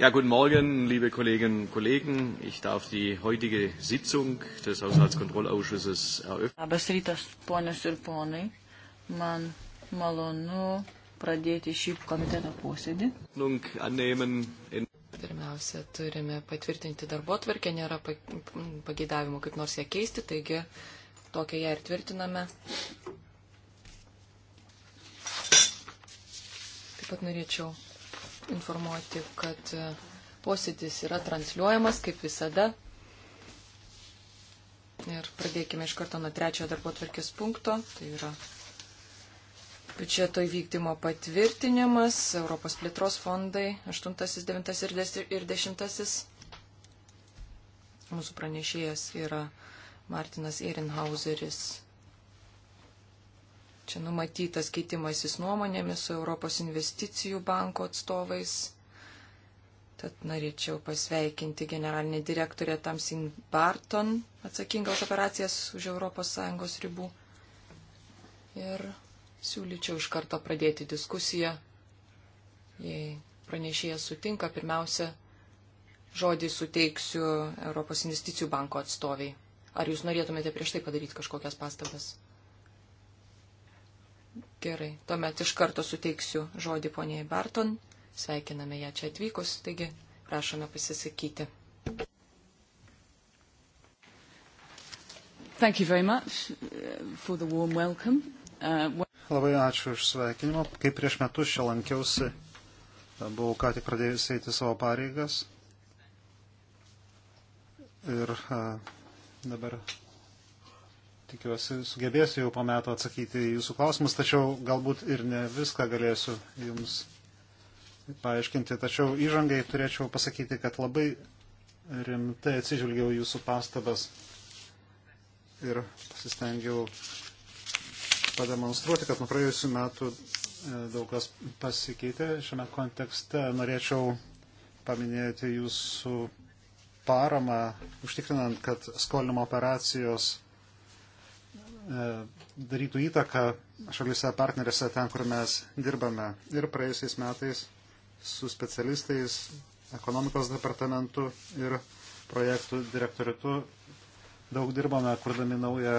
Ja, guten Morgen, liebe Kolleginnen und Kollegen. Ich darf die heutige Sitzung des Haushaltskontrollausschusses eröffnen. Labas rytas, ponios ir ponai. Man malonu pradėti šį komiteto posėdį. Pirmiausia, turime patvirtinti darbo tvarkę, nėra pagėdavimo kaip nors ją keisti, taigi tokią ją ir tvirtiname. Taip pat norėčiau informuoti, kad e, posėdis yra transliuojamas kaip visada. Ir pradėkime iš karto nuo trečiojo darbo tvarkės punkto. Tai yra biudžeto įvykdymo patvirtinimas, Europos plėtros fondai 8, 9 ir 10. Mūsų pranešėjas yra Martinas Ehrenhauseris. Čia numatytas keitimasis nuomonėmis su Europos investicijų banko atstovais. Tad norėčiau pasveikinti generalinį direktorę Tamsin Barton, atsakingą už operacijas už ES ribų. Ir siūlyčiau iš karto pradėti diskusiją. Jei pranešėjas sutinka, pirmiausia, žodį suteiksiu Europos investicijų banko atstoviai. Ar jūs norėtumėte prieš tai padaryti kažkokias pastabas? Gerai, tuomet iš karto suteiksiu žodį poniai Barton. Sveikiname ją čia atvykus, taigi prašome pasisakyti. Uh, uh Labai ačiū už sveikinimą. Kaip prieš metus čia lankiausi, buvau ką tik pradėjus eiti savo pareigas. Ir uh, dabar tikiuosi, sugebėsiu jau po metų atsakyti į jūsų klausimus, tačiau galbūt ir ne viską galėsiu jums paaiškinti. Tačiau įžangai turėčiau pasakyti, kad labai rimtai atsižvelgiau jūsų pastabas ir pasistengiau pademonstruoti, kad nuo praėjusių metų e, daug kas pasikeitė. Šiame kontekste norėčiau paminėti jūsų paramą, užtikrinant, kad skolinimo operacijos E, darytų įtaką šalise partnerėse ten, kur mes dirbame. Ir praėjusiais metais su specialistais, ekonomikos departamentu ir projektų direktoritu daug dirbame, kurdami naują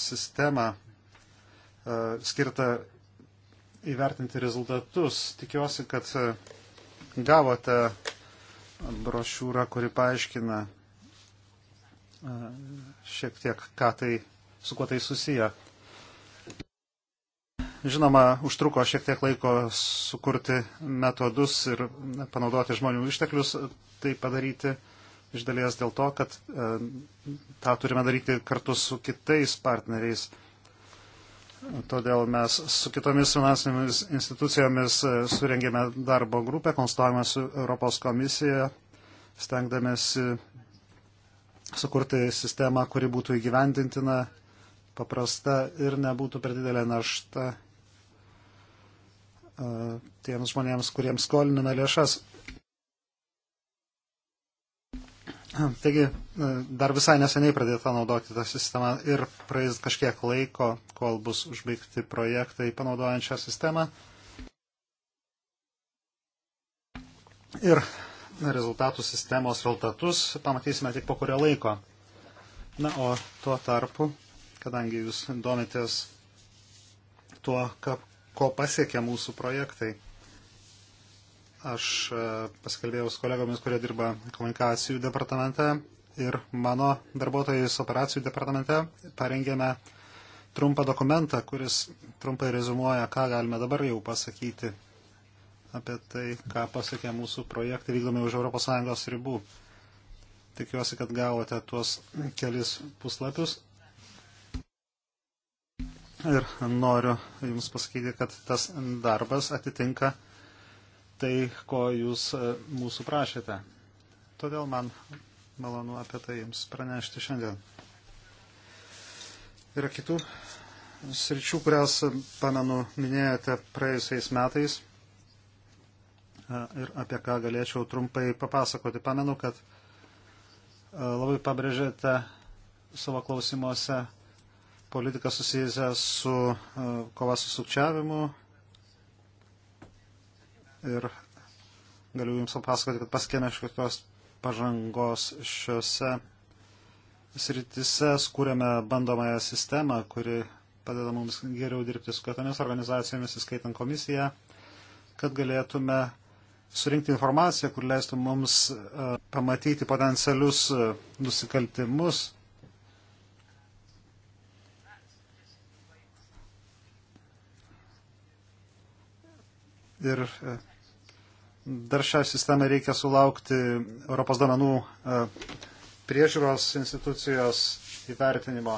sistemą e, skirtą įvertinti rezultatus. Tikiuosi, kad e, gavote brošiūrą, kuri paaiškina šiek tiek, ką tai su kuo tai susiję. Žinoma, užtruko šiek tiek laiko sukurti metodus ir panaudoti žmonių išteklius, tai padaryti iš dalies dėl to, kad e, tą turime daryti kartu su kitais partneriais. Todėl mes su kitomis finansinėmis institucijomis e, surengėme darbo grupę, konsultavome su Europos komisija, stengdamėsi sukurti sistemą, kuri būtų įgyvendintina paprasta ir nebūtų per didelė našta e, tiems žmonėms, kuriems skoliname lėšas. Taigi, e, dar visai neseniai pradėta naudoti tą sistemą ir praeis kažkiek laiko, kol bus užbaigti projektai panaudojant šią sistemą. Ir rezultatų sistemos rezultatus pamatysime tik po kurio laiko. Na, o tuo tarpu kadangi jūs domitės tuo, ką, ko pasiekia mūsų projektai. Aš e, pasikalbėjau su kolegomis, kurie dirba komunikacijų departamente ir mano darbuotojais operacijų departamente parengėme trumpą dokumentą, kuris trumpai rezumuoja, ką galime dabar jau pasakyti apie tai, ką pasiekė mūsų projektai vykdomi už ES ribų. Tikiuosi, kad gavote tuos kelis puslapius. Ir noriu Jums pasakyti, kad tas darbas atitinka tai, ko Jūs e, mūsų prašėte. Todėl man malonu apie tai Jums pranešti šiandien. Yra kitų sričių, kurias, e, pamenu, minėjote praėjusiais metais e, ir apie ką galėčiau trumpai papasakoti. Pamenu, kad labai pabrėžėte savo klausimuose politiką susijusią su e, kova su sukčiavimu. Ir galiu Jums papasakoti, kad paskėmė šios pažangos šiuose sritise, skūrėme bandomąją sistemą, kuri padeda mums geriau dirbti su kitomis organizacijomis, įskaitant komisiją, kad galėtume surinkti informaciją, kur leistų mums e, pamatyti potencialius e, nusikaltimus ir e, dar šią sistemą reikia sulaukti Europos domenų e, priežiūros institucijos įvertinimo,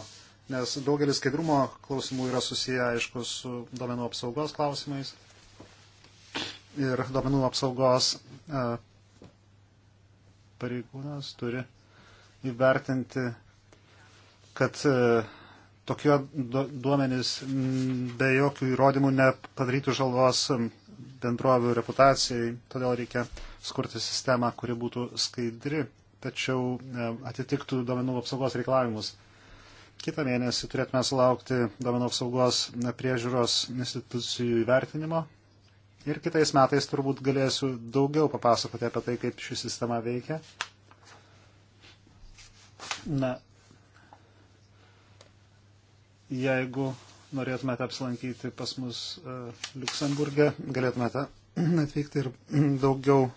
nes daugelis skaidrumo klausimų yra susiję, aišku, su domenų apsaugos klausimais ir domenų apsaugos e, pareigūnas turi įvertinti, kad tokie duomenys be jokių įrodymų nepadarytų žalos bendrovių reputacijai, todėl reikia skurti sistemą, kuri būtų skaidri, tačiau e, atitiktų duomenų apsaugos reikalavimus. Kita mėnesį turėtume sulaukti duomenų apsaugos e, priežiūros institucijų įvertinimo ir kitais metais turbūt galėsiu daugiau papasakoti apie tai, kaip ši sistema veikia. Na, jeigu norėtumėte apsilankyti pas mus e, Luksemburgė, galėtumėte atvykti ir daugiau e,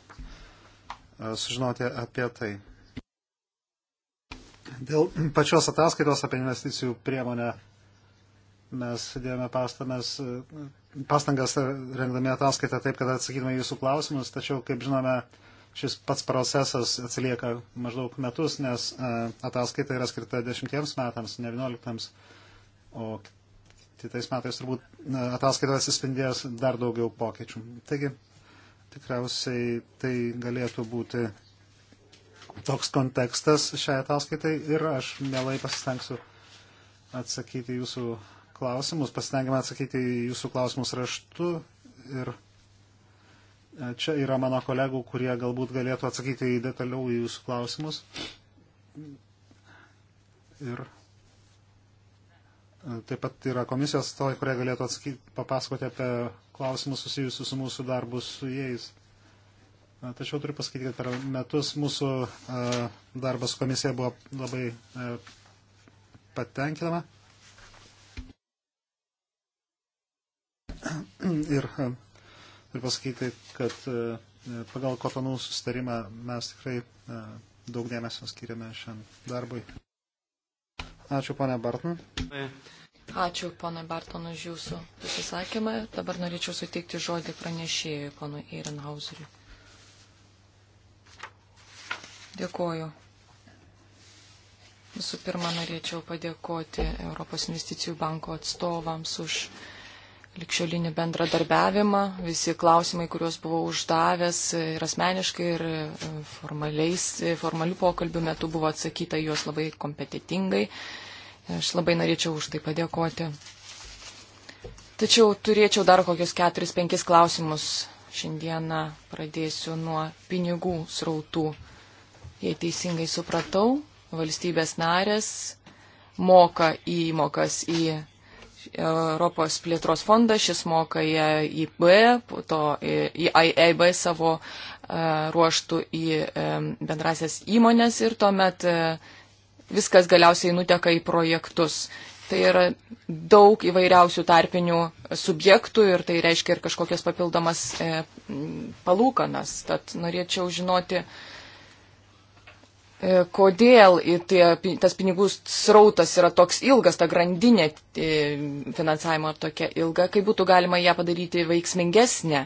sužinoti apie tai. Dėl pačios ataskaitos apie investicijų priemonę mes dėjome pastamas, e, pastangas rengdami ataskaitą taip, kad atsakytume jūsų klausimus, tačiau, kaip žinome, šis pats procesas atsilieka maždaug metus, nes ataskaita yra skirta dešimtiems metams, ne vienuoliktams, o kitais metais turbūt ataskaitoje atsispindės dar daugiau pokyčių. Taigi, tikriausiai tai galėtų būti toks kontekstas šiai ataskaitai ir aš mielai pasistengsiu atsakyti jūsų klausimus, pasistengime atsakyti jūsų klausimus raštu ir e, čia yra mano kolegų, kurie galbūt galėtų atsakyti į detaliau į jūsų klausimus. Ir Taip pat yra komisijos atstovai, kurie galėtų atsakyti, papasakoti apie klausimus susijusius su mūsų darbu su jais. Tačiau turiu pasakyti, kad per metus mūsų e, darbas su komisija buvo labai e, patenkinama. Ir, e, ir pasakyti, kad pagal kotonų sustarimą mes tikrai daug dėmesio skiriame šiam darbui. Ačiū, ponia Barton. Ačiū, ponai Barton, už jūsų pasisakymą. Dabar norėčiau suteikti žodį pranešėjui, ponui Eirenhauseriui. Dėkuoju. Visų pirma, norėčiau padėkoti Europos investicijų banko atstovams už likščiolinį bendradarbiavimą. Visi klausimai, kuriuos buvau uždavęs ir asmeniškai, ir e, e, formalių pokalbių metu buvo atsakyta juos labai kompetitingai. Aš labai norėčiau už tai padėkoti. Tačiau turėčiau dar kokius keturis, penkis klausimus. Šiandieną pradėsiu nuo pinigų srautų. Jei teisingai supratau, valstybės narės moka įmokas į Europos plėtros fondą, šis moka į EIB, po to į EIB savo e, ruoštų į e, bendrasias įmonės ir tuomet e, viskas galiausiai nuteka į projektus. Tai yra daug įvairiausių tarpinių subjektų ir tai reiškia ir kažkokias papildomas palūkanas. Tad norėčiau žinoti, E, kodėl tie, tas pinigų srautas yra toks ilgas, ta grandinė e, finansavimo tokia ilga, kaip būtų galima ją padaryti veiksmingesnė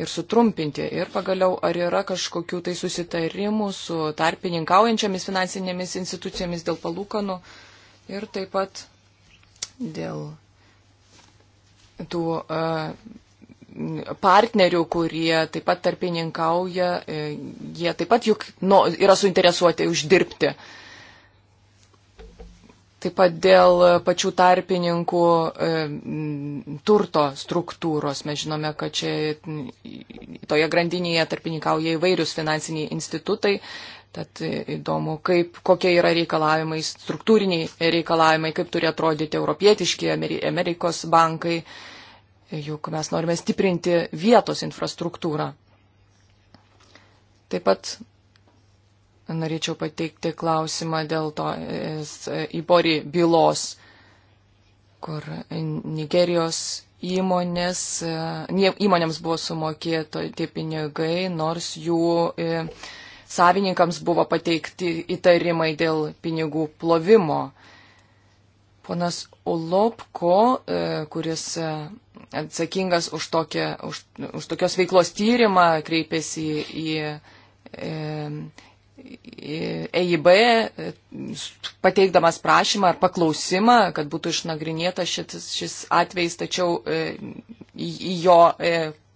ir sutrumpinti. Ir pagaliau, ar yra kažkokių tai susitarimų su tarpininkaujančiamis finansinėmis institucijomis dėl palūkanų ir taip pat dėl tų uh, partnerių, kurie taip pat tarpininkauja, e, jie taip pat juk nu, yra suinteresuoti uždirbti. Taip pat dėl pačių tarpininkų e, turto struktūros mes žinome, kad čia toje grandinėje tarpininkauja įvairius finansiniai institutai. Tad įdomu, kaip, kokie yra reikalavimai, struktūriniai reikalavimai, kaip turi atrodyti europietiški Amerikos bankai. E, juk mes norime stiprinti vietos infrastruktūrą. Taip pat norėčiau pateikti klausimą dėl to įbori e, bylos, kur Nigerijos įmonės, e, įmonėms buvo sumokėto tie pinigai, nors jų e, savininkams buvo pateikti įtarimai dėl pinigų plovimo. Ponas Olopko, e, kuris e, atsakingas už, tokią, už, už tokios veiklos tyrimą, kreipėsi į, e, į EIB, pateikdamas prašymą ar paklausimą, kad būtų išnagrinėta šis, šis atvejs, tačiau į jo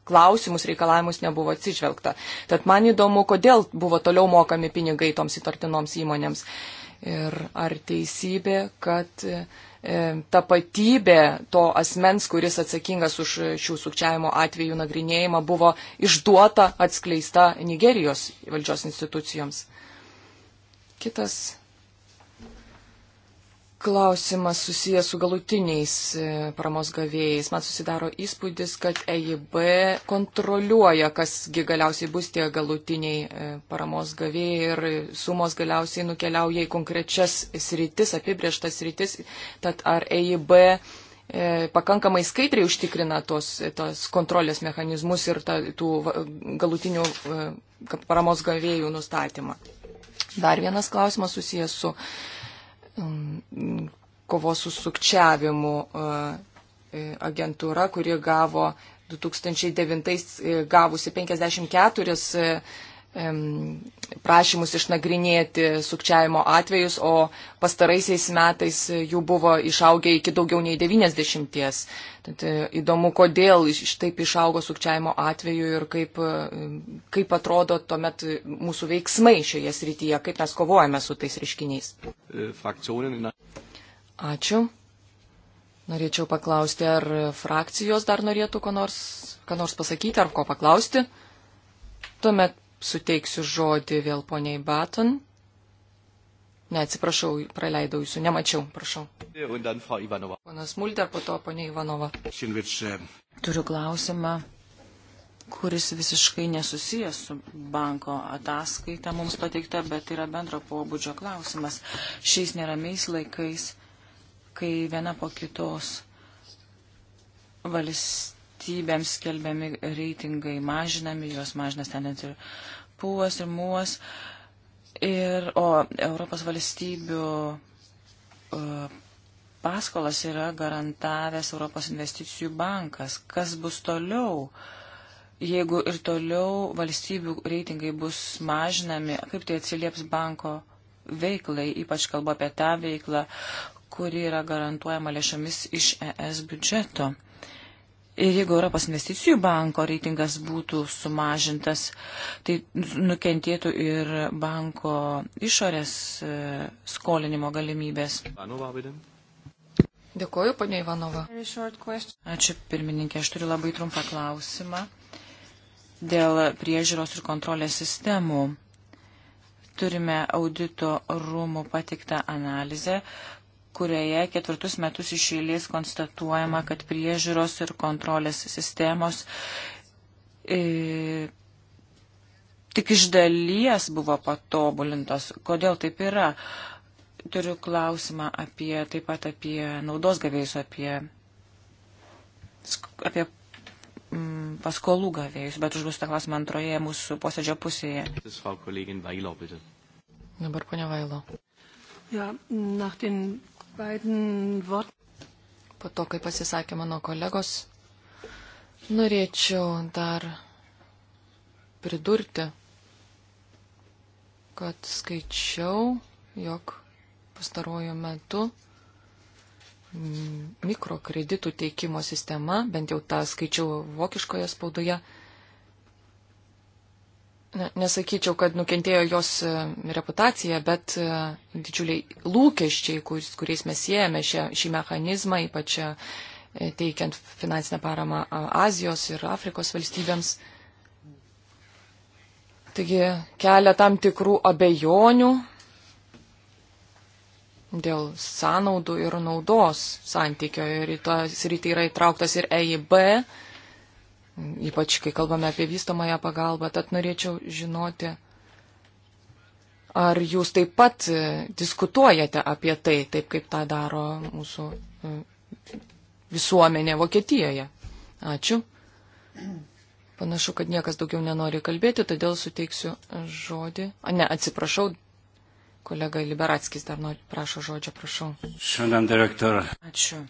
klausimus, reikalavimus nebuvo atsižvelgta. Tad man įdomu, kodėl buvo toliau mokami pinigai toms įtartinoms įmonėms. E, Ir ar teisybė, kad e, tapatybė to asmens, kuris atsakingas už šių sukčiavimo atvejų nagrinėjimą, buvo išduota, atskleista Nigerijos valdžios institucijoms. Kitas klausimas susijęs su galutiniais e, paramos gavėjais. Man susidaro įspūdis, kad EIB kontroliuoja, kasgi galiausiai bus tie galutiniai e, paramos gavėjai ir sumos galiausiai nukeliauja į konkrečias sritis, apibrieštas sritis. Tad ar EIB e, pakankamai skaidriai užtikrina tos, tos kontrolės mechanizmus ir ta, tų galutinių paramos gavėjų nustatymą. Dar vienas klausimas susijęs su Mm, kovos su sukčiavimu e, agentūra, kuri gavo 2009 e, gavusi 54 prašymus išnagrinėti sukčiavimo atvejus, o pastaraisiais metais jų buvo išaugę iki daugiau nei 90. Tad e, įdomu, kodėl taip išaugo sukčiavimo atveju ir kaip, e, kaip atrodo tuomet mūsų veiksmai šioje srityje, kaip mes kovojame su tais reiškiniais. E, Ačiū. Norėčiau paklausti, ar frakcijos dar norėtų ko nors, ko nors pasakyti ar ko paklausti. Tuomet suteiksiu žodį vėl poniai Baton. Ne, atsiprašau, praleidau jūsų, nemačiau, prašau. Ponas Mulder, po to ponia Ivanova. Äh, Turiu klausimą, kuris visiškai nesusijęs su banko ataskaita mums pateikta, bet yra bendro pobūdžio klausimas. Šiais neramiais laikais, kai viena po kitos valstybės valstybėms skelbiami reitingai mažinami, juos mažina stendant ir pūvas, ir mūvas. Ir, o Europos valstybių uh, paskolas yra garantavęs Europos investicijų bankas. Kas bus toliau? Jeigu ir toliau valstybių reitingai bus mažinami, kaip tai atsilieps banko veiklai, ypač kalbu apie tą veiklą, kuri yra garantuojama lėšomis iš ES biudžeto. Ir jeigu Europos investicijų banko reitingas būtų sumažintas, tai nukentėtų ir banko išorės e, skolinimo galimybės. Dėkuoju, ponia Ivanova. Ačiū, pirmininkė. Aš turiu labai trumpą klausimą dėl priežiūros ir kontrolės sistemų. Turime audito rūmų patiktą analizę, kurioje ketvirtus metus išėlės konstatuojama, kad priežiūros ir kontrolės sistemos e, tik iš dalies buvo patobulintos. Kodėl taip yra? Turiu klausimą apie, taip pat apie naudos gavėjus, apie, apie mm, paskolų gavėjus, bet užduosiu tą klausimą antroje mūsų posėdžio pusėje. Dabar ponia Vailo. Ja, nach den Po to, kai pasisakė mano kolegos, norėčiau dar pridurti, kad skaičiau, jog pastaruoju metu mikrokreditų teikimo sistema, bent jau tą skaičiau vokiškoje spaudoje, na, nesakyčiau, kad nukentėjo jos e, reputacija, bet e, didžiuliai lūkesčiai, kur, kuriais mes siejame šią, šį mechanizmą, ypač e, teikiant finansinę paramą Azijos ir Afrikos valstybėms. Taigi kelia tam tikrų abejonių dėl sąnaudų ir naudos santykio. Ir į tą sritį yra įtrauktas ir EIB, ypač kai kalbame apie vystomąją pagalbą. Tad norėčiau žinoti, ar jūs taip pat e, diskutuojate apie tai, taip kaip tą daro mūsų e, visuomenė Vokietijoje. Ačiū. Panašu, kad niekas daugiau nenori kalbėti, todėl suteiksiu žodį. A, ne, atsiprašau, kolega Liberatskis dar nori, prašo žodžio, prašau. Šiandien direktorą. Ačiū.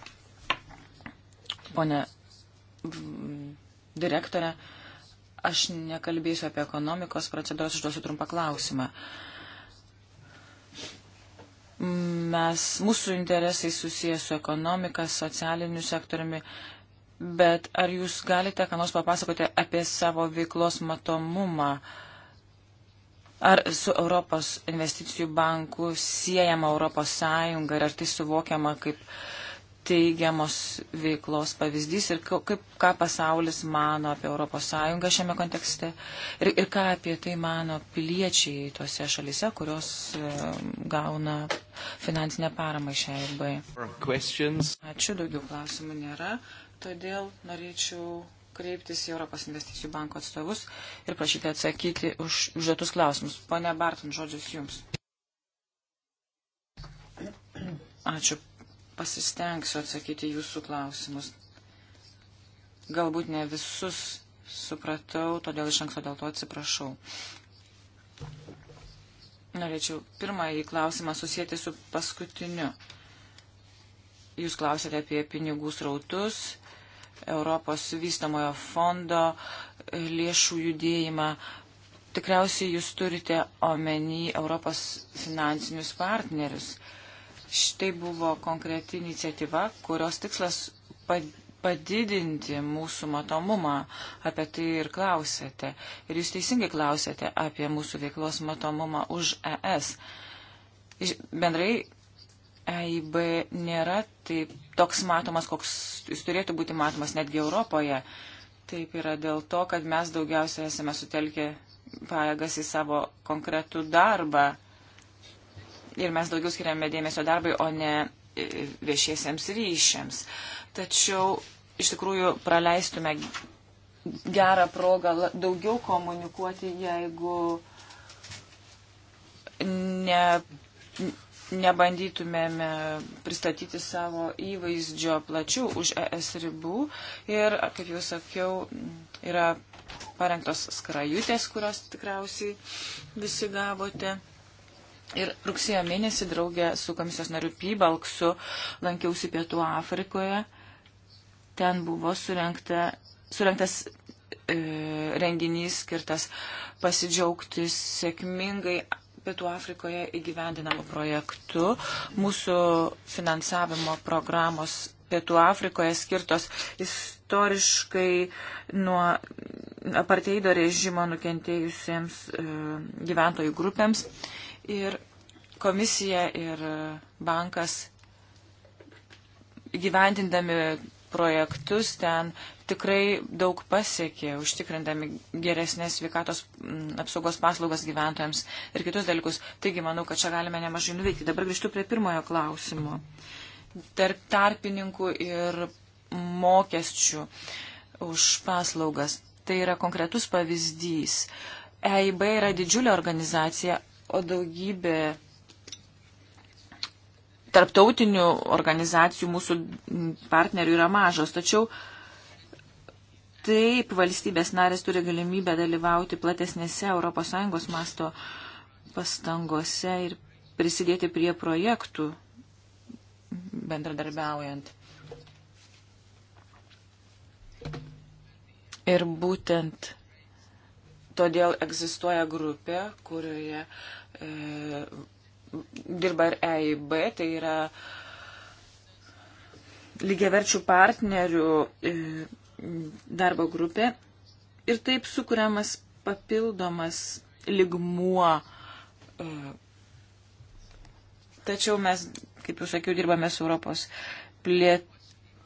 Pone direktorė. Aš nekalbėsiu apie ekonomikos procedūras, užduosiu trumpą klausimą. Mes, mūsų interesai susijęs su ekonomika, socialiniu sektoriumi, bet ar jūs galite, ką nors papasakoti apie savo veiklos matomumą? Ar su Europos investicijų banku siejama Europos Sąjunga ir ar tai suvokiama kaip uh, teigiamos veiklos pavyzdys ir kaip, ką pasaulis mano apie ES šiame kontekste ir, ir ką apie tai mano piliečiai tose šalise, kurios e, gauna finansinę paramą iš EIB. Ačiū, daugiau klausimų nėra, todėl norėčiau kreiptis į Europos investicijų banko atstovus ir prašyti atsakyti už užduotus klausimus. Pone Barton, žodžius jums. Ačiū, pasistengsiu atsakyti jūsų klausimus. Galbūt ne visus supratau, todėl iš anksto dėl to atsiprašau. Norėčiau pirmąjį klausimą susijęti su paskutiniu. Jūs klausėte apie pinigų srautus, Europos vystamojo fondo e, lėšų judėjimą. Tikriausiai jūs turite omeny Europos finansinius partnerius. Štai buvo konkreti iniciatyva, kurios tikslas padidinti mūsų matomumą. Apie tai ir klausėte. Ir jūs teisingai klausėte apie mūsų veiklos matomumą už ES. Bendrai EIB nėra taip, toks matomas, koks jis turėtų būti matomas netgi Europoje. Taip yra dėl to, kad mes daugiausia esame sutelkę pajėgas į savo konkretų darbą ir mes daugiau skiriame dėmesio darbui, o ne e, viešiesiems ryšiams. Tačiau iš tikrųjų praleistume gerą progą daugiau komunikuoti, jeigu ne, nebandytumėme pristatyti savo įvaizdžio plačių už ES ribų. Ir, kaip jau sakiau, yra parengtos skrajutės, kurios tikriausiai visi gavote. Ir rugsėjo mėnesį draugė su komisijos nariu Pybalksu lankiausi Pietų Afrikoje. Ten buvo surinkta, surinktas e, renginys skirtas pasidžiaugti sėkmingai Pietų Afrikoje įgyvendinamu projektu. Mūsų finansavimo programos Pietų Afrikoje skirtos istoriškai nuo aparteido režimo nukentėjusiems e, gyventojų grupėms. E, Ir komisija ir bankas gyvendindami projektus ten tikrai daug pasiekė, užtikrindami geresnės sveikatos apsaugos paslaugas gyventojams ir kitus dalykus. Taigi manau, kad čia galime nemažai nuveikti. Dabar grįžtu prie pirmojo klausimo. Tarp tarpininkų ir mokesčių už paslaugas. Tai yra konkretus pavyzdys. EIB yra didžiulė organizacija, o daugybė tarptautinių organizacijų mūsų partnerių yra mažos. Tačiau taip valstybės narės turi galimybę dalyvauti platesnėse ES masto pastangose ir prisidėti prie projektų bendradarbiaujant. Ir būtent Todėl egzistuoja grupė, kurioje e, dirba ir EIB, tai yra lygiaverčių partnerių e, darbo grupė. Ir taip sukūriamas papildomas ligmuo. E, tačiau mes, kaip jau sakiau, dirbame su Europos plėt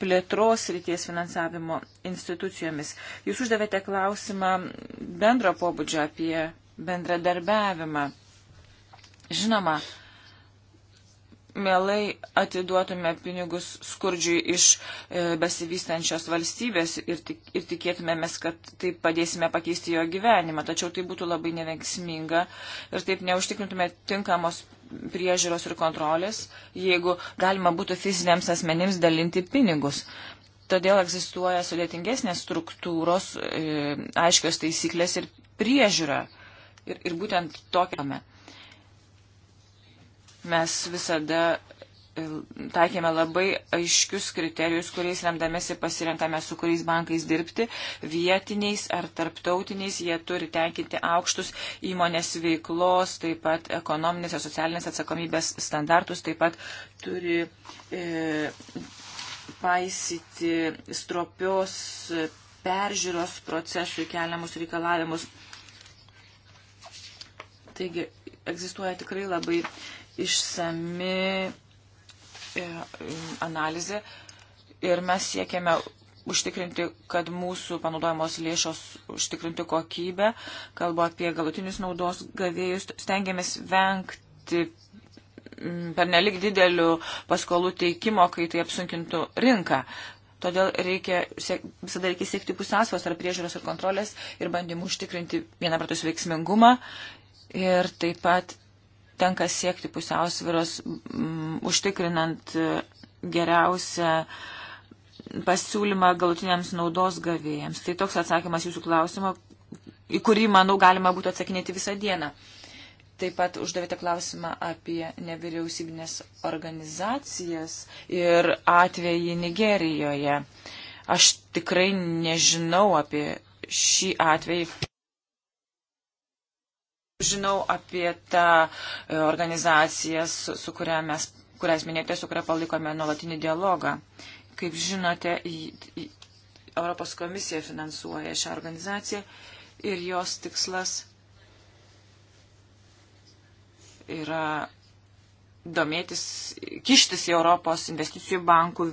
plėtros ryties finansavimo institucijomis. Jūs uždavėte klausimą bendro pobūdžio apie bendradarbiavimą. Žinoma, mielai atiduotume pinigus skurdžiui iš e, besivystančios valstybės ir, tik, ir tikėtumėmės, kad taip padėsime pakeisti jo gyvenimą. Tačiau tai būtų labai neveiksminga ir taip neužtikrintume tinkamos priežiūros ir kontrolės, jeigu galima būtų fiziniams asmenims dalinti pinigus. Todėl egzistuoja sudėtingesnės struktūros, e, aiškios taisyklės ir priežiūra. Ir, ir būtent tokiame. Mes visada e, taikėme labai aiškius kriterijus, kuriais remdamėsi pasirenkame, su kuriais bankais dirbti, vietiniais ar tarptautiniais, jie turi tenkinti aukštus įmonės veiklos, taip pat ekonominės ir socialinės atsakomybės standartus, taip pat turi e, paisyti stropios peržiūros procesų keliamus reikalavimus. Taigi egzistuoja tikrai labai išsami e, analizė ir mes siekiame užtikrinti, kad mūsų panaudojamos lėšos užtikrinti kokybę. Kalbu apie galutinius naudos gavėjus. Stengiamės vengti mm, per nelik didelių paskolų teikimo, kai tai apsunkintų rinką. Todėl reikia, visada reikia siekti pusiausvos ar priežiūros ir kontrolės ir bandymų užtikrinti vieną vertus veiksmingumą ir taip pat tenka siekti pusiausviros, m, mm, užtikrinant e, geriausią pasiūlymą galutiniams naudos gavėjams. Tai toks atsakymas jūsų klausimo, į kurį, manau, galima būtų atsakinėti visą dieną. Taip pat uždavėte klausimą apie nevyriausybinės organizacijas ir atvejį Nigerijoje. Aš tikrai nežinau apie šį atvejį. Žinau apie tą e, organizaciją, su, su kuria mes, kurias minėjote, su kuria palikome nuolatinį dialogą. Kaip žinote, į, į, Europos komisija finansuoja šią organizaciją ir jos tikslas yra domėtis, kištis į Europos investicijų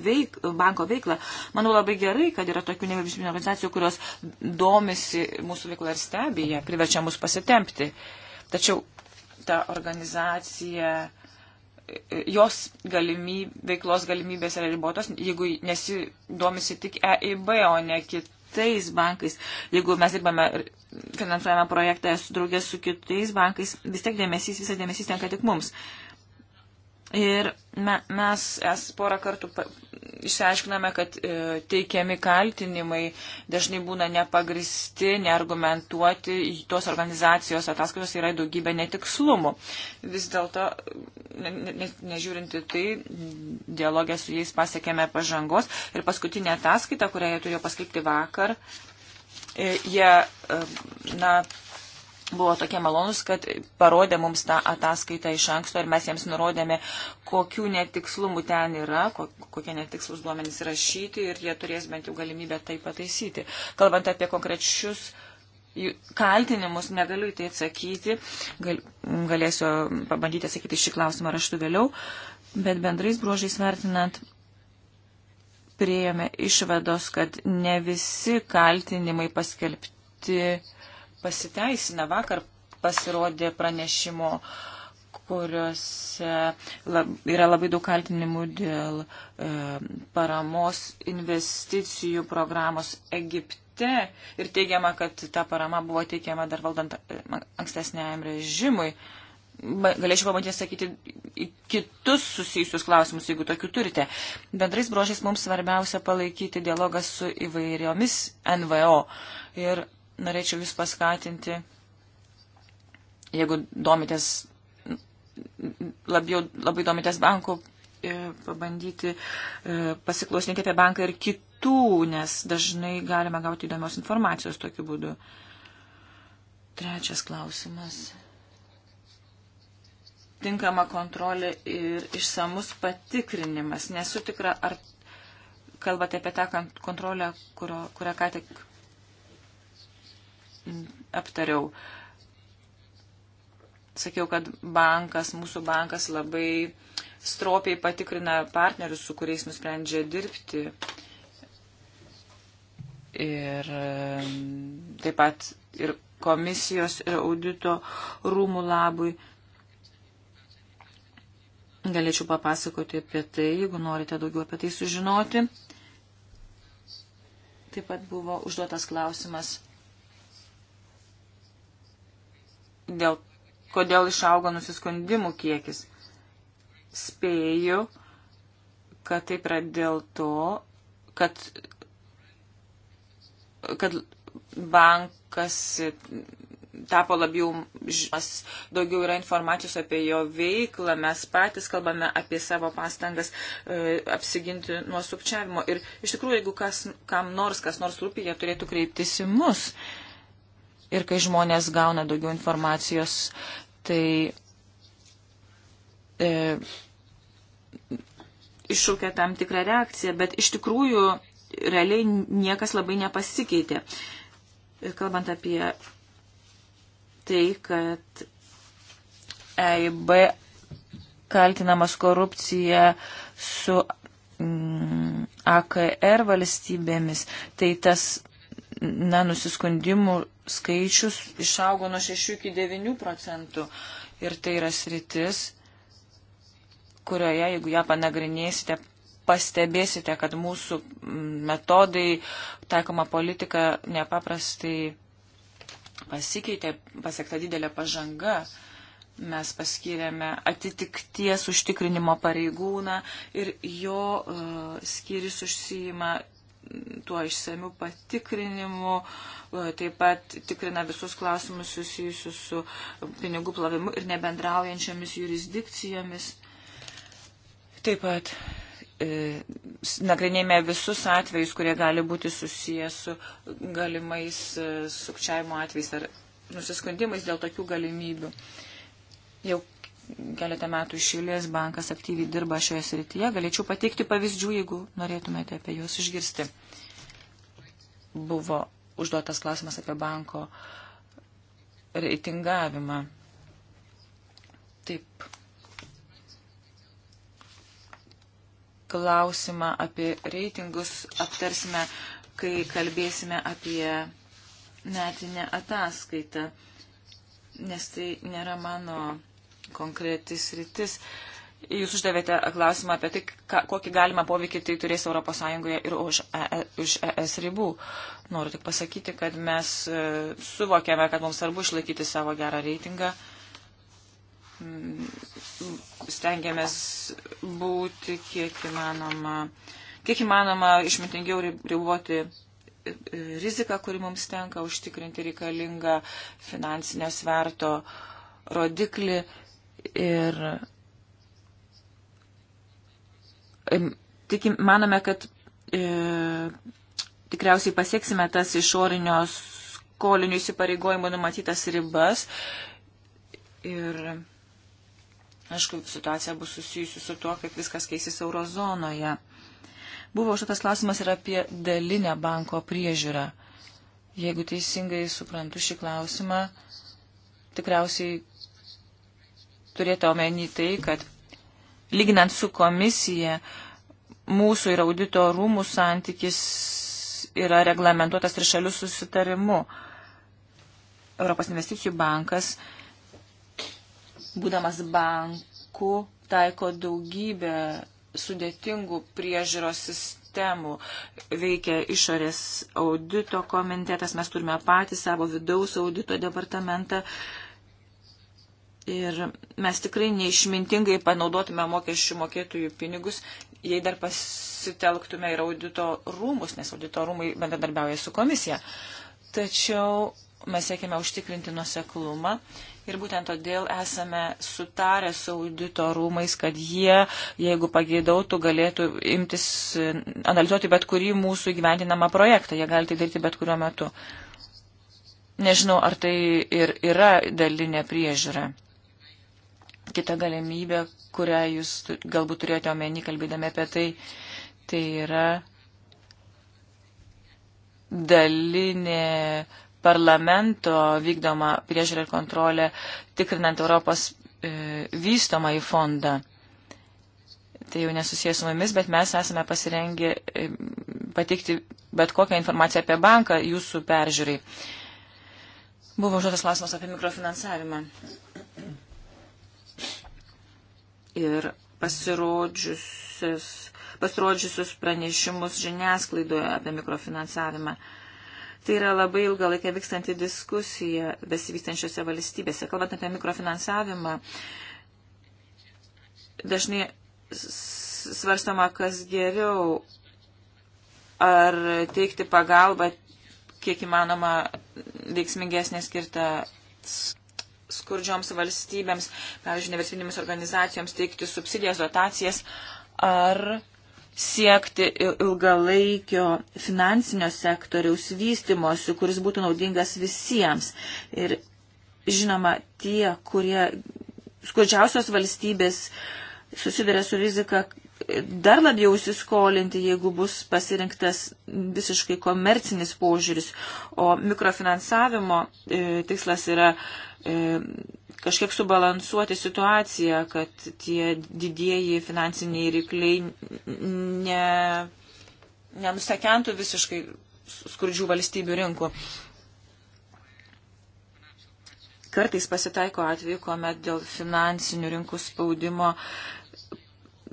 veik, banko veiklą. Manau labai gerai, kad yra tokių nevyriausybinio organizacijų, kurios domisi mūsų veiklą ir stebi ją, priverčia mus pasitempti. Tačiau ta organizacija, jos galimyb, veiklos galimybės yra ribotos, jeigu nesidomisi tik EIB, o ne kit, kitais bankais. Jeigu mes dirbame, finansuojame projektą su draugės su kitais bankais, vis tiek dėmesys, visą dėmesys tenka tik mums. Ir me, mes es porą kartų pa, išsiaiškiname, kad e, teikiami kaltinimai dažnai būna nepagristi, neargumentuoti, tos organizacijos ataskaitos yra daugybė netikslumų. Vis dėlto, ne, ne, nežiūrinti tai, dialogę su jais pasiekėme pažangos. Ir paskutinė ataskaita, kurią jie turėjo paskelbti vakar, e, jie, e, na, buvo tokie malonus, kad parodė mums tą ataskaitą iš anksto ir mes jiems nurodėme, kokių netikslumų ten yra, kokie netikslus duomenys rašyti ir jie turės bent jau galimybę tai pataisyti. Kalbant apie konkrečius kaltinimus, negaliu į tai atsakyti, gal, galėsiu pabandyti atsakyti šį klausimą raštu vėliau, bet bendrais bruožais vertinant prieėmė išvados, kad ne visi kaltinimai paskelbti pasiteisina. Vakar pasirodė pranešimo, kuriuose lab, yra labai daug kaltinimų dėl e, paramos investicijų programos Egipte ir teigiama, kad ta parama buvo teikiama dar valdant e, ankstesniajam režimui. Galėčiau pabandyti sakyti kitus susijusius klausimus, jeigu tokių turite. Bendrais brožiais mums svarbiausia palaikyti dialogą su įvairiomis NVO ir norėčiau Jūs paskatinti, jeigu domitės, labiau, labai domitės bankų, e, pabandyti e, pasiklausinti apie banką ir kitų, nes dažnai galima gauti įdomios informacijos tokiu būdu. Trečias klausimas. Tinkama kontrolė ir išsamus patikrinimas. Nesu tikra, ar kalbate apie tą kontrolę, kurio, kurią ką tik aptariau. Sakiau, kad bankas, mūsų bankas labai stropiai patikrina partnerius, su kuriais nusprendžia dirbti. Ir taip pat ir komisijos ir audito rūmų labui. Galėčiau papasakoti apie tai, jeigu norite daugiau apie tai sužinoti. Taip pat buvo užduotas klausimas dėl, kodėl išaugo nusiskundimų kiekis. Spėju, kad taip yra dėl to, kad, kad bankas tapo labiau žinomas, daugiau yra informacijos apie jo veiklą, mes patys kalbame apie savo pastangas e, apsiginti nuo sukčiavimo. Ir iš tikrųjų, jeigu kas, kam nors, kas nors rūpi, jie turėtų kreiptis į mus. E, Ir kai žmonės gauna daugiau informacijos, tai e, iššūkia tam tikrą reakciją, bet iš tikrųjų realiai niekas labai nepasikeitė. Kalbant apie tai, kad EIB kaltinamas korupcija su mm, AKR valstybėmis, tai tas na, nusiskundimų skaičius išaugo nuo 6 iki 9 procentų. Ir tai yra sritis, kurioje, jeigu ją panagrinėsite, pastebėsite, kad mūsų mm, metodai, taikoma politika nepaprastai pasikeitė, pasiekta didelė pažanga. Mes paskyrėme atitikties užtikrinimo pareigūną ir jo uh, e, skyris užsijima tuo išsamiu patikrinimu, e, taip pat tikrina visus klausimus susijusius su pinigų plovimu ir nebendraujančiamis jurisdikcijomis. Taip pat e, nagrinėjame visus atvejus, kurie gali būti susijęs su galimais e, sukčiavimo atvejais ar nusiskundimais dėl tokių galimybių. Jau keletą metų išėlės bankas aktyviai dirba šioje srityje. Galėčiau pateikti pavyzdžių, jeigu norėtumėte apie juos išgirsti. Buvo užduotas klausimas apie banko reitingavimą. Taip. Klausimą apie reitingus aptarsime, kai kalbėsime apie metinę ataskaitą, nes tai nėra mano konkretis rytis. Jūs uždavėte klausimą apie tai, ką, kokį galimą poveikį tai turės ES ir už, e, e už e, ES ribų. Noriu tik pasakyti, kad mes e, suvokėme, kad mums svarbu išlaikyti savo gerą reitingą. Mm, stengiamės būti kiek įmanoma, kiek įmanoma išmintingiau riboti e, riziką, kuri mums tenka užtikrinti reikalingą finansinio sverto rodiklį Ir tikim, manome, kad e, tikriausiai pasieksime tas išorinio skolinių įsipareigojimų numatytas ribas. Ir aišku, situacija bus susijusi su tuo, kaip viskas keisis eurozonoje. Buvo užduotas klausimas ir apie dalinę banko priežiūrą. Jeigu teisingai suprantu šį klausimą, tikriausiai turėta omeny tai, kad lyginant su komisija, mūsų ir audito rūmų santykis yra reglamentuotas ir šalių susitarimu. Europos investicijų bankas, būdamas banku, taiko daugybę sudėtingų priežiūros sistemų. Veikia išorės audito komitetas, mes turime patį savo vidaus audito departamentą. Uh, Ir mes tikrai neišmintingai panaudotume mokesčių mokėtojų pinigus, jei dar pasitelktume ir audito rūmus, nes audito rūmai bendradarbiauja su komisija. Tačiau mes siekime užtikrinti nuseklumą ir būtent todėl esame sutarę su audito rūmais, kad jie, jeigu pageidautų, galėtų imtis, analizuoti bet kurį mūsų gyvendinamą projektą. Jie gali tai daryti bet kuriuo metu. Nežinau, ar tai ir yra dalinė priežiūra. Kita galimybė, kurią jūs galbūt turėjote omeny, kalbėdami apie tai, tai yra dalinė parlamento vykdoma priežiūrė ir kontrolė, tikrinant Europos e, vystomą į fondą. Tai jau nesusijęs su mumis, bet mes esame pasirengę e, patikti bet kokią informaciją apie banką jūsų peržiūrai. Buvo užduotas klausimas apie mikrofinansavimą ir pasirodžiusius, pasirodžiusius pranešimus žiniasklaidoje apie mikrofinansavimą. Tai yra labai ilgą laikę vykstanti diskusija besivystančiose valstybėse. Kalbant apie mikrofinansavimą, dažnai svarstama, kas geriau, ar teikti pagalbą, kiek įmanoma, veiksmingesnė skirta skurdžioms valstybėms, pavyzdžiui, neversinėmis organizacijoms teikti subsidijas, dotacijas ar siekti ilgalaikio finansinio sektoriaus vystimosi, kuris būtų naudingas visiems. Ir žinoma, tie, kurie skurdžiausios valstybės susiduria su rizika, dar labiau įsiskolinti, jeigu bus pasirinktas visiškai komercinis požiūris, o mikrofinansavimo e, tikslas yra e, kažkiek subalansuoti situaciją, kad tie didieji finansiniai rykliai ne, nenusekentų visiškai skurdžių valstybių rinkų. Kartais pasitaiko atveju, kuomet dėl finansinių rinkų spaudimo e,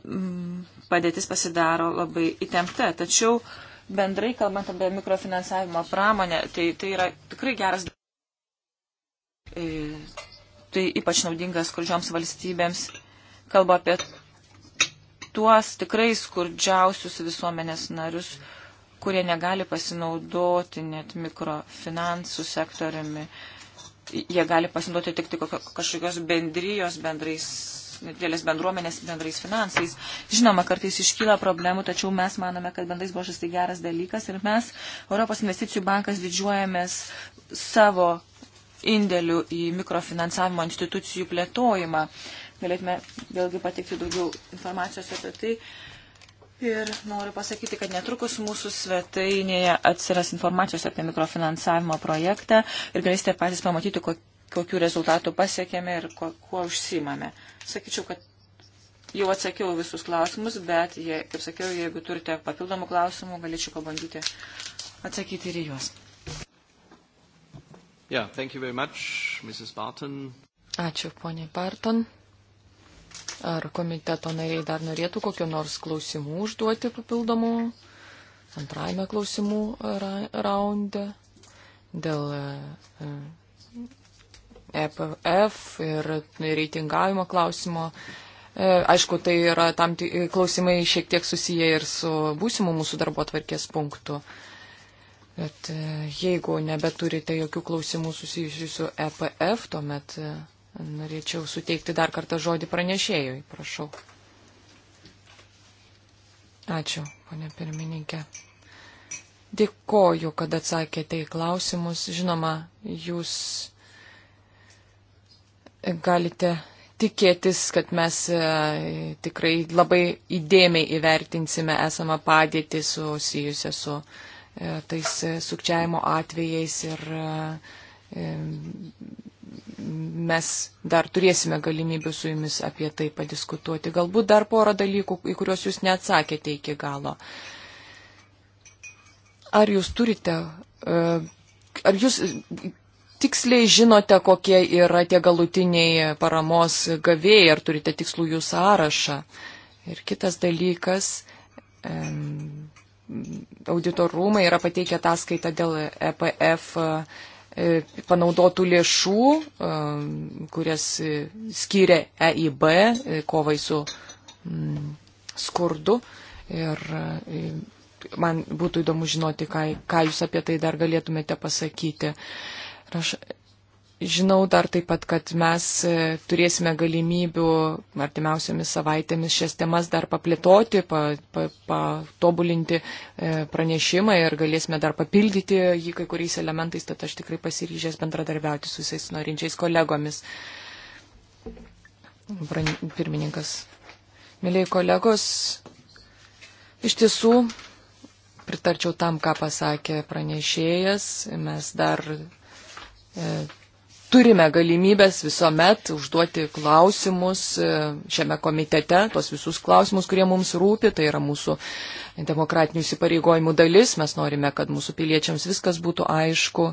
Mm, padėtis pasidaro labai įtempta. Tačiau bendrai kalbant apie mikrofinansavimo pramonę, tai, tai yra tikrai geras. E, tai ypač naudingas skurdžioms valstybėms. Kalba apie tuos tikrai skurdžiausius visuomenės narius, kurie negali pasinaudoti net mikrofinansų sektoriumi. Jie gali pasinaudoti tik tai kažkokios bendrijos bendrais didelės bendruomenės bendrais finansais. Žinoma, kartais iškyla problemų, tačiau mes manome, kad bendrais brošas tai geras dalykas ir mes, Europos investicijų bankas, didžiuojamės savo indėlių į mikrofinansavimo institucijų plėtojimą. Galėtume vėlgi patikti daugiau informacijos apie tai. Ir noriu pasakyti, kad netrukus mūsų svetainėje atsiras informacijos apie mikrofinansavimo projektą ir galėsite patys pamatyti, kokie kokiu rezultatu pasiekėme ir kuo, kuo užsimame. Sakyčiau, kad jau atsakiau visus klausimus, bet, jie, kaip sakiau, jeigu turite papildomų klausimų, galėčiau pabandyti atsakyti ir juos. Yeah, much, Ačiū, ponė Barton. Ar komiteto nariai dar norėtų kokiu nors klausimų užduoti papildomų antrajame klausimų ra raunde dėl e, EPF ir reitingavimo klausimo. E, aišku, tai yra tam klausimai šiek tiek susiję ir su būsimu mūsų darbo atvarkės punktu. Bet e, jeigu nebeturite jokių klausimų susijusių su EPF, tuomet e, norėčiau suteikti dar kartą žodį pranešėjui. Prašau. Ačiū, ponė pirmininkė. Dėkoju, kad atsakėte į klausimus. Žinoma, jūs galite tikėtis, kad mes e, tikrai labai įdėmiai įvertinsime esamą padėtį susijusią su e, tais e, sukčiavimo atvejais ir mes dar turėsime galimybių su jumis apie tai padiskutuoti. Galbūt dar porą dalykų, į kuriuos jūs neatsakėte iki galo. Ar jūs turite, ar jūs tiksliai žinote, kokie yra tie galutiniai paramos gavėjai, ar turite tikslų jų sąrašą. Ir kitas dalykas, auditorumai yra pateikę ataskaitą dėl EPF e, panaudotų lėšų, e, kurias skiria EIB e, kovai su skurdu. Ir man būtų įdomu žinoti, ką, ką jūs apie tai dar galėtumėte pasakyti. Uh, Aš žinau dar taip pat, kad mes e, turėsime galimybių artimiausiomis savaitėmis šias temas dar paplėtoti, patobulinti pa, pa, e, pranešimą ir galėsime dar papildyti jį kai kuriais elementais, tad aš tikrai pasiryžęs bendradarbiauti su visais norinčiais kolegomis. Pirmininkas. Mėlyi kolegos, iš tiesų pritarčiau tam, ką pasakė pranešėjas. Mes dar E, turime galimybės visuomet užduoti klausimus e, šiame komitete, tos visus klausimus, kurie mums rūpi, tai yra mūsų demokratinių įsipareigojimų dalis, mes norime, kad mūsų piliečiams viskas būtų aišku.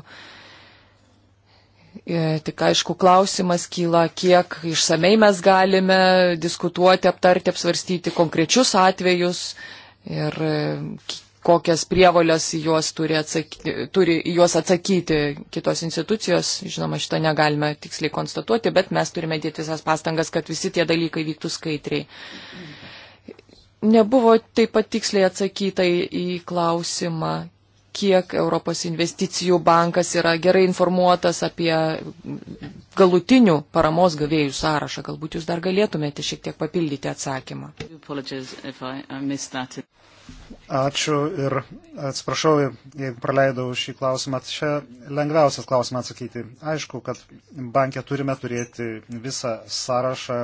E, tik aišku, klausimas kyla, kiek išsamei mes galime diskutuoti, aptarti, apsvarstyti konkrečius atvejus ir kokias prievolės juos turi, atsakyti, turi juos atsakyti kitos institucijos. Žinoma, šitą negalime tiksliai konstatuoti, bet mes turime dėti visas pastangas, kad visi tie dalykai vyktų skaidriai. Nebuvo taip pat tiksliai atsakyta į klausimą, kiek Europos investicijų bankas yra gerai informuotas apie galutinių paramos gavėjų sąrašą. Galbūt jūs dar galėtumėte šiek tiek papildyti atsakymą. Ačiū ir atsiprašau, jeigu praleidau šį klausimą. Čia lengviausias klausimas atsakyti. Aišku, kad bankė turime turėti visą sąrašą,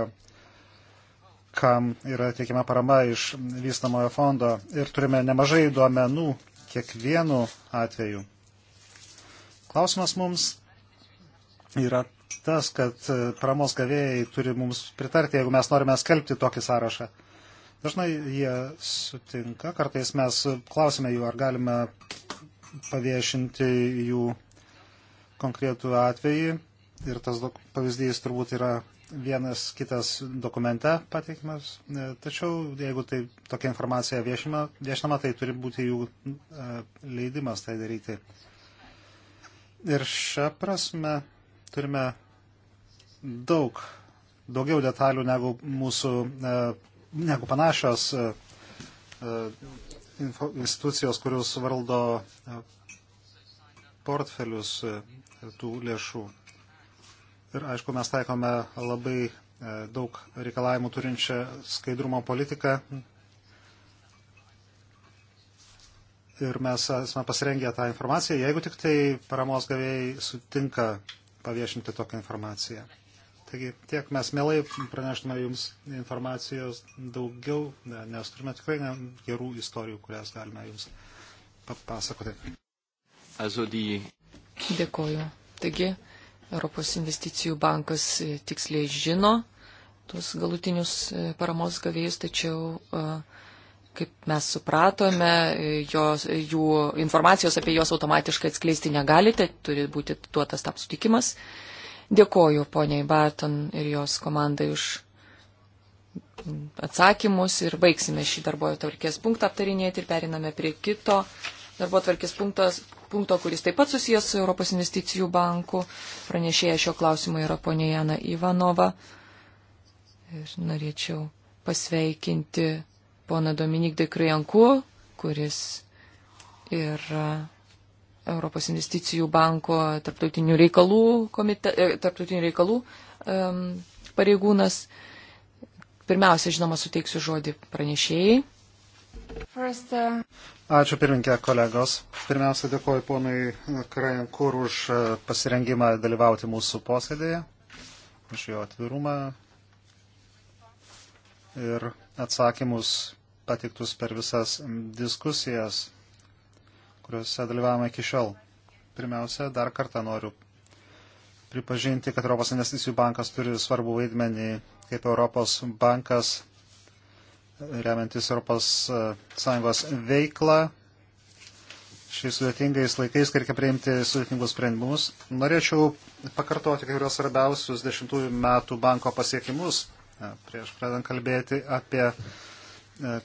kam yra tiekiama parama iš vystamojo fondo ir turime nemažai duomenų kiekvienu atveju. Klausimas mums yra tas, kad paramos gavėjai turi mums pritarti, jeigu mes norime skelbti tokį sąrašą. Dažnai jie sutinka, kartais mes klausime jų, ar galime paviešinti jų konkrėtų atvejį. Ir tas pavyzdys turbūt yra vienas kitas dokumente pateikimas. E, tačiau jeigu tai tokia informacija viešima, viešinama, tai turi būti jų e, leidimas tai daryti. Ir šią prasme turime daug, daugiau detalių negu mūsų e, negu panašios e, e, institucijos, kurios valdo e, portfelius tų lėšų. Ir aišku, mes taikome labai daug reikalavimų turinčią skaidrumo politiką. Ir mes esame pasirengę tą informaciją, jeigu tik tai paramos gavėjai sutinka paviešinti tokią informaciją. Taigi tiek mes mielai praneštume Jums informacijos daugiau, nes turime tikrai ne, gerų istorijų, kurias galime Jums papasakoti. Azodijai. Dėkoju. Taigi, Europos investicijų bankas e, tiksliai žino tuos galutinius e, paramos gavėjus, tačiau uh, kaip mes supratome, jos, jų informacijos apie juos automatiškai atskleisti negalite, turi būti duotas tam sutikimas. Dėkoju poniai Barton ir jos komandai už atsakymus ir baigsime šį darbo tvarkės punktą aptarinėti ir periname prie kito darbo tvarkės punktos, punkto, kuris taip pat susijęs su Europos investicijų banku. Pranešėja šio klausimo yra ponė Jana Ivanova. Ir norėčiau pasveikinti poną Dominik de Krianku, kuris yra Europos investicijų banko tarptautinių reikalų, komite, e, tarptautinių reikalų um, pareigūnas. Pirmiausia, žinoma, suteiksiu žodį pranešėjai. First, uh... Ačiū pirminkė kolegos. Pirmiausia, dėkoju ponui Krajankur už e, pasirengimą dalyvauti mūsų posėdėje, už jo atvirumą ir atsakymus patiktus per visas diskusijas kuriuose dalyvavome iki šiol. Pirmiausia, dar kartą noriu pripažinti, kad Europos investicijų bankas turi svarbų vaidmenį kaip Europos bankas, remiantis Europos e, Sąjungos veiklą. Šiais sudėtingais laikais reikia priimti sudėtingus sprendimus. Norėčiau pakartoti kai kurios svarbiausius dešimtųjų metų banko pasiekimus, e, prieš pradant kalbėti apie E,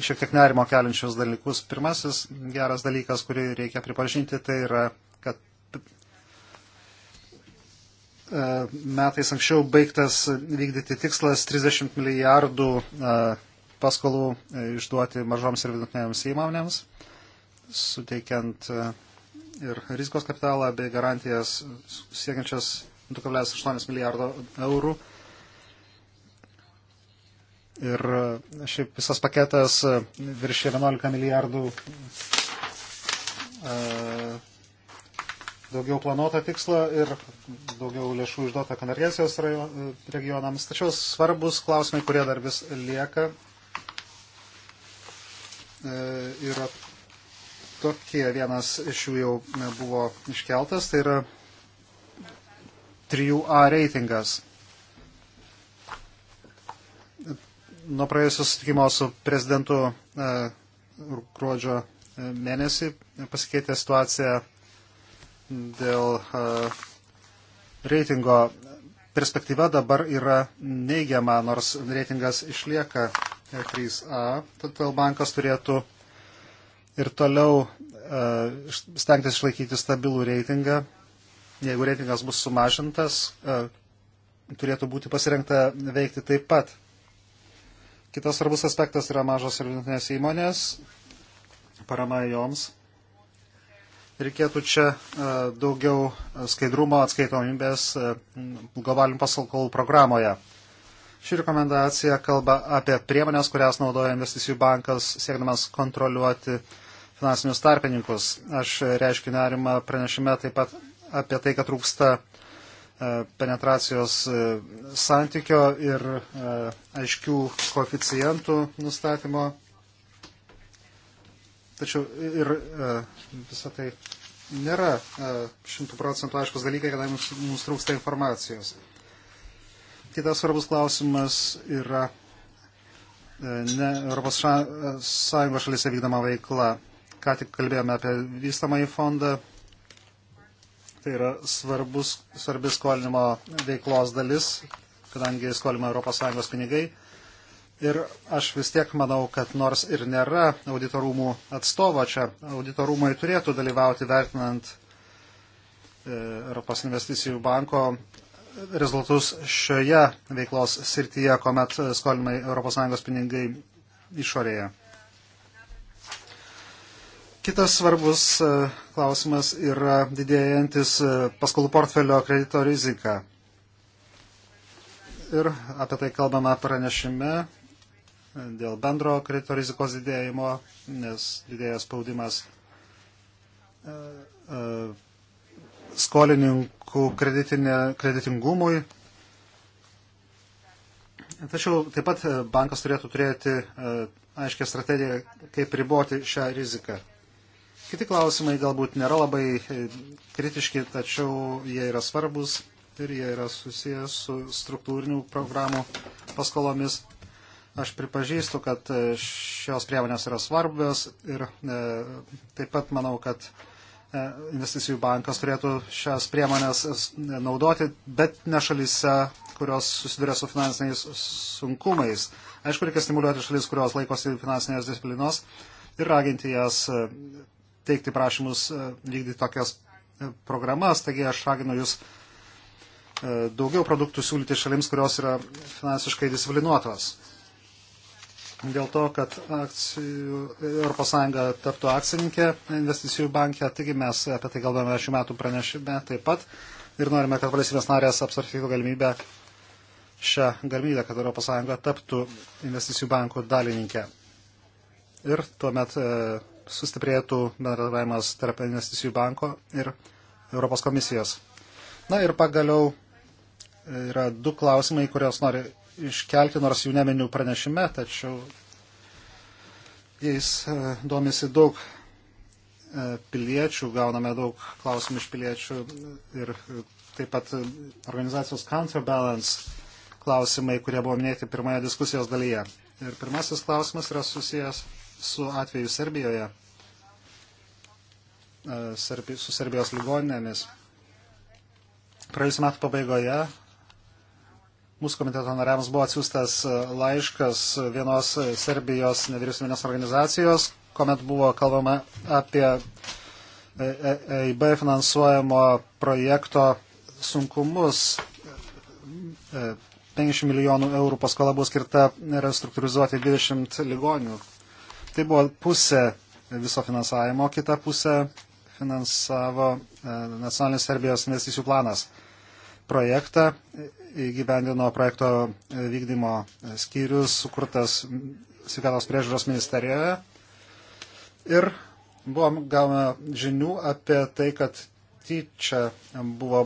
šiek tiek nerimo keliančius dalykus. Pirmasis geras dalykas, kurį reikia pripažinti, tai yra, kad e, metais anksčiau baigtas vykdyti tikslas 30 milijardų e, paskolų išduoti mažoms ir vidutinėms įmonėms, suteikiant ir rizikos kapitalą bei garantijas siekiančias 2,8 milijardo eurų Ir šiaip visas paketas virš 11 milijardų e, daugiau planuota tikslo ir daugiau lėšų išduota konvergencijos e, regionams. Tačiau svarbus klausimai, kurie dar vis lieka, e, yra tokie. Vienas iš jų jau buvo iškeltas, tai yra 3A reitingas nuo praėjusio susitikimo su prezidentu e, gruodžio e, mėnesį pasikeitė situacija dėl e, reitingo. Perspektyva dabar yra neigiama, nors reitingas išlieka 3A, todėl bankas turėtų ir toliau stengtis išlaikyti stabilų reitingą. Jeigu reitingas bus sumažintas, turėtų būti pasirengta veikti taip pat. Kitas svarbus aspektas yra mažos ir vidutinės įmonės, parama joms. Reikėtų čia e, daugiau skaidrumo atskaitomybės e, globalinių pasalkolų programoje. Ši rekomendacija kalba apie priemonės, kurias naudoja investicijų bankas, siekdamas kontroliuoti finansinius tarpininkus. Aš reiškiu nerimą pranešime taip pat apie tai, kad trūksta E, penetracijos e, santykio ir e, aiškių koeficientų nustatymo. Tačiau ir visą tai nėra šimtų procentų aiškus dalykai, kada mums, mums trūksta informacijos. Kitas svarbus klausimas yra ne Europos Sąjungos šalise vykdama veikla. Ką tik kalbėjome apie vystamąjį fondą, Tai yra svarbus, svarbi skolinimo veiklos dalis, kadangi skolima ES pinigai. Ir aš vis tiek manau, kad nors ir nėra auditorumų atstovo čia, auditorumai turėtų dalyvauti vertinant e, Europos investicijų banko rezultatus šioje veiklos srityje, kuomet skolimai ES pinigai išorėje. Kitas svarbus e, klausimas yra didėjantis e, paskolų portfelio kredito rizika. Ir apie tai kalbame pranešime e, dėl bendro kredito rizikos didėjimo, nes didėja spaudimas skolininkų kreditingumui. Tačiau taip pat bankas turėtų turėti aiškę strategiją, kaip riboti šią riziką. Kiti klausimai galbūt nėra labai e, kritiški, tačiau jie yra svarbus ir jie yra susijęs su struktūrinių programų paskolomis. Aš pripažįstu, kad e, šios priemonės yra svarbios ir e, taip pat manau, kad e, investicijų bankas turėtų šias priemonės e, naudoti, bet ne šalyse, kurios susiduria su finansiniais sunkumais. Aišku, reikia stimuliuoti šalis, kurios laikosi finansinės disciplinos ir raginti jas teikti prašymus e, vykdyti tokias e, programas, taigi aš raginu jūs e, daugiau produktų siūlyti šalims, kurios yra finansiškai disciplinuotos. Dėl to, kad akcijų, ES taptų akcininkė investicijų bankė, taigi mes apie tai kalbame šių metų pranešime taip pat ir norime, kad valstybės narės apsvarstytų galimybę šią galimybę, kad ES taptų investicijų bankų dalininkė. Ir tuomet sustiprėtų bendradarbiavimas tarp investicijų banko ir Europos komisijos. Na ir pagaliau e, yra du klausimai, kuriuos noriu iškelti, nors jų neminiu pranešime, tačiau jais e, domisi daug e, piliečių, gauname daug klausimų iš piliečių ir taip pat organizacijos counterbalance klausimai, kurie buvo minėti pirmoje diskusijos dalyje. Ir pirmasis klausimas yra susijęs su atveju Serbijoje, e, su Serbijos ligoninėmis. Praėjusiu metu pabaigoje mūsų komiteto nariams buvo atsiųstas e, laiškas vienos Serbijos nevyriausybinės organizacijos, kuomet buvo kalbama apie EIB e, finansuojamo projekto sunkumus. 50 milijonų eurų paskola buvo skirta restruktūrizuoti 20 ligonių, Tai buvo pusė viso finansavimo, kita pusė finansavo e, nacionalinis Serbijos investicijų planas. Projektą įgyvendino projekto vykdymo skyrius, sukurtas sveikatos priežiūros ministerijoje. Ir buvom gavome žinių apie tai, kad tyčia buvo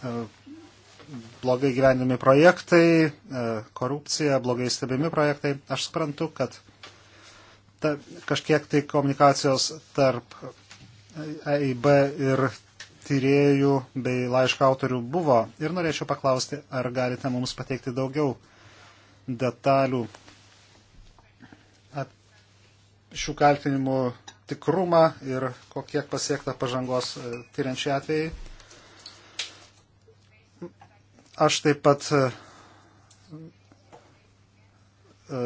e, blogai gyvendami projektai, e, korupcija, blogai stebimi projektai. Aš suprantu, kad ta, kažkiek tai komunikacijos tarp EIB ir tyriejų bei laiško autorių buvo. Ir norėčiau paklausti, ar galite mums pateikti daugiau detalių šių kaltinimų tikrumą ir kokiek pasiekta pažangos e, tyriančiai atvejai. Aš taip pat e, e,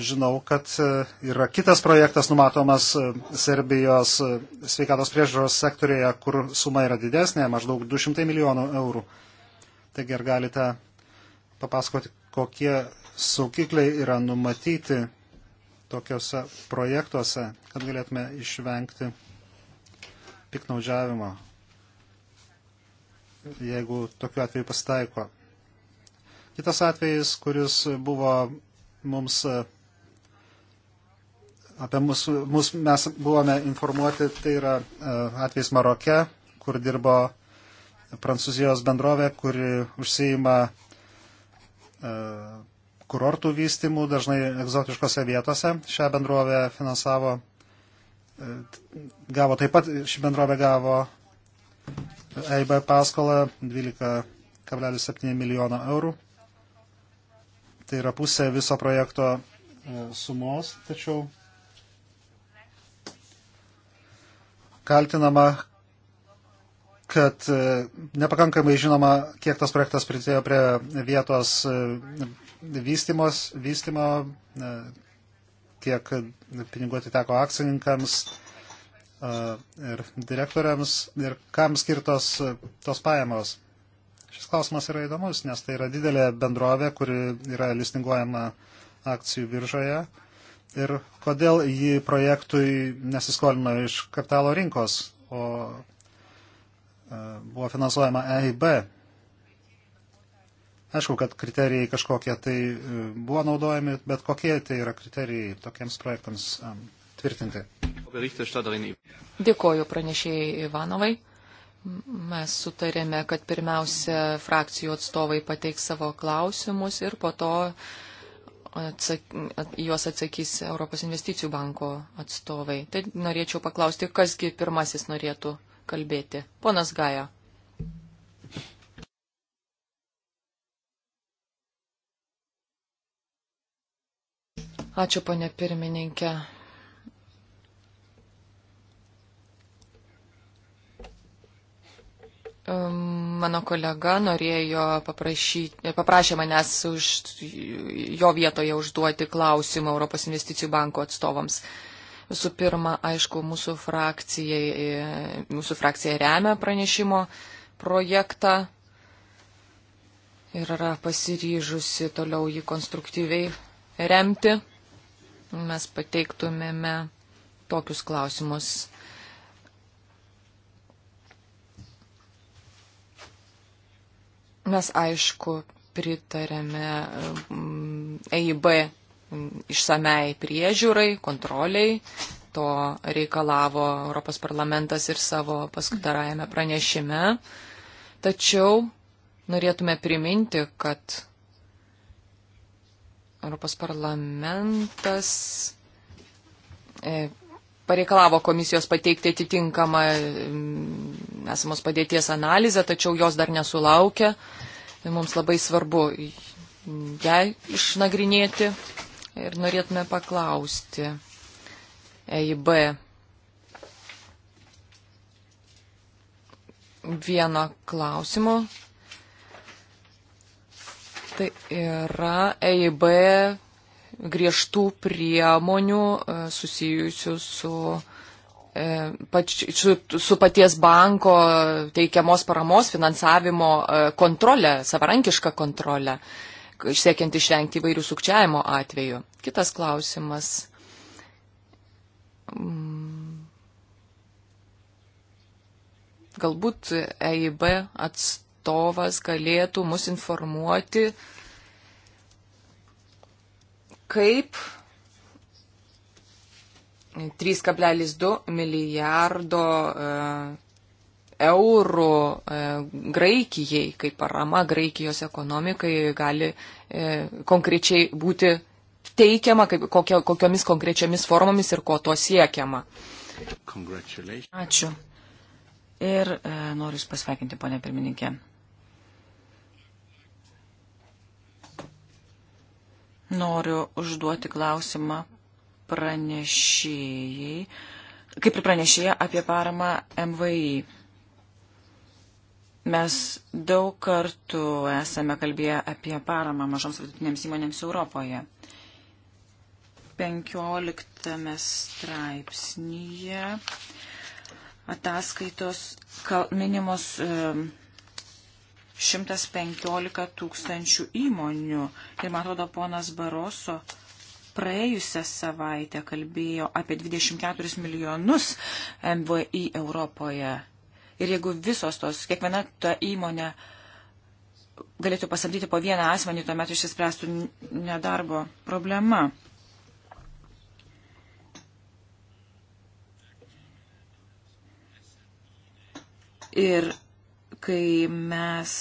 žinau, kad e, yra kitas projektas numatomas e, Serbijos e, sveikatos priežiūros sektorėje, kur suma yra didesnė, maždaug 200 milijonų eurų. Taigi ar galite papasakoti, kokie saukikliai yra numatyti tokiuose projektuose, kad galėtume išvengti piknaudžiavimo, jeigu tokiu atveju pasitaiko. Kitas atvejis, kuris buvo mums apie mus, mus mes buvome informuoti, tai yra e, atvejs Maroke, kur dirbo Prancūzijos bendrovė, kuri užsijima e, kurortų vystimų dažnai egzotiškose vietose. Šią bendrovę finansavo, e, gavo taip pat, ši bendrovė gavo EIB paskolą 12,7 milijono eurų. Tai yra pusė viso projekto sumos, tačiau kaltinama, kad e, nepakankamai žinoma, kiek tas projektas pritėjo prie vietos e, vystimos, vystymo, e, kiek pinigų atiteko akcininkams ir direktoriams ir kam skirtos tos pajamos. Šis klausimas yra įdomus, nes tai yra didelė bendrovė, kuri yra listinguojama akcijų biržoje ir kodėl ji projektui nesiskolino iš kapitalo rinkos, o e, buvo finansuojama EIB. Aišku, kad kriterijai kažkokie tai e, buvo naudojami, bet kokie tai yra kriterijai tokiems projektams e, tvirtinti. Dėkoju pranešėjai Ivanovai. Mes sutarėme, kad pirmiausia frakcijų atstovai pateiks savo klausimus ir po to uh, atsak, at, juos atsakys Europos investicijų banko atstovai. Tai norėčiau paklausti, kasgi pirmasis norėtų kalbėti. Ponas Gaja. Ačiū, ponė pirmininkė. Mano kolega norėjo paprašyti, e, paprašė manęs už jo vietoje užduoti klausimą Europos investicijų banko atstovams. Visų pirma, aišku, mūsų, e, mūsų frakcija remia pranešimo projektą ir yra pasiryžusi toliau jį konstruktyviai remti. Mes pateiktumėme tokius klausimus Mes aišku pritarėme mm, EIB išsamei priežiūrai, kontroliai. To reikalavo Europos parlamentas ir savo paskutarajame pranešime. Tačiau norėtume priminti, kad Europos parlamentas e, pareikalavo komisijos pateikti atitinkamą mm, esamos padėties analizę, tačiau jos dar nesulaukia. Mums labai svarbu ją išnagrinėti ir norėtume paklausti EIB vieno klausimo. Tai yra EIB griežtų priemonių e, susijusių su, e, pač, su, su paties banko teikiamos paramos finansavimo e, kontrolę, savarankišką kontrolę, siekiant išvengti įvairių sukčiavimo atvejų. Kitas klausimas. Mm. Galbūt EIB atstovas galėtų mus informuoti, kaip 3,2 milijardo e, eurų e, Graikijai, kaip parama Graikijos ekonomikai gali e, konkrečiai būti teikiama, kaip, kokio, kokiomis konkrečiamis formomis ir ko to siekiama. Ačiū. Ir e, noriu Jūs pasveikinti, ponė pirmininkė. Noriu užduoti klausimą pranešėjai, kaip ir pranešėja apie paramą MVI. Mes daug kartų esame kalbėję apie paramą mažoms vidutinėms įmonėms Europoje. 15 straipsnyje ataskaitos minimos 115 tūkstančių įmonių. Ir man atrodo, ponas Baroso praėjusią savaitę kalbėjo apie 24 milijonus MVI Europoje. Ir jeigu visos tos, kiekviena ta įmonė galėtų pasamdyti po vieną asmenį, tuomet išsispręstų nedarbo problema. Ir kai mes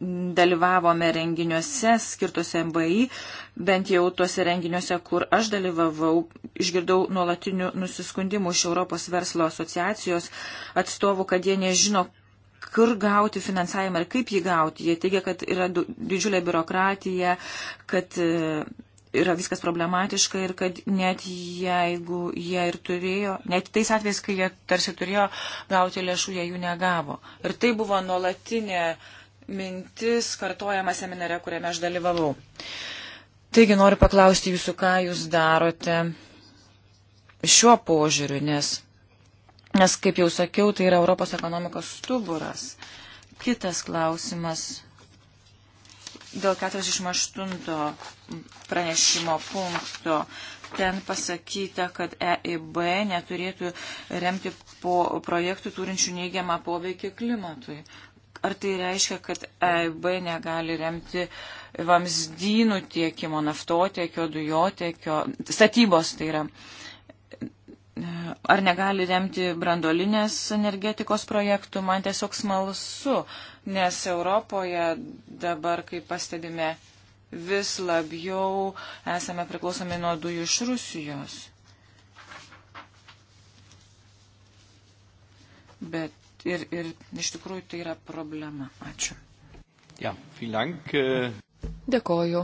dalyvavome renginiuose skirtuose MBI, bent jau tuose renginiuose, kur aš dalyvavau, išgirdau nuolatinių nusiskundimų iš Europos verslo asociacijos atstovų, kad jie nežino, kur gauti finansavimą ir kaip jį gauti. Jie teigia, kad yra didžiulė biurokratija, kad e, yra viskas problematiška ir kad net jeigu jie ir turėjo, net tais atvejais, kai jie tarsi turėjo gauti lėšų, jie jų negavo. Ir tai buvo nuolatinė uh, mintis kartojama seminare, kuriame aš dalyvavau. Taigi noriu paklausti jūsų, ką jūs darote šiuo požiūriu, nes, nes kaip jau sakiau, tai yra Europos ekonomikos stuburas. Kitas klausimas dėl 48 pranešimo punkto. Ten pasakyta, kad EIB neturėtų remti po projektų turinčių neigiamą poveikį klimatui. Ar tai reiškia, kad EIB negali remti vamzdynų tiekimo, naftotiekio, dujotiekio, statybos tai yra? Ar negali remti brandolinės energetikos projektų? Man tiesiog smalsu, nes Europoje dabar, kaip pastebime, vis labiau esame priklausomi nuo dujų iš Rusijos. Bet ir, ir iš tikrųjų tai yra problema. Ačiū. Ja, Dank. Äh, Dėkoju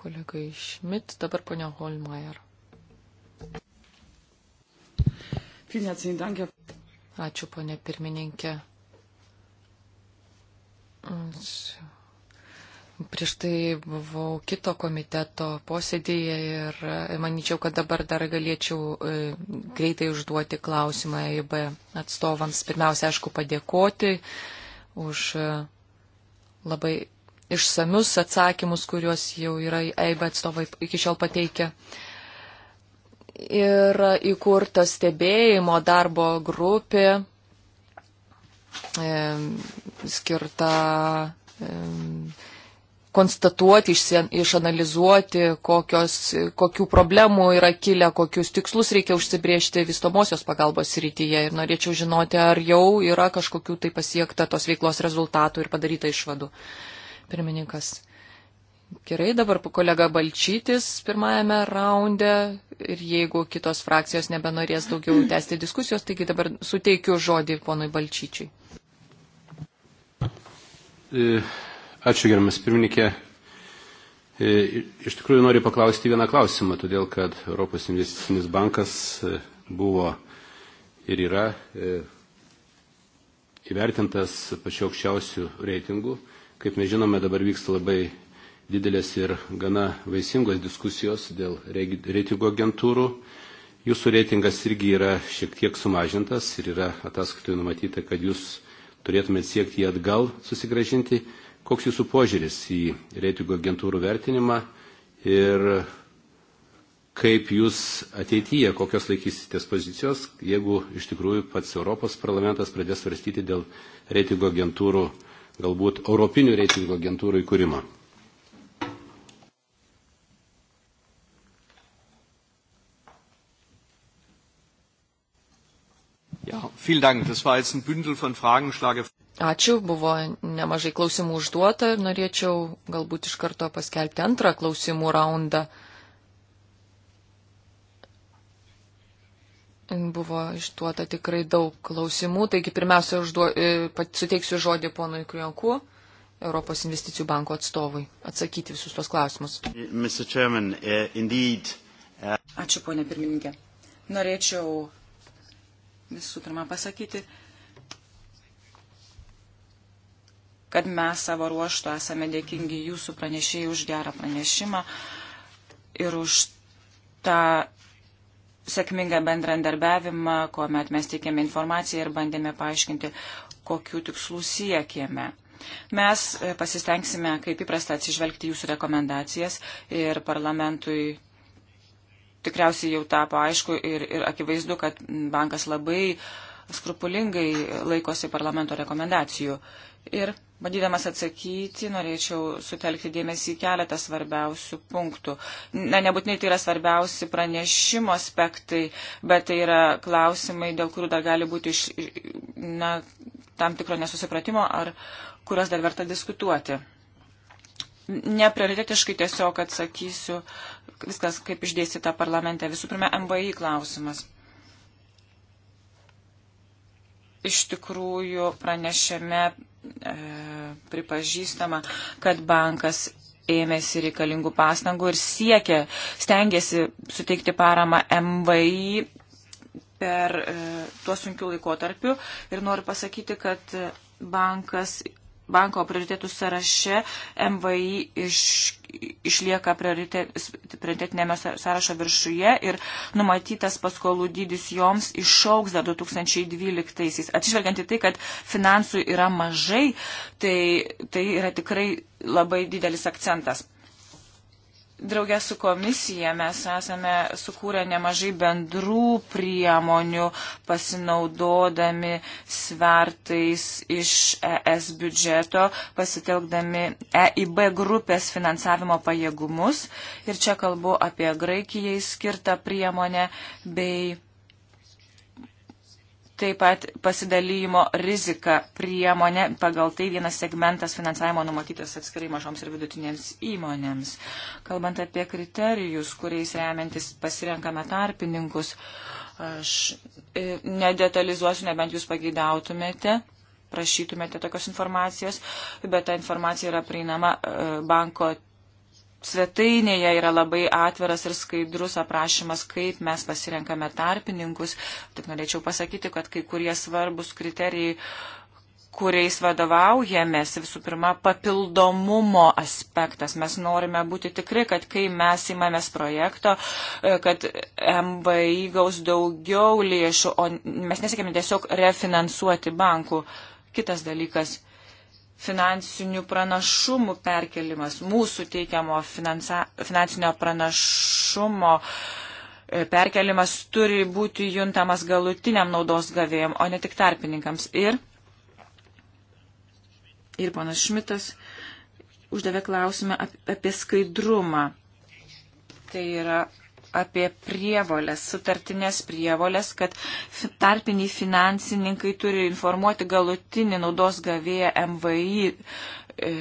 kolegai Šmit, dabar ponia Holmeier. Ačiū, ponė pirmininkė. Ačiū. Prieš tai buvau kito komiteto posėdėje ir e, manyčiau, kad dabar dar galėčiau e, greitai užduoti klausimą EIB atstovams. Pirmiausia, aišku, padėkoti už e, labai išsamius atsakymus, kuriuos jau yra EIB atstovai iki šiol pateikę. Ir įkurta stebėjimo darbo grupė e, skirta. E, konstatuoti, išanalizuoti, kokios, kokių problemų yra kilę, kokius tikslus reikia užsibriežti vystomosios pagalbos rytyje. Ir norėčiau žinoti, ar jau yra kažkokių tai pasiekta tos veiklos rezultatų ir padaryta išvadų. Pirmininkas. Gerai, dabar kolega Balčytis pirmajame raunde ir jeigu kitos frakcijos nebenorės daugiau tęsti diskusijos, taigi dabar suteikiu žodį ponui Balčyčiui. E Ačiū, gerbiamas pirmininkė. E, iš tikrųjų noriu paklausti vieną klausimą, todėl kad Europos investicinis bankas e, buvo ir yra e, įvertintas pačiu aukščiausiu reitingu. Kaip mes žinome, dabar vyksta labai didelės ir gana vaisingos diskusijos dėl reitingo agentūrų. Jūsų reitingas irgi yra šiek tiek sumažintas ir yra ataskaitoje numatyta, kad jūs turėtumėte siekti jį atgal susigražinti koks jūsų požiūris į reitingų agentūrų vertinimą ir kaip jūs ateityje, kokios laikysitės pozicijos, jeigu iš tikrųjų pats Europos parlamentas pradės svarstyti dėl reitingų agentūrų, galbūt europinių reitingų agentūrų įkūrimą. Ja, vielen Dank. Das war jetzt ein Bündel von Fragen. Schlage Ačiū, buvo nemažai klausimų užduota ir norėčiau galbūt iš karto paskelbti antrą klausimų raundą. Buvo išduota tikrai daug klausimų, taigi pirmiausia, užduo, e, suteiksiu žodį ponui Krianku, Europos investicijų banko atstovui, atsakyti visus tos klausimus. Chairman, e, indeed, uh... Ačiū, ponė pirmininkė. Norėčiau visų pirma pasakyti, kad mes savo ruoštų esame dėkingi jūsų pranešėjai už gerą pranešimą ir už tą sėkmingą bendrandarbiavimą, kuomet mes teikėme informaciją ir bandėme paaiškinti, kokiu tikslu siekėme. Mes e, pasistengsime, kaip įprasta, atsižvelgti jūsų rekomendacijas ir parlamentui tikriausiai jau tapo aišku ir, ir akivaizdu, kad bankas labai skrupulingai laikosi parlamento rekomendacijų. Ir Bandydamas atsakyti, norėčiau sutelkti dėmesį į keletą svarbiausių punktų. Na, nebūtinai tai yra svarbiausi pranešimo aspektai, bet tai yra klausimai, dėl kurių dar gali būti iš, na, tam tikro nesusipratimo ar kurios dar verta diskutuoti. Neprioritetiškai tiesiog atsakysiu viskas, kaip išdėstyta parlamente. Visų pirma, MBI klausimas iš tikrųjų pranešėme E, pripažįstama, kad bankas ėmėsi reikalingų pastangų ir siekė, stengiasi suteikti paramą MVI per e, tuo sunkiu laikotarpiu. Ir noriu pasakyti, kad bankas banko prioritėtų sąraše MVI iš, išlieka prioritetinėme sąrašo viršuje ir numatytas paskolų dydis joms išauks dar 2012-aisiais. Atsižvelgiant į tai, kad finansų yra mažai, tai, tai yra tikrai labai didelis akcentas draugę su komisija mes esame sukūrę nemažai bendrų priemonių, pasinaudodami svertais iš ES biudžeto, pasitelkdami EIB grupės finansavimo pajėgumus. Ir čia kalbu apie Graikijai skirtą priemonę bei taip pat pasidalymo rizika priemonė, pagal tai vienas segmentas finansavimo numatytas atskirai mažoms ir vidutinėms įmonėms. Kalbant apie kriterijus, kuriais remiantis pasirenkame tarpininkus, aš e, nedetalizuosiu, nebent jūs pageidautumėte prašytumėte tokios informacijos, bet ta informacija yra prieinama e, banko svetainėje yra labai atviras ir skaidrus aprašymas, kaip mes pasirenkame tarpininkus. Tik norėčiau pasakyti, kad kai kurie svarbus kriterijai, kuriais vadovaujamės, visų pirma, papildomumo aspektas. Mes norime būti tikri, kad kai mes įmamės projekto, e, kad MVI gaus daugiau lėšų, o mes nesiekime tiesiog refinansuoti bankų. Kitas dalykas finansinių pranašumų perkelimas, mūsų teikiamo finansa, finansinio pranašumo e, perkelimas turi būti juntamas galutiniam naudos gavėjom, o ne tik tarpininkams. Ir, ir ponas Šmitas uždavė klausimą apie skaidrumą. Tai yra apie prievolės, sutartinės prievolės, kad tarpiniai finansininkai turi informuoti galutinį naudos gavėją MVI, e,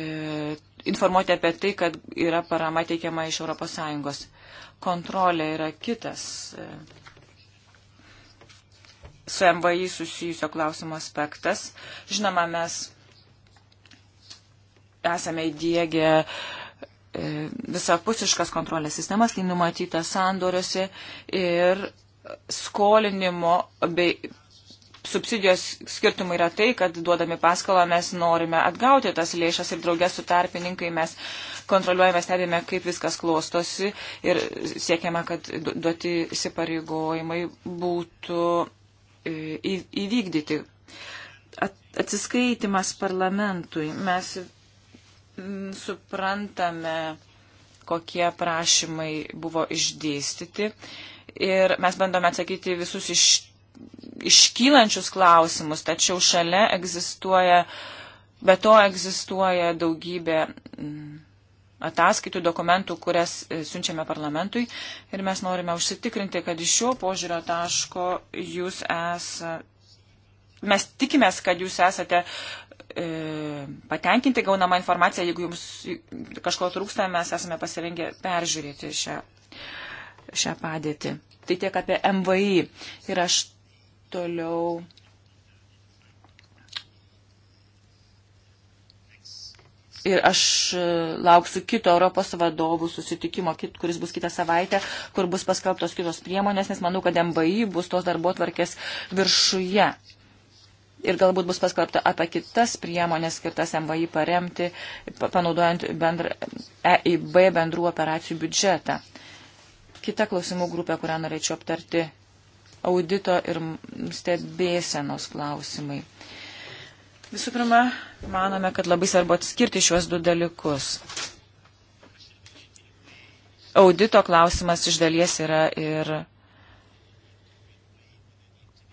informuoti apie tai, kad yra parama teikiama iš ES. Kontrolė yra kitas e, su MVI susijusio klausimo aspektas. Žinoma, mes esame įdėgę e, E, visapusiškas kontrolės sistemas, tai numatyta sandoriuose ir skolinimo bei subsidijos skirtumai yra tai, kad duodami paskalą mes norime atgauti tas lėšas ir draugės su tarpininkai mes kontroliuojame, stebime, kaip viskas klostosi ir siekiame, kad duoti įsipareigojimai būtų e, įvykdyti. Atsiskaitimas parlamentui. Mes Mm, suprantame, kokie prašymai buvo išdėstyti ir mes bandome atsakyti visus iš, iškylančius klausimus, tačiau šalia egzistuoja, be to egzistuoja daugybė mm, ataskaitų, dokumentų, kurias e, siunčiame parlamentui ir mes norime užsitikrinti, kad iš šio požiūrio taško jūs esate. Mes tikimės, kad jūs esate E, patenkinti gaunamą informaciją, jeigu jums kažko trūksta, mes esame pasirengę peržiūrėti šią, šią padėtį. Tai tiek apie MVI. Ir aš toliau. Ir aš e, lauksiu kito Europos vadovų susitikimo, kuris bus kitą savaitę, kur bus paskelbtos kitos priemonės, nes manau, kad MVI bus tos darbo tvarkės viršuje ir galbūt bus paskelbta apie kitas priemonės skirtas MVI paremti, panaudojant bendra, EIB bendrų operacijų biudžetą. Kita klausimų grupė, kurią norėčiau aptarti - audito ir stebėsenos klausimai. Visų pirma, manome, kad labai svarbu atskirti šiuos du dalykus audito klausimas iš dalies yra ir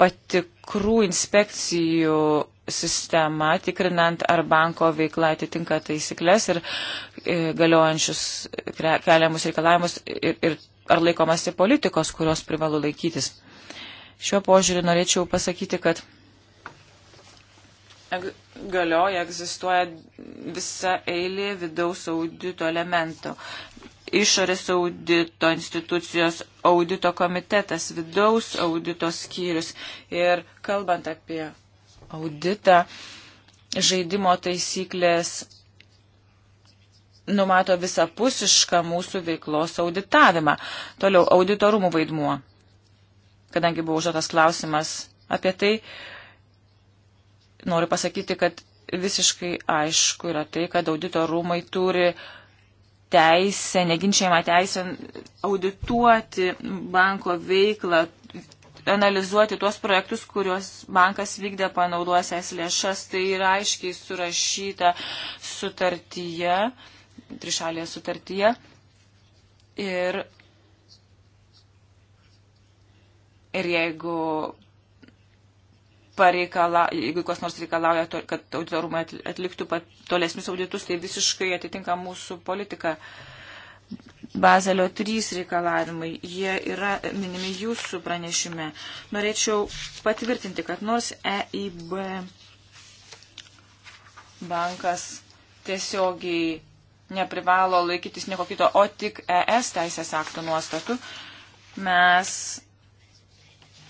patikrų inspekcijų sistema, tikrinant, ar banko veikla atitinka taisyklės ir e, galiojančius keliamus reikalavimus ir, ir ar laikomasi politikos, kurios privalu laikytis. Šiuo požiūriu norėčiau pasakyti, kad galioja, egzistuoja visa eilė vidaus audito elementų išorės audito institucijos audito komitetas, vidaus audito skyrius. Ir kalbant apie auditą, žaidimo taisyklės numato visapusišką mūsų veiklos auditavimą. Toliau auditorumų vaidmuo. Kadangi buvo užduotas klausimas apie tai, noriu pasakyti, kad visiškai aišku yra tai, kad auditorumai turi uh, teisę, neginčiamą teisę audituoti banko veiklą, analizuoti tuos projektus, kuriuos bankas vykdė panaudosęs lėšas. Tai yra aiškiai surašyta sutartyje, trišalėje sutartyje. Ir, ir jeigu pareikala, jeigu kas nors reikalauja, to, kad auditorumai atliktų tolesnius auditus, tai visiškai atitinka mūsų politiką. Bazelio 3 reikalavimai, jie yra minimi jūsų pranešime. Norėčiau patvirtinti, kad nors EIB bankas tiesiogiai neprivalo laikytis nieko kito, o tik ES teisės aktų nuostatų, mes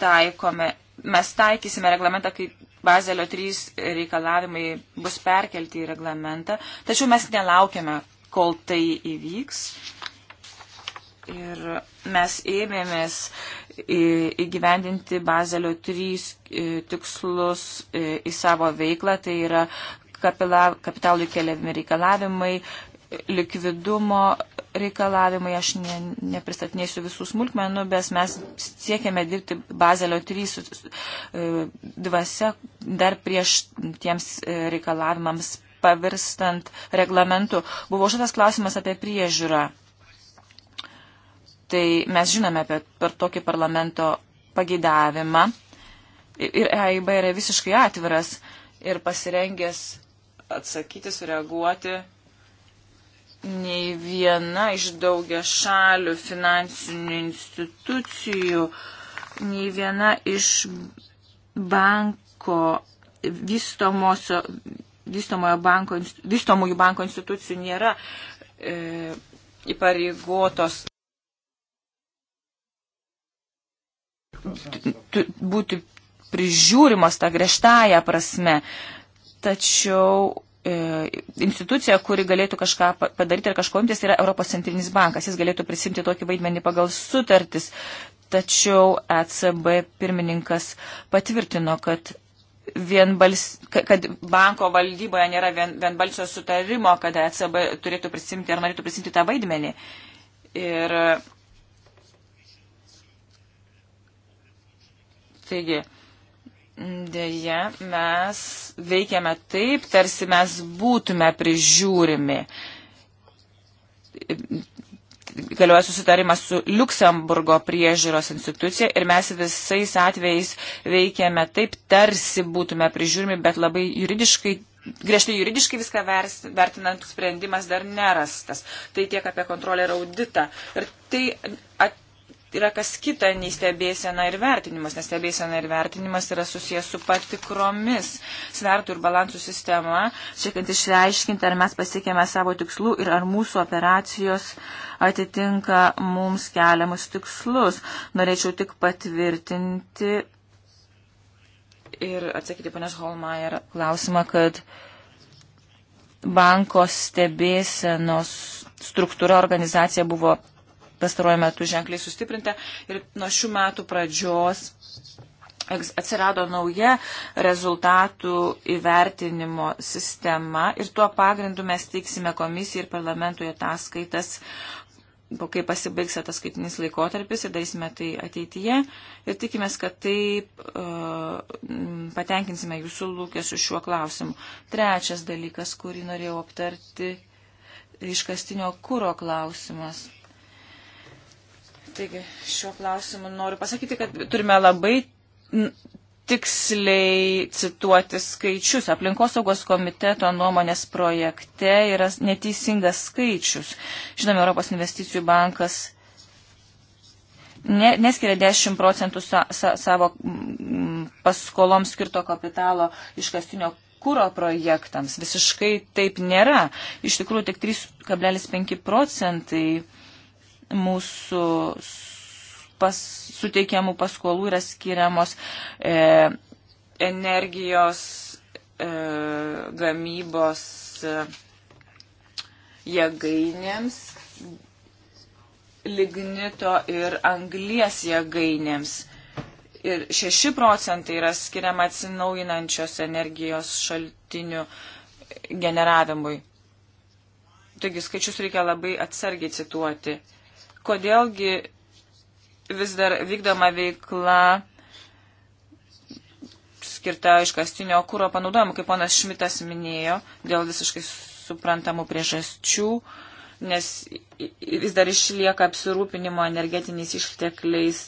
taikome mes taikysime reglamentą, kai Bazelio 3 reikalavimai bus perkelti į reglamentą, tačiau mes nelaukiame, kol tai įvyks. Ir mes ėmėmės įgyvendinti Bazelio 3 e, tikslus e, į savo veiklą, tai yra kapitalų keliami reikalavimai, likvidumo reikalavimai, aš ne, nepristatinėsiu visų smulkmenų, bet mes siekiame dirbti Bazelio 3 e, dvasia dar prieš tiems e, reikalavimams pavirstant reglamentu. Buvo šitas klausimas apie priežiūrą. Tai mes žinome apie per tokį parlamento pageidavimą. Ir EIB yra visiškai atviras ir pasirengęs atsakyti, sureaguoti nei viena iš daugia šalių finansinių institucijų, nei viena iš banko vystomosio, vystomojo banko, vystomųjų banko institucijų nėra e, įpareigotos būti prižiūrimos tą griežtąją prasme. Tačiau E, institucija, kuri galėtų kažką padaryti ir kažko imtis, yra Europos centrinis bankas. Jis galėtų prisimti tokį vaidmenį pagal sutartis. Tačiau ECB pirmininkas patvirtino, kad, vienbals, kad banko valdyboje nėra vien, vienbalsio sutarimo, kad ECB turėtų prisimti ar norėtų prisimti tą vaidmenį. Ir taigi, Deja, mes veikiame taip, tarsi mes būtume prižiūrimi. Galioja susitarimas su Luksemburgo priežiūros institucija ir mes visais atvejais veikiame taip, tarsi būtume prižiūrimi, bet labai juridiškai, griežtai juridiškai viską vers, vertinant sprendimas dar nerastas. Tai tiek apie kontrolę ir auditą. Ir tai at, yra kas kita nei stebėsena ir vertinimas, nes stebėsena ir vertinimas yra susijęs su patikromis. Svertų ir balansų sistema, siekiant išreiškinti, ar mes pasiekėme savo tikslų ir ar mūsų operacijos atitinka mums keliamus tikslus. Norėčiau tik patvirtinti ir atsakyti ponios Holmeier klausimą, kad banko stebėsenos struktūra organizacija buvo pastaruoju metu ženkliai sustiprinta ir nuo šių metų pradžios atsirado nauja rezultatų įvertinimo sistema ir tuo pagrindu mes teiksime komisijai ir parlamentui ataskaitas, po kai pasibaigs ataskaitinis laikotarpis ir darysime tai ateityje ir tikimės, kad taip uh, patenkinsime jūsų lūkesčius šiuo klausimu. Trečias dalykas, kurį norėjau aptarti, iškastinio kūro klausimas. Taigi, šiuo klausimu noriu pasakyti, kad turime labai tiksliai cituoti skaičius. Aplinkosaugos komiteto nuomonės projekte yra neteisingas skaičius. Žinome, Europos investicijų bankas ne, neskiria 10 procentų sa, sa, savo paskoloms skirto kapitalo iškastinio kūro projektams. Visiškai taip nėra. Iš tikrųjų, tik 3,5 procentai mūsų pas, suteikiamų paskolų yra skiriamos e, energijos e, gamybos e, jėgainėms, lignito ir anglies jėgainėms. Ir 6 procentai yra skiriama atsinaujinančios energijos šaltinių generavimui. Taigi skaičius reikia labai atsargiai cituoti kodėlgi vis dar vykdoma veikla skirta iškastinio kūro panaudojimu, kaip ponas Šmitas minėjo, dėl visiškai suprantamų priežasčių, nes vis dar išlieka apsirūpinimo energetiniais ištekliais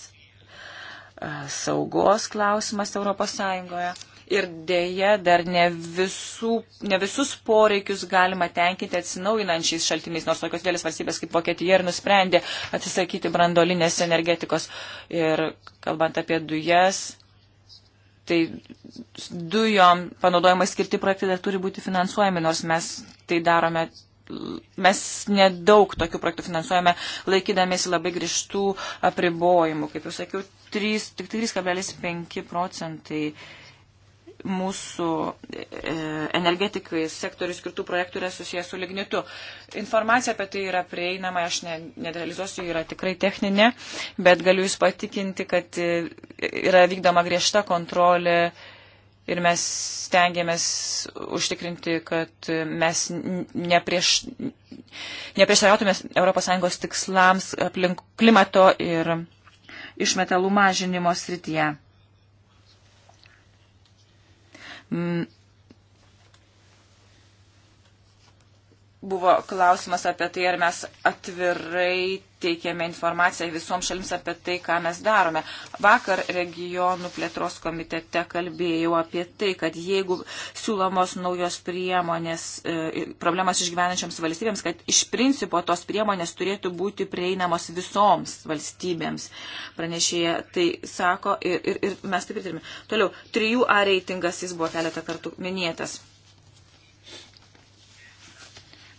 saugos klausimas Europos Sąjungoje ir dėja dar ne, visų, ne visus poreikius galima tenkinti atsinaujinančiais šaltiniais, nors tokios dėlės valstybės kaip Vokietija ir nusprendė atsisakyti brandolinės energetikos. Ir kalbant apie dujas, tai dujom panaudojimai skirti projektai dar turi būti finansuojami, nors mes tai darome mes nedaug tokių projektų finansuojame, laikydamėsi labai grįžtų apribojimų. Kaip jau sakiau, 3, tik 3,5 procentai mūsų e, energetikai sektorių skirtų projektų yra susijęs su lignitu. Informacija apie tai yra prieinama, aš ne, nedrealizuosiu, yra tikrai techninė, bet galiu Jūs patikinti, kad e, yra vykdoma griežta kontrolė ir mes stengiamės užtikrinti, kad mes neprieš, neprieštarautume ES tikslams aplink klimato ir išmetalų mažinimo srityje. Mm. Buvo klausimas apie tai, ar mes atvirai teikiame informaciją visoms šalims apie tai, ką mes darome. Vakar regionų plėtros komitete kalbėjau apie tai, kad jeigu siūlomos naujos priemonės e, problemas išgyvenančioms valstybėms, kad iš principo tos priemonės turėtų būti prieinamos visoms valstybėms. Pranešėja tai sako ir, ir, ir mes taip ir turime. Toliau, 3A reitingas jis buvo keletą kartų minėtas.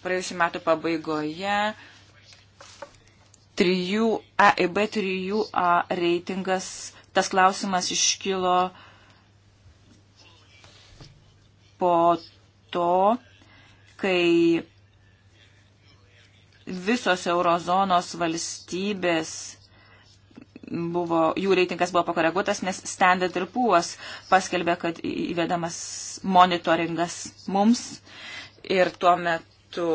Praėjusiu metu pabaigoje trijų, AIB 3A reitingas, tas klausimas iškilo po to, kai visos eurozonos valstybės buvo, jų reitingas buvo pakoreguotas, nes Standard ir Puos paskelbė, kad įvedamas monitoringas mums ir tuo metu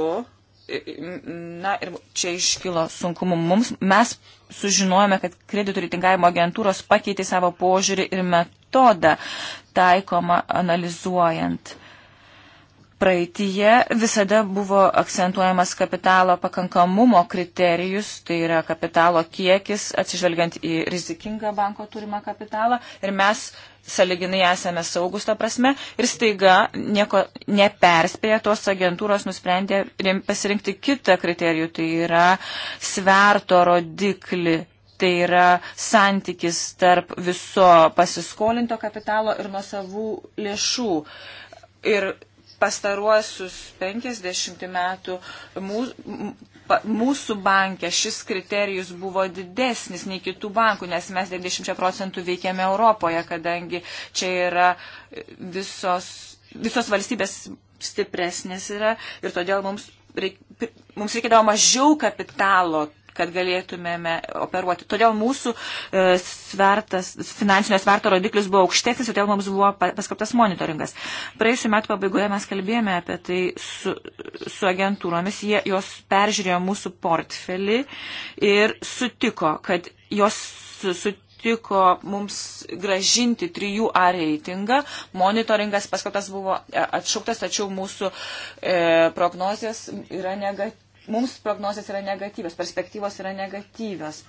Na ir čia iškilo sunkumų mums. Mes sužinojome, kad kreditų reitingavimo agentūros pakeitė savo požiūrį ir metodą taikomą analizuojant praeitie visada buvo akcentuojamas kapitalo pakankamumo kriterijus, tai yra kapitalo kiekis, atsižvelgiant į rizikingą banko turimą kapitalą. Ir mes saliginai esame saugus tą prasme. Ir staiga nieko neperspėję tos agentūros nusprendė pasirinkti kitą kriterijų, tai yra sverto rodiklį. Tai yra santykis tarp viso pasiskolinto kapitalo ir nuo savų lėšų. Ir pastaruosius 50 metų mūsų bankė šis kriterijus buvo didesnis nei kitų bankų, nes mes 90 procentų veikėme Europoje, kadangi čia yra visos, visos valstybės stipresnės yra ir todėl mums, reik, mums reikėdavo mažiau kapitalo kad galėtumėme operuoti. Todėl mūsų e, svertas, finansinio sverto rodiklis buvo aukštesnis, todėl mums buvo paskaptas monitoringas. Praėjusiu metu pabaigoje mes kalbėjome apie tai su, su agentūromis, jie, jos peržiūrėjo mūsų portfelį ir sutiko, kad jos sutiko sutiko mums gražinti 3A reitingą. Monitoringas paskatas buvo e, atšauktas, tačiau mūsų e, prognozijas yra negatyvus mums prognozijas yra negatyvios, perspektyvos yra negatyvios.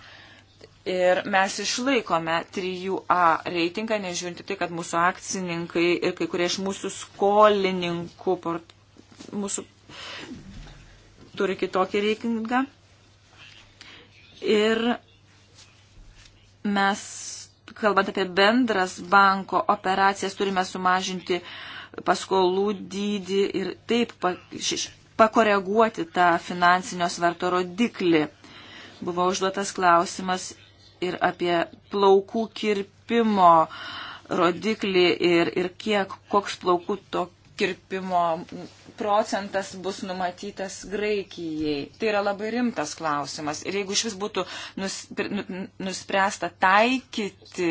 Ir mes išlaikome 3A reitingą, nežiūrinti tai, kad mūsų akcininkai ir kai kurie iš mūsų skolininkų port, mūsų turi kitokį reitingą. Ir mes, kalbant apie bendras banko operacijas, turime sumažinti paskolų dydį ir taip pakoreguoti tą finansinio sverto rodiklį. Buvo užduotas klausimas ir apie plaukų kirpimo rodiklį ir, ir kiek, koks plaukų to kirpimo procentas bus numatytas Graikijai. Tai yra labai rimtas klausimas. Ir jeigu iš vis būtų nu, nuspręsta taikyti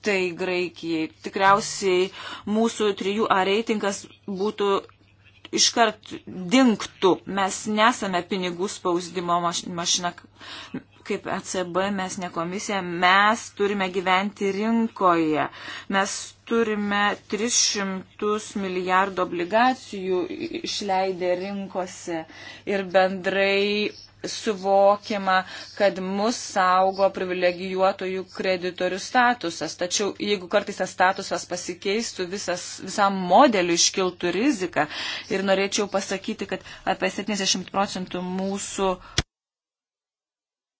tai Graikijai, tikriausiai mūsų 3A reitingas būtų iškart dinktų. Mes nesame pinigų spausdimo mašina kaip ECB, mes ne komisija, mes turime gyventi rinkoje. Mes turime 300 milijardų obligacijų išleidę rinkose ir bendrai suvokiama, kad mus saugo privilegijuotojų kreditorių statusas. Tačiau jeigu kartais tas statusas pasikeistų, visas, visam modeliu iškiltų rizika. Ir norėčiau pasakyti, kad apie 70 procentų mūsų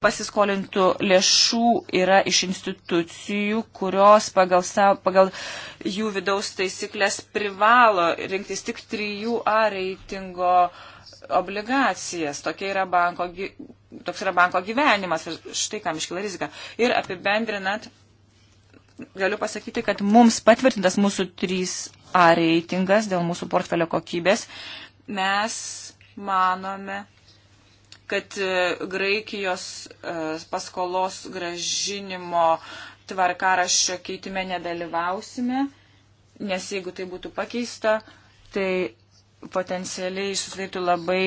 pasiskolintų lėšų yra iš institucijų, kurios pagal, savo, pagal jų vidaus taisyklės privalo rinktis tik 3A reitingo uh, obligacijas. Tokia yra banko, toks yra banko gyvenimas ir štai kam iškila rizika. Ir apibendrinant, galiu pasakyti, kad mums patvirtintas mūsų 3A reitingas dėl mūsų portfelio kokybės. Mes manome, kad e, Graikijos e, paskolos gražinimo tvarkaraščio keitime nedalyvausime, nes jeigu tai būtų pakeista, tai potencialiai susidarytų labai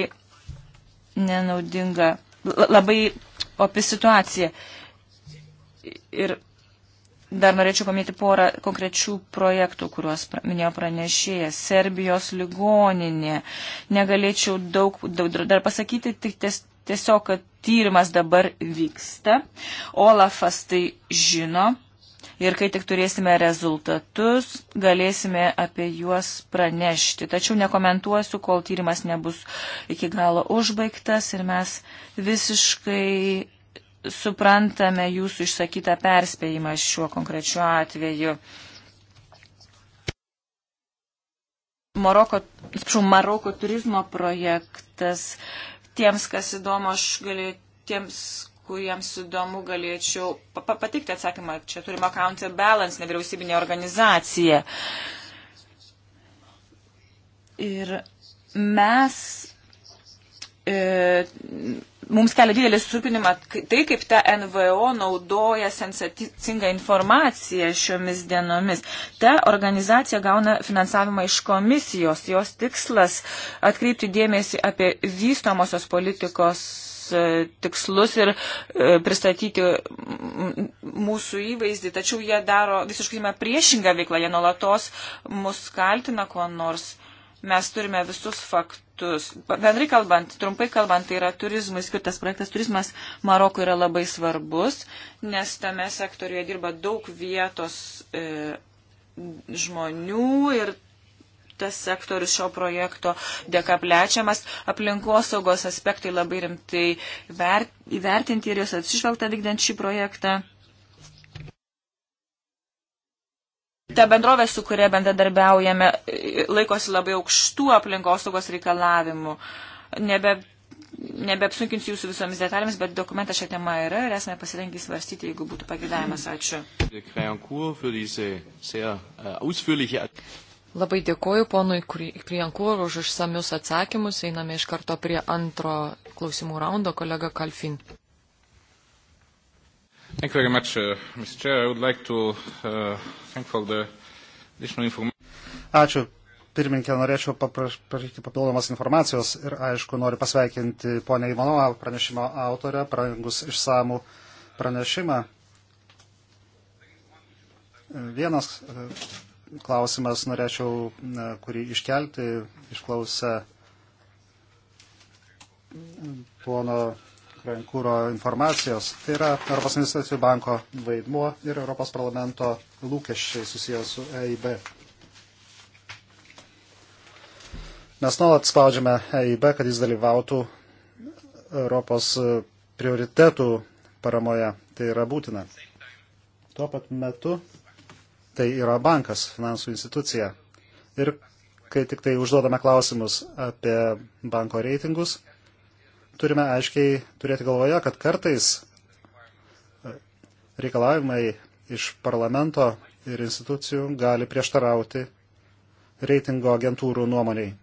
nenaudinga, labai opi situacija. Ir dar norėčiau paminėti porą konkrečių projektų, kuriuos minėjo pranešėjas. Serbijos ligoninė. Negalėčiau daug, daug dar pasakyti, tik ties, tiesiog, kad tyrimas dabar vyksta. Olafas tai žino ir kai tik turėsime rezultatus, galėsime apie juos pranešti. Tačiau nekomentuosiu, kol tyrimas nebus iki galo užbaigtas ir mes visiškai suprantame jūsų išsakytą perspėjimą šiuo konkrečiu atveju. Maroko, atsiprašau, Maroko turizmo projektas. Tiems, kas įdomu, aš galiu, tiems, kuriems įdomu galėčiau pateikti atsakymą. Čia turime Counterbalance, nevyriausybinė organizacija. Ir mes, e, mums kelia didelį susirūpinimą tai, kaip ta NVO naudoja sensacingą informaciją šiomis dienomis. Ta organizacija gauna finansavimą iš komisijos. Jos tikslas atkreipti dėmesį apie vystomosios politikos E, tikslus ir e, pristatyti mūsų įvaizdį, tačiau jie daro visiškai priešingą veiklą, jie nuolatos mus kaltina kuo nors. Mes turime visus faktus. Bendrai kalbant, trumpai kalbant, tai yra turizmui skirtas projektas. Turizmas Maroko yra labai svarbus, nes tame sektoriuje dirba daug vietos e, žmonių ir šitas sektorius šio projekto dėka plečiamas. Aplinkosaugos aspektai labai rimtai įvertinti ir jos atsižvelgta vykdant šį projektą. Ta bendrovė, su kuria bendradarbiaujame, laikosi labai aukštų aplinkosaugos reikalavimų. Nebe, nebeapsunkinsiu jūsų visomis detalėmis, bet dokumentas šią temą yra ir esame pasirengę svarstyti, jeigu būtų pagėdavimas. Ačiū. Labai dėkoju ponui Krijankūr už išsamius atsakymus. Einame iš karto prie antro klausimų raundo, kolega Kalfin. Thank you very much, uh, Mr. Chair. I would like to uh, thank for the additional information. Ačiū. Pirminkė, norėčiau paprašyti papildomas informacijos ir, aišku, noriu pasveikinti ponę Ivanovą, pranešimo autorę, prangus išsamų pranešimą. Vienas e, klausimas norėčiau, kurį iškelti, išklausę pono Krankūro informacijos. Tai yra Europos investicijų banko vaidmuo ir Europos parlamento lūkesčiai susijęs su EIB. Mes nuolat spaudžiame EIB, kad jis dalyvautų Europos prioritetų paramoje. Tai yra būtina. Tuo pat metu tai yra bankas, finansų institucija. Ir kai tik tai užduodame klausimus apie banko reitingus, turime aiškiai turėti galvoje, kad kartais e, reikalavimai iš parlamento ir institucijų gali prieštarauti reitingo agentūrų nuomoniai.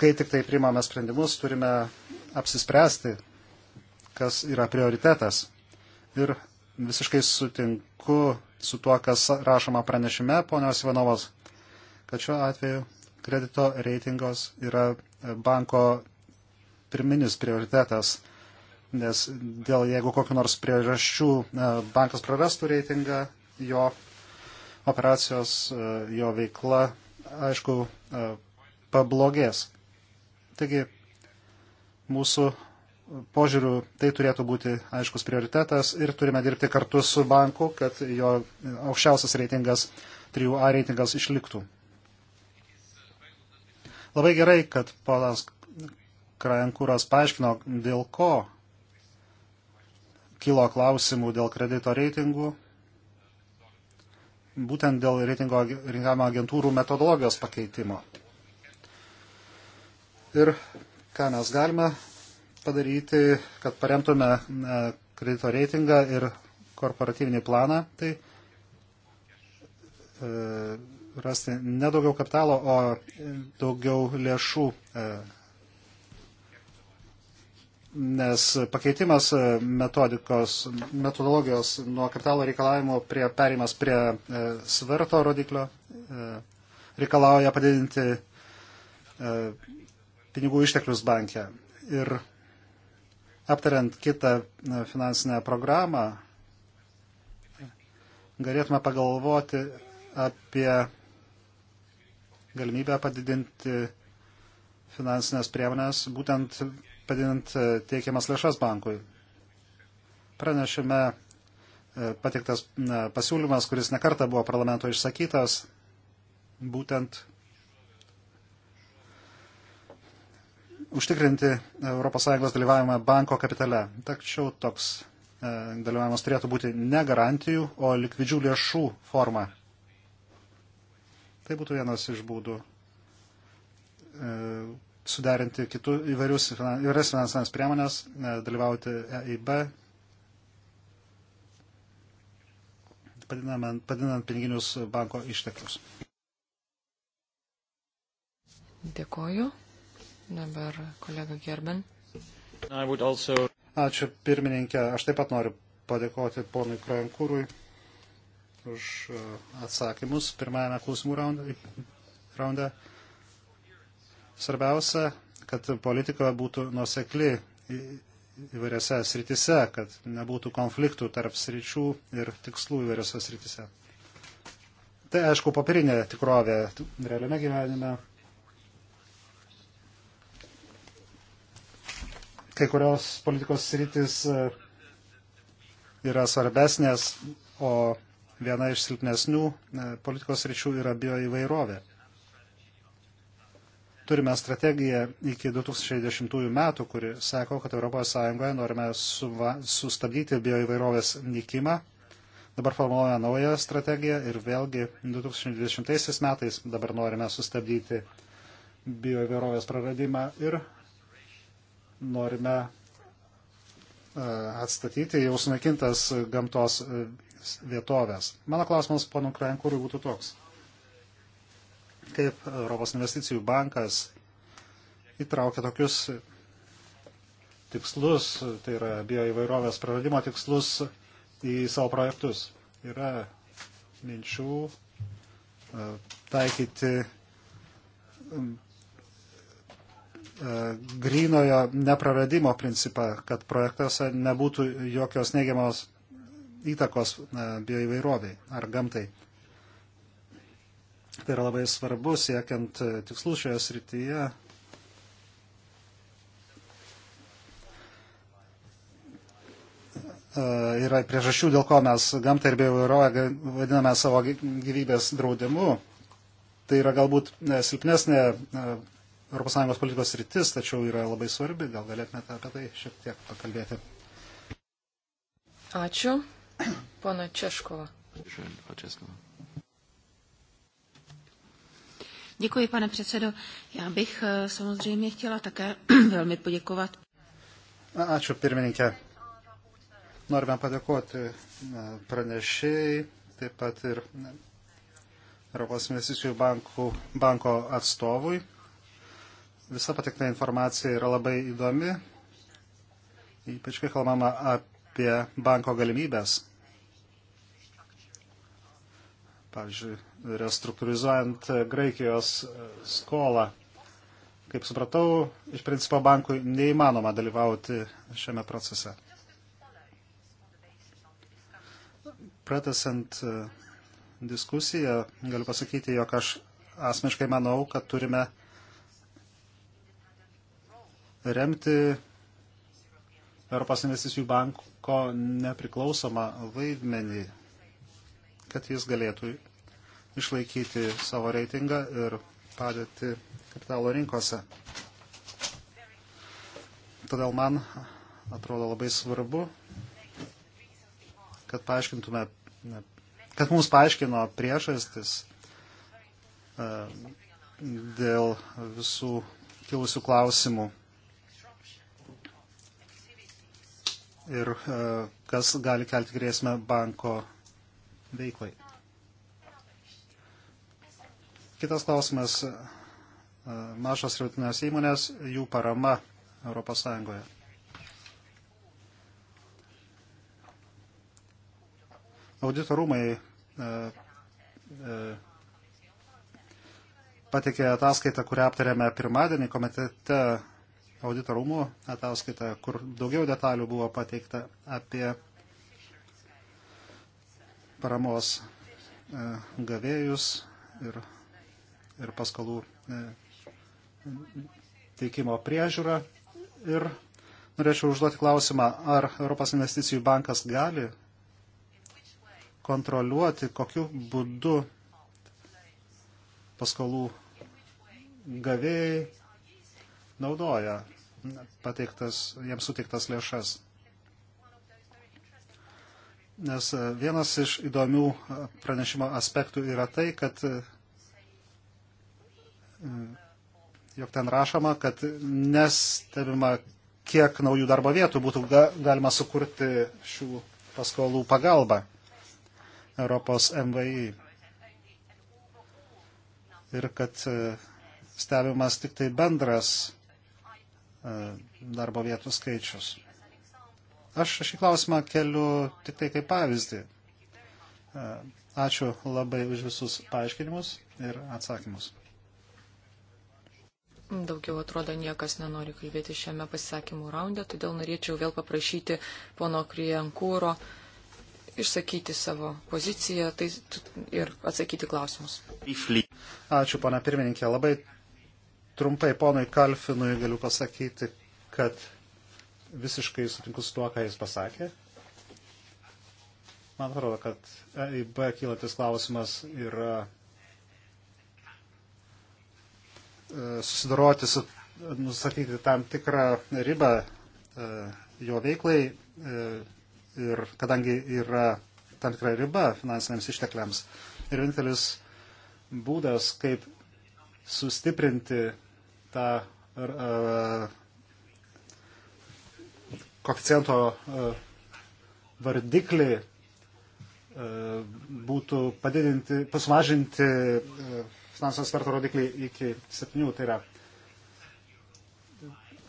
Kai tik tai primame sprendimus, turime apsispręsti, kas yra prioritetas. Ir visiškai sutinku sutinku su tuo, kas rašoma pranešime, ponios Ivanovos, kad šiuo atveju kredito reitingos yra banko pirminis prioritetas, nes dėl jeigu kokiu nors priežasčių e, bankas prarastų reitingą, jo operacijos, e, jo veikla, aišku, e, pablogės. Taigi mūsų požiūriu tai turėtų būti aiškus prioritetas ir turime dirbti kartu su banku, kad jo aukščiausias reitingas, 3A reitingas išliktų. Labai gerai, kad ponas Krajankūras paaiškino, dėl ko kilo klausimų dėl kredito reitingų, būtent dėl reitingo rinkamo agentūrų metodologijos pakeitimo. Ir ką mes galime padaryti, kad paremtume e, kredito reitingą ir korporatyvinį planą, tai e, rasti ne daugiau kapitalo, o daugiau lėšų. E. Nes pakeitimas metodikos, metodologijos nuo kapitalo reikalavimo prie perimas prie sverto rodiklio reikalauja padidinti pinigų išteklius bankę. Ir aptariant kitą finansinę programą, galėtume pagalvoti apie galimybę padidinti finansinės priemonės, būtent padidint e, teikiamas lėšas bankui. Pranešime e, patiktas pasiūlymas, kuris nekarta buvo parlamento išsakytas, būtent užtikrinti ES dalyvavimą banko kapitale. Tačiau toks e, dalyvavimas turėtų būti ne garantijų, o likvidžių lėšų forma. Tai būtų vienas iš būdų e, suderinti kitų įvairius, įvairias finansinės priemonės, e, dalyvauti EIB, padinant, padinant piniginius banko išteklius. Dėkoju. Dabar kolega Gerben. Also... Ačiū pirmininkė. Aš taip pat noriu padėkoti ponui Krajankūrui už e, atsakymus pirmajame klausimų raunde. Svarbiausia, kad politika būtų nusekli įvairiose sritise, kad nebūtų konfliktų tarp sričių ir tikslų įvairiose sritise. Tai aišku, papirinė tikrovė realiame gyvenime kai kurios politikos sritis e, yra svarbesnės, o viena iš silpnesnių e, politikos ryčių yra bioįvairovė. Turime strategiją iki 2010 metų, kuri sako, kad ES norime suva, sustabdyti bioįvairovės nykimą. Dabar formuoja naują strategiją ir vėlgi 2020 metais dabar norime sustabdyti bioįvairovės praradimą ir norime e, atstatyti jau sunaikintas gamtos e, vietovės. Mano klausimas, ponu Krenkūrui, būtų toks. Kaip Europos investicijų bankas įtraukia tokius tikslus, tai yra bioįvairovės praradimo tikslus į savo projektus. Yra minčių e, taikyti E, grynojo nepraradimo principą, kad projektuose nebūtų jokios neigiamos įtakos e, bioįvairoviai ar gamtai. Tai yra labai svarbu siekiant e, tikslų šioje srityje. Yra priežasčių, dėl ko mes gamtą ir bioįvairovę vadiname savo gyvybės draudimu. Tai yra galbūt silpnesnė ES politikos rytis, tačiau yra labai svarbi, gal galėtumėte apie tai šiek tiek pakalbėti. Ačiū. Pana Češkova. Děkuji, pane předsedo. Já bych eh, samozřejmě chtěla také velmi poděkovat. Ačiū, pirmininkė. Norime padėkoti eh, pranešėjai, taip pat ir Europos investicijų bankų, banko atstovui Visa patikta informacija yra labai įdomi, ypač kai kalbama apie banko galimybės. Pavyzdžiui, restruktūrizuojant Graikijos skolą. Kaip supratau, iš principo bankui neįmanoma dalyvauti šiame procese. pratesant e, diskusiją, galiu pasakyti, jog aš asmeniškai manau, kad turime remti Europos investicijų banko nepriklausomą vaidmenį, kad jis galėtų išlaikyti savo reitingą ir padėti kapitalo rinkose. Todėl man atrodo labai svarbu, kad paaiškintume, kad mums paaiškino priežastis e, dėl visų kilusių klausimų. ir e, kas gali kelti grėsmę banko veiklai. Kitas klausimas e, - mažos ir vidutinės įmonės, jų parama ES. Auditorumai e, pateikė ataskaitą, kurią aptarėme pirmadienį komitete auditorumų ataskaitą, kur daugiau detalių buvo pateikta apie paramos e, gavėjus ir, ir paskalų e, teikimo priežiūrą. Ir norėčiau užduoti klausimą, ar Europos investicijų bankas gali kontroliuoti, kokiu būdu paskolų gavėjai naudoja pateiktas, jiems suteiktas lėšas. Nes vienas iš įdomių pranešimo aspektų yra tai, kad jog ten rašoma, kad nestebima, kiek naujų darbo vietų būtų galima sukurti šių paskolų pagalba Europos MVI. Ir kad stebimas tik tai bendras E, darbo vietų skaičius. Aš šį klausimą keliu tik tai kaip pavyzdį. E, ačiū labai už visus paaiškinimus ir atsakymus. Daugiau atrodo niekas nenori kalbėti šiame pasisakymų raunde, todėl norėčiau vėl paprašyti pono Krijankūro išsakyti savo poziciją tai, ir atsakyti klausimus. Ačiū, pana pirmininkė. Labai Trumpai ponui Kalfinui galiu pasakyti, kad visiškai sutinku su tuo, ką jis pasakė. Man atrodo, kad EIB kylantis klausimas yra e, susidoroti su, nusatyti tam tikrą ribą e, jo veiklai e, ir kadangi yra tam tikra riba finansiniams ištekliams ir vienintelis būdas, kaip sustiprinti tą ar, ar, koeficiento vardiklį būtų padidinti, pasmažinti finansų sverto rodiklį iki 7, tai yra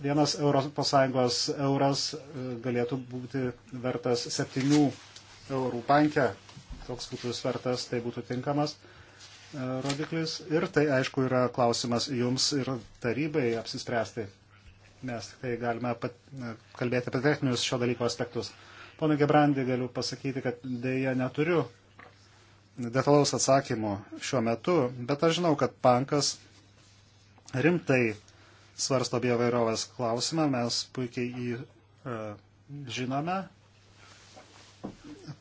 vienas ES euras galėtų būti vertas 7 eurų banke, toks būtų svertas, tai būtų tinkamas. E, rodiklis. Ir tai, aišku, yra klausimas jums ir tarybai apsispręsti. Mes tai galime pat, e, kalbėti apie techninius šio dalyko aspektus. Pone Gebrandi, galiu pasakyti, kad dėja neturiu detalaus atsakymo šiuo metu, bet aš žinau, kad bankas rimtai svarsto biovairovės klausimą, mes puikiai jį e, žinome.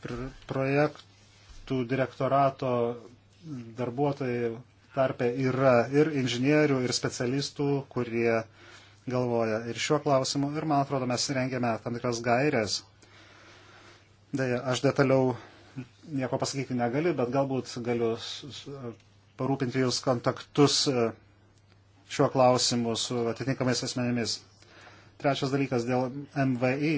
Pr projektų direktorato darbuotojų tarpe yra ir inžinierių, ir specialistų, kurie galvoja ir šiuo klausimu. Ir man atrodo, mes rengėme tam tikras gairias. Deja, aš detaliau nieko pasakyti negaliu, bet galbūt galiu parūpinti jūs kontaktus e, šiuo klausimu su atitinkamais asmenimis. Trečias dalykas dėl MVI.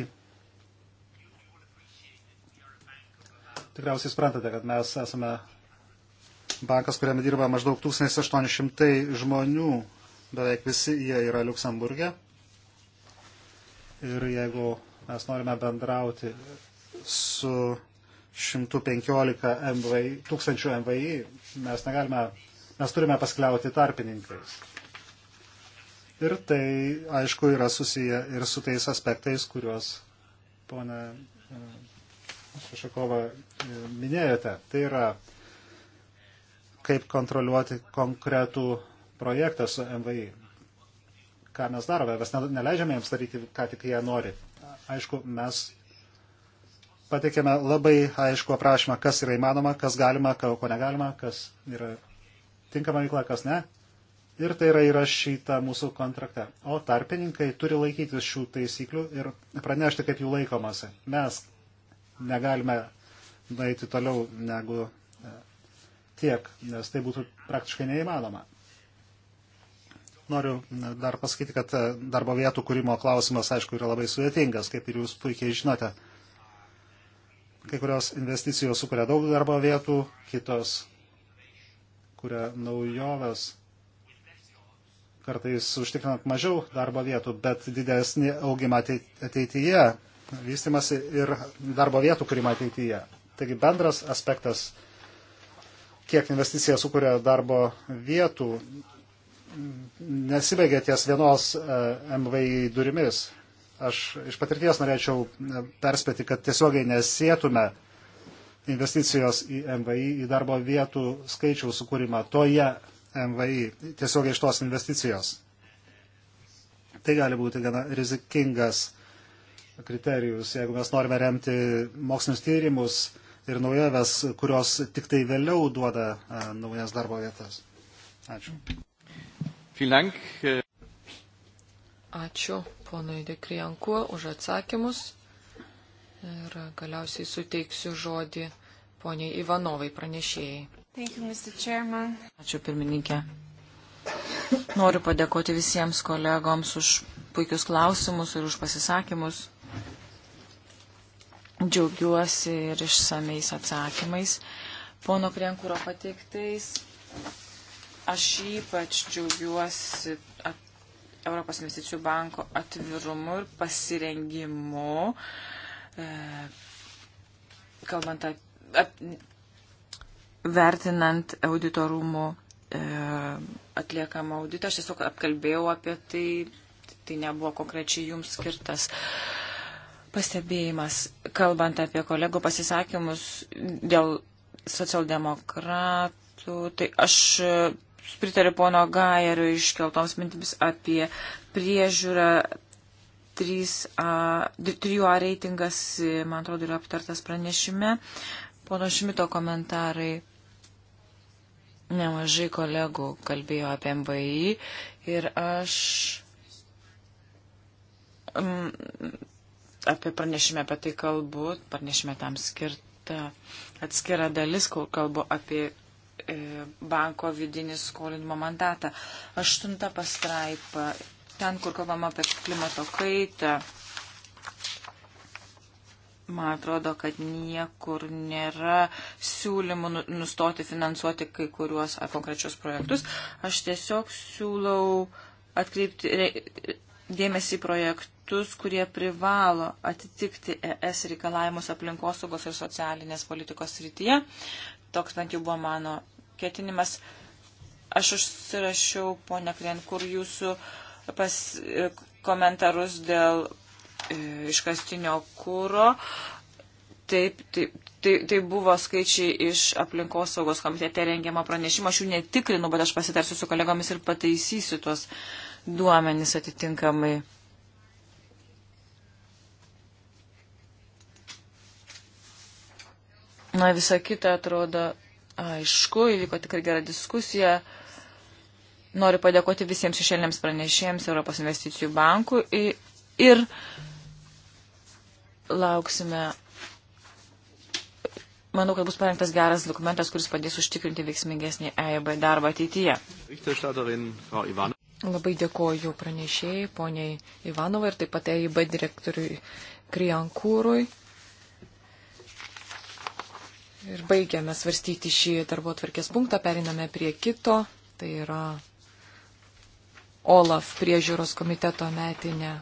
Tikriausiai suprantate, kad mes esame bankas, kuriame dirba maždaug 1800 žmonių, beveik visi jie yra Luksemburgė. Ir jeigu mes norime bendrauti su 115 MVI, tūkstančių MVI, mes negalime, mes turime paskliauti tarpininkais. Ir tai, aišku, yra susiję ir su tais aspektais, kuriuos ponė e, Šešakova e, minėjote. Tai yra kaip kontroliuoti konkretų projektą su MVI. Ką mes darome? Mes neleidžiame jiems daryti, ką tik jie nori. Aišku, mes pateikėme labai aišku aprašymą, kas yra įmanoma, kas galima, ko negalima, kas yra tinkama veikla, kas ne. Ir tai yra įrašyta mūsų kontrakte. O tarpininkai turi laikytis šių taisyklių ir pranešti, kaip jų laikomasi. Mes negalime nueiti toliau negu tiek, nes tai būtų praktiškai neįmanoma. Noriu dar pasakyti, kad e, darbo vietų kūrimo klausimas, aišku, yra labai sudėtingas, kaip ir jūs puikiai žinote. Kai kurios investicijos sukuria daug darbo vietų, kitos kuria naujoves, kartais užtikrinant mažiau darbo vietų, bet didesnį augimą ateityje, vystimasi ir darbo vietų kūrimą ateityje. Taigi bendras aspektas kiek investicija sukuria darbo vietų, nesibaigia ties vienos e, MVI durimis. Aš iš patirties norėčiau e, perspėti, kad tiesiogiai nesėtume investicijos į MVI, į darbo vietų skaičių sukūrimą toje MVI, tiesiogiai iš tos investicijos. Tai gali būti gana rizikingas kriterijus, jeigu mes norime remti mokslinius tyrimus, ir naujoves, kurios tik tai vėliau duoda e, naujas darbo vietas. Ačiū. Filank. Äh, Ačiū ponui Dekrijankuo už atsakymus. Ir galiausiai suteiksiu žodį poniai Ivanovai pranešėjai. You, Ačiū pirmininkė. Noriu padėkoti visiems kolegoms už puikius klausimus ir už pasisakymus. Džiaugiuosi ir išsameis atsakymais. Pono Krenkūro pateiktais. Aš ypač džiaugiuosi at, Europos investicijų banko atvirumu ir pasirengimu, e, kalbant apie, ap, vertinant auditorumų e, atliekamą auditą. Aš tiesiog apkalbėjau apie tai, tai nebuvo konkrečiai jums skirtas. E, pastebėjimas, kalbant apie kolegų pasisakymus dėl socialdemokratų. Tai aš pritariu pono Gajerio iškeltoms mintims apie priežiūrą. 3A, 3A reitingas, man atrodo, yra aptartas pranešime. Pono Šmito komentarai. Nemažai kolegų kalbėjo apie MVI ir aš mm, apie pranešimą apie tai kalbu, pranešimą tam skirta atskira dalis, kur kalbu apie e, banko vidinį skolinimo mandatą. Aštunta pastraipa, ten, kur kalbama apie klimato kaitą, man atrodo, kad niekur nėra siūlymų nu, nustoti finansuoti kai kuriuos ar konkrečius projektus. Aš tiesiog siūlau atkreipti dėmesį projektų aktus, kurie privalo atitikti ES reikalavimus aplinkosaugos ir socialinės politikos srityje. Toks bent jau buvo mano ketinimas. Aš užsirašiau, ponia Krienkur, jūsų pas, e, komentarus dėl e, iškastinio kūro. Taip, taip, tai, tai buvo skaičiai iš aplinkosaugos komitete rengiamo pranešimo. Aš jų netikrinu, bet aš pasitarsiu su kolegomis ir pataisysiu tuos duomenys atitinkamai. Na, visa kita atrodo aišku, įvyko tikrai gera diskusija. Noriu padėkoti visiems šešėlėms pranešėjams Europos investicijų bankų ir lauksime. Manau, kad bus parengtas geras dokumentas, kuris padės užtikrinti veiksmingesnį EIB darbą ateityje. Labai dėkoju pranešėjai, poniai Ivanovai ir taip pat EIB direktoriui Kriankūrui ir baigiame svarstyti šį darbo atvarkės punktą, periname prie kito, tai yra OLAF priežiūros komiteto metinė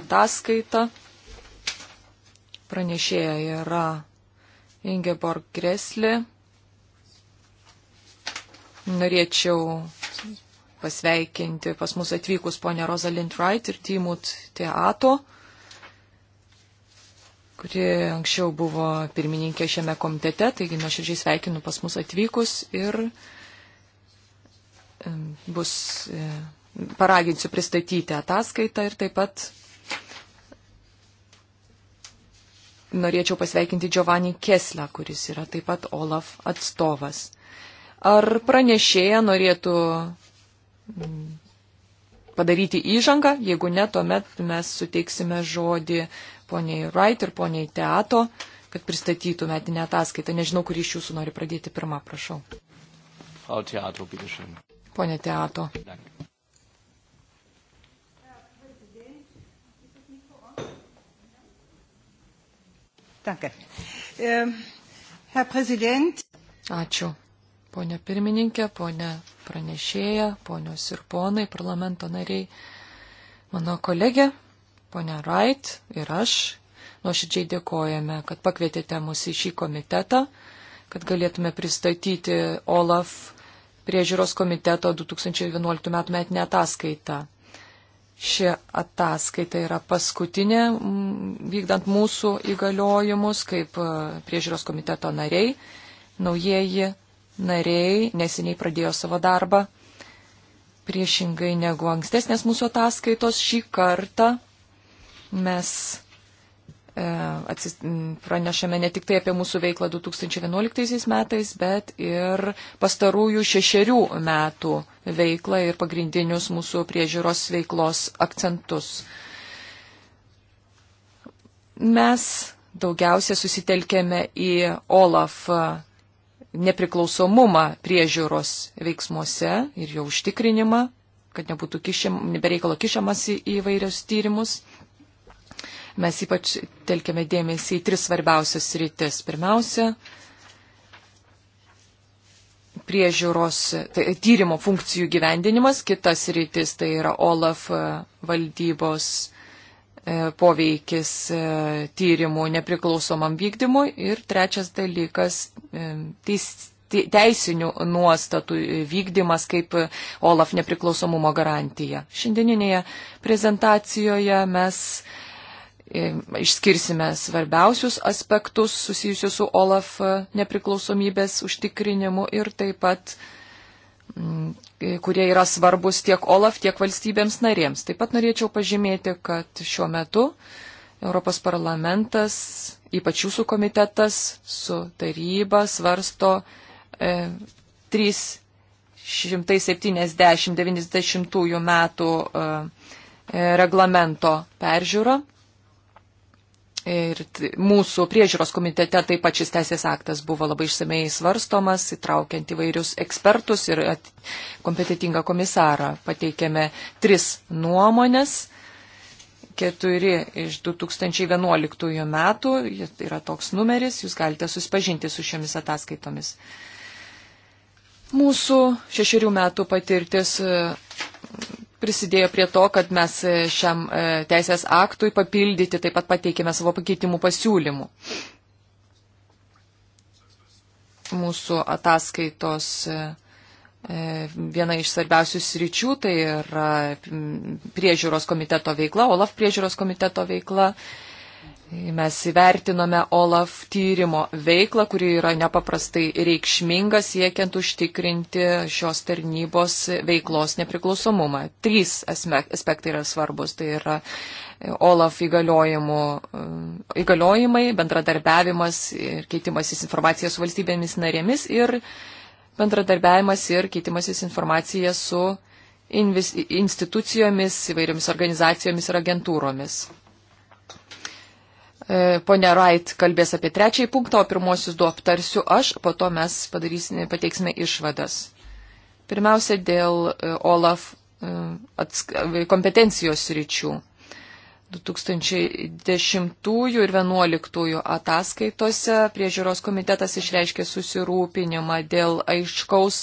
ataskaita. Pranešėja yra Ingeborg Greslė. Norėčiau pasveikinti pas mus atvykus ponę Rosalind Wright ir Timut Teato kuri anksčiau buvo pirmininkė šiame komitete, taigi nuoširdžiai sveikinu pas mus atvykus ir bus, paraginsiu pristatyti ataskaitą ir taip pat norėčiau pasveikinti Giovanni Keslą, kuris yra taip pat Olaf atstovas. Ar pranešėja norėtų padaryti įžangą, jeigu ne, tuomet mes suteiksime žodį poniai Wright ir poniai Teato, kad pristatytų metinę ataskaitą. Nežinau, kurį iš jūsų nori pradėti pirmą, prašau. Frau Teato, bitte schön. Pone Teato. Dank. Danke. Ähm, Herr Präsident. Ačiū. Pone pirmininkė, pone pranešėja, ponios ir ponai, parlamento nariai, mano kolegė, Pone Wright ir aš nuoširdžiai dėkojame, kad pakvietėte mus į šį komitetą, kad galėtume pristatyti OLAF priežiūros komiteto 2011 metų metinę ataskaitą. Ši ataskaita yra paskutinė, vykdant mūsų įgaliojimus kaip e, priežiūros komiteto nariai. Naujieji nariai neseniai pradėjo savo darbą. Priešingai negu ankstesnės mūsų ataskaitos, šį kartą Mes e, pranešame ne tik tai apie mūsų veiklą 2011 metais, bet ir pastarųjų šešerių metų veiklą ir pagrindinius mūsų priežiūros veiklos akcentus. Mes daugiausia susitelkėme į OLAF nepriklausomumą priežiūros veiksmuose ir jo užtikrinimą, kad nebūtų kišiam, nebereikalo kišamasi į vairius tyrimus. Mes ypač telkėme dėmesį į tris svarbiausias rytis. Pirmiausia, priežiūros tai, tyrimo funkcijų gyvendinimas, kitas rytis tai yra OLAF e, valdybos e, poveikis e, tyrimų nepriklausomam vykdymui ir trečias dalykas teis, teisinių nuostatų vykdymas kaip OLAF nepriklausomumo garantija. Šiandieninėje prezentacijoje mes E, išskirsime svarbiausius aspektus susijusius su OLAF e, nepriklausomybės užtikrinimu ir taip pat, e, kurie yra svarbus tiek OLAF, tiek valstybėms narėms. Taip pat norėčiau pažymėti, kad šiuo metu Europos parlamentas, ypač jūsų komitetas su taryba svarsto e, 370-90 metų e, reglamento peržiūrą Ir mūsų priežiūros komitete taip pat šis teisės aktas buvo labai išsamei svarstomas, įtraukiant įvairius ekspertus ir kompetitingą komisarą. Pateikėme tris nuomonės keturi iš 2011 metų, tai yra toks numeris, jūs galite susipažinti su šiomis ataskaitomis. Mūsų šešerių metų patirtis prisidėjo prie to, kad mes e, šiam e, teisės aktui papildyti taip pat pateikėme savo pakeitimų pasiūlymų. Mūsų ataskaitos e, viena iš svarbiausių sričių tai yra priežiūros komiteto veikla, OLAF priežiūros komiteto veikla. Mes įvertinome OLAF tyrimo veiklą, kuri yra nepaprastai reikšminga siekiant užtikrinti šios tarnybos veiklos nepriklausomumą. Trys aspektai yra svarbus. Tai yra OLAF įgaliojimai, bendradarbiavimas ir keitimasis informacija su valstybėmis narėmis ir bendradarbiavimas ir keitimasis informacija su institucijomis, įvairiomis organizacijomis ir agentūromis. E, Pone Rait kalbės apie trečiąjį punktą, o pirmosius du aptarsiu aš, po to mes pateiksime išvadas. Pirmiausia, dėl e, OLAF e, kompetencijos ryčių. 2010 ir 2011 ataskaitose priežiūros komitetas išreiškė susirūpinimą dėl aiškaus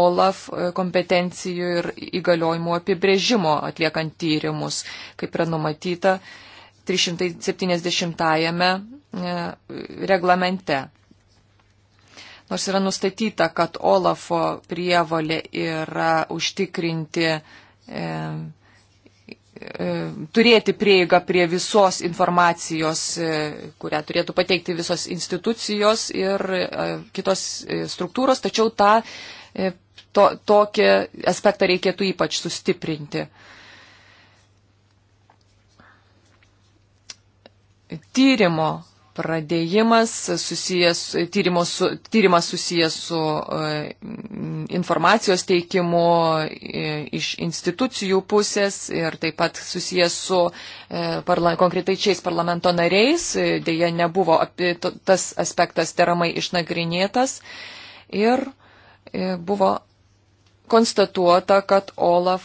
OLAF kompetencijų ir įgaliojimų apibrėžimo atliekant tyrimus, kaip yra numatyta 370-ame e, reglamente. Nors yra nustatyta, kad Olafo prievolė yra užtikrinti, e, e, turėti prieigą prie visos informacijos, e, kurią turėtų pateikti visos institucijos ir e, kitos e, struktūros, tačiau tą, e, to, tokį aspektą reikėtų ypač sustiprinti. E, tyrimo pradėjimas susijęs, tyrimo su, tyrimas susijęs su e, informacijos teikimu e, iš institucijų pusės ir taip pat susijęs su e, parla, konkretaičiais parlamento nariais. Deja, nebuvo apie, tas aspektas deramai išnagrinėtas ir buvo konstatuota, kad Olaf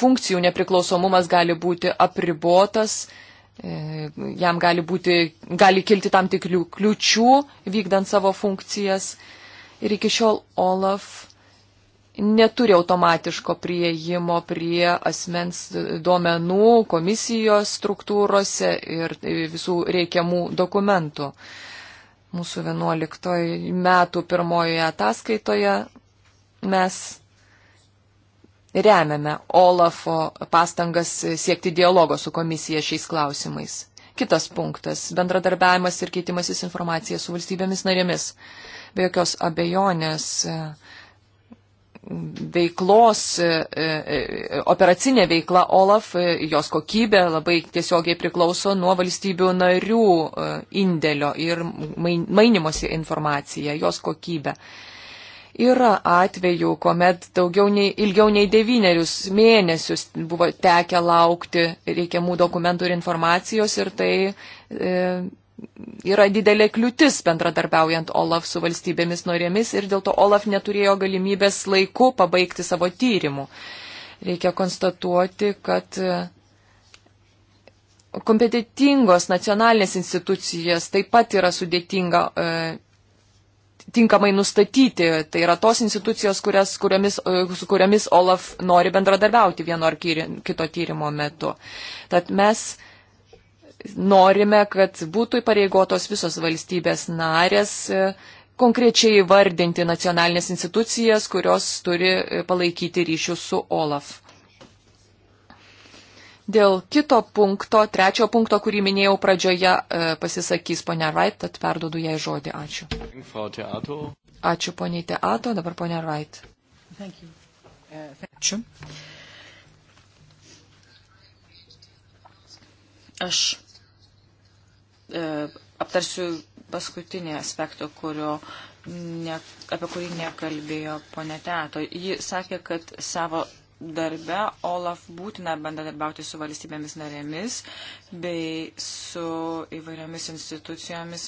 funkcijų nepriklausomumas gali būti apribotas E, jam gali, būti, gali kilti tam tikrių kliučių vykdant savo funkcijas. Ir iki šiol Olaf neturi automatiško prieimo prie asmens duomenų komisijos struktūrose ir visų reikiamų dokumentų. Mūsų 11 metų pirmojoje ataskaitoje mes remiame Olafo pastangas siekti dialogo su komisija šiais klausimais. Kitas punktas - bendradarbiavimas ir keitimasis informacija su valstybėmis narėmis. Be jokios abejonės veiklos, e, e, operacinė veikla OLAF, e, jos kokybė labai tiesiogiai priklauso nuo valstybių narių indėlio ir mainimosi informacija, jos kokybė. Yra atvejų, kuomet daugiau nei, ilgiau nei devynerius mėnesius buvo tekę laukti reikiamų dokumentų ir informacijos ir tai e, yra didelė kliūtis bendradarbiaujant OLAF su valstybėmis norėmis ir dėl to OLAF neturėjo galimybės laiku pabaigti savo tyrimų. Reikia konstatuoti, kad e, kompetitingos nacionalinės institucijas taip pat yra sudėtinga. E, tinkamai nustatyti. Tai yra tos institucijos, kurias, kuriomis, e, su kuriamis Olaf nori bendradarbiauti vieno ar kito tyrimo metu. Tad mes norime, kad būtų įpareigotos visos valstybės narės e, konkrečiai vardinti nacionalinės institucijas, kurios turi e, palaikyti ryšius su Olaf. Dėl kito punkto, trečio punkto, kurį minėjau pradžioje, e, pasisakys ponia Rait, tad perdodu jai žodį. Ačiū. Ačiū poniai Teato, dabar ponia Rait. Uh, Ačiū. Aš e, aptarsiu paskutinį aspektą, kurio ne, apie kurį nekalbėjo ponė Teato. Ji sakė, kad savo darbe Olaf būtina bendradarbiauti su valstybėmis narėmis bei su įvairiomis institucijomis,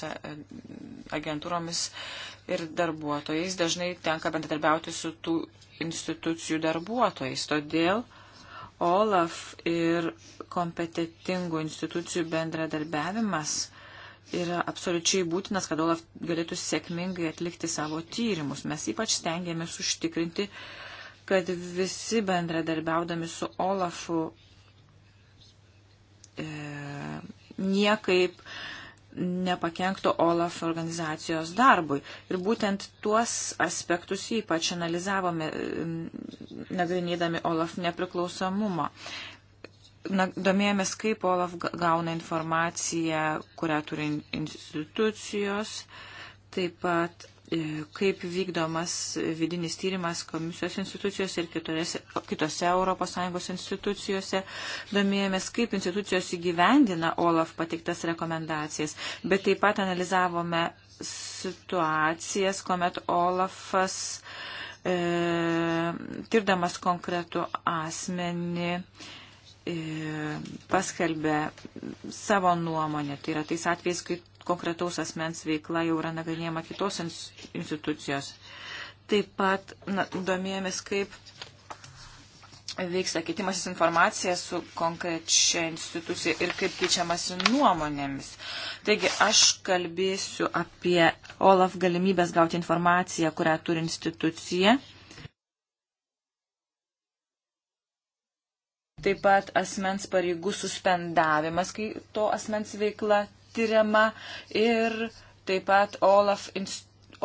agentūromis ir darbuotojais. Dažnai tenka bendradarbiauti su tų institucijų darbuotojais. Todėl Olaf ir kompetitingų institucijų bendradarbiavimas yra absoliučiai būtinas, kad Olaf galėtų sėkmingai atlikti savo tyrimus. Mes ypač stengiamės užtikrinti uh, kad visi bendradarbiaudami su Olafu e, niekaip nepakenktų Olaf organizacijos darbui. Ir būtent tuos aspektus ypač analizavome, e, nagrinėdami Olaf nepriklausomumą. Na, domėjomės, kaip Olaf gauna informaciją, kurią turi institucijos, taip pat E, kaip vykdomas vidinis tyrimas komisijos institucijose ir kitose, kitose ES institucijose. Domėjomės, kaip institucijos įgyvendina OLAF patiktas rekomendacijas, bet taip pat analizavome situacijas, kuomet OLAFas, e, tirdamas konkretų asmenį, e, paskelbė savo nuomonę. Tai yra tais atvejais, kai konkretaus asmens veikla jau yra nagrinėjama kitos institucijos. Taip pat na, domėjomės, kaip vyksta keitimasis informacija su konkrečia institucija ir kaip keičiamasi nuomonėmis. Taigi aš kalbėsiu apie OLAF galimybės gauti informaciją, kurią turi institucija. Taip pat asmens pareigų suspendavimas, kai to asmens veikla tyriama ir taip pat OLAF,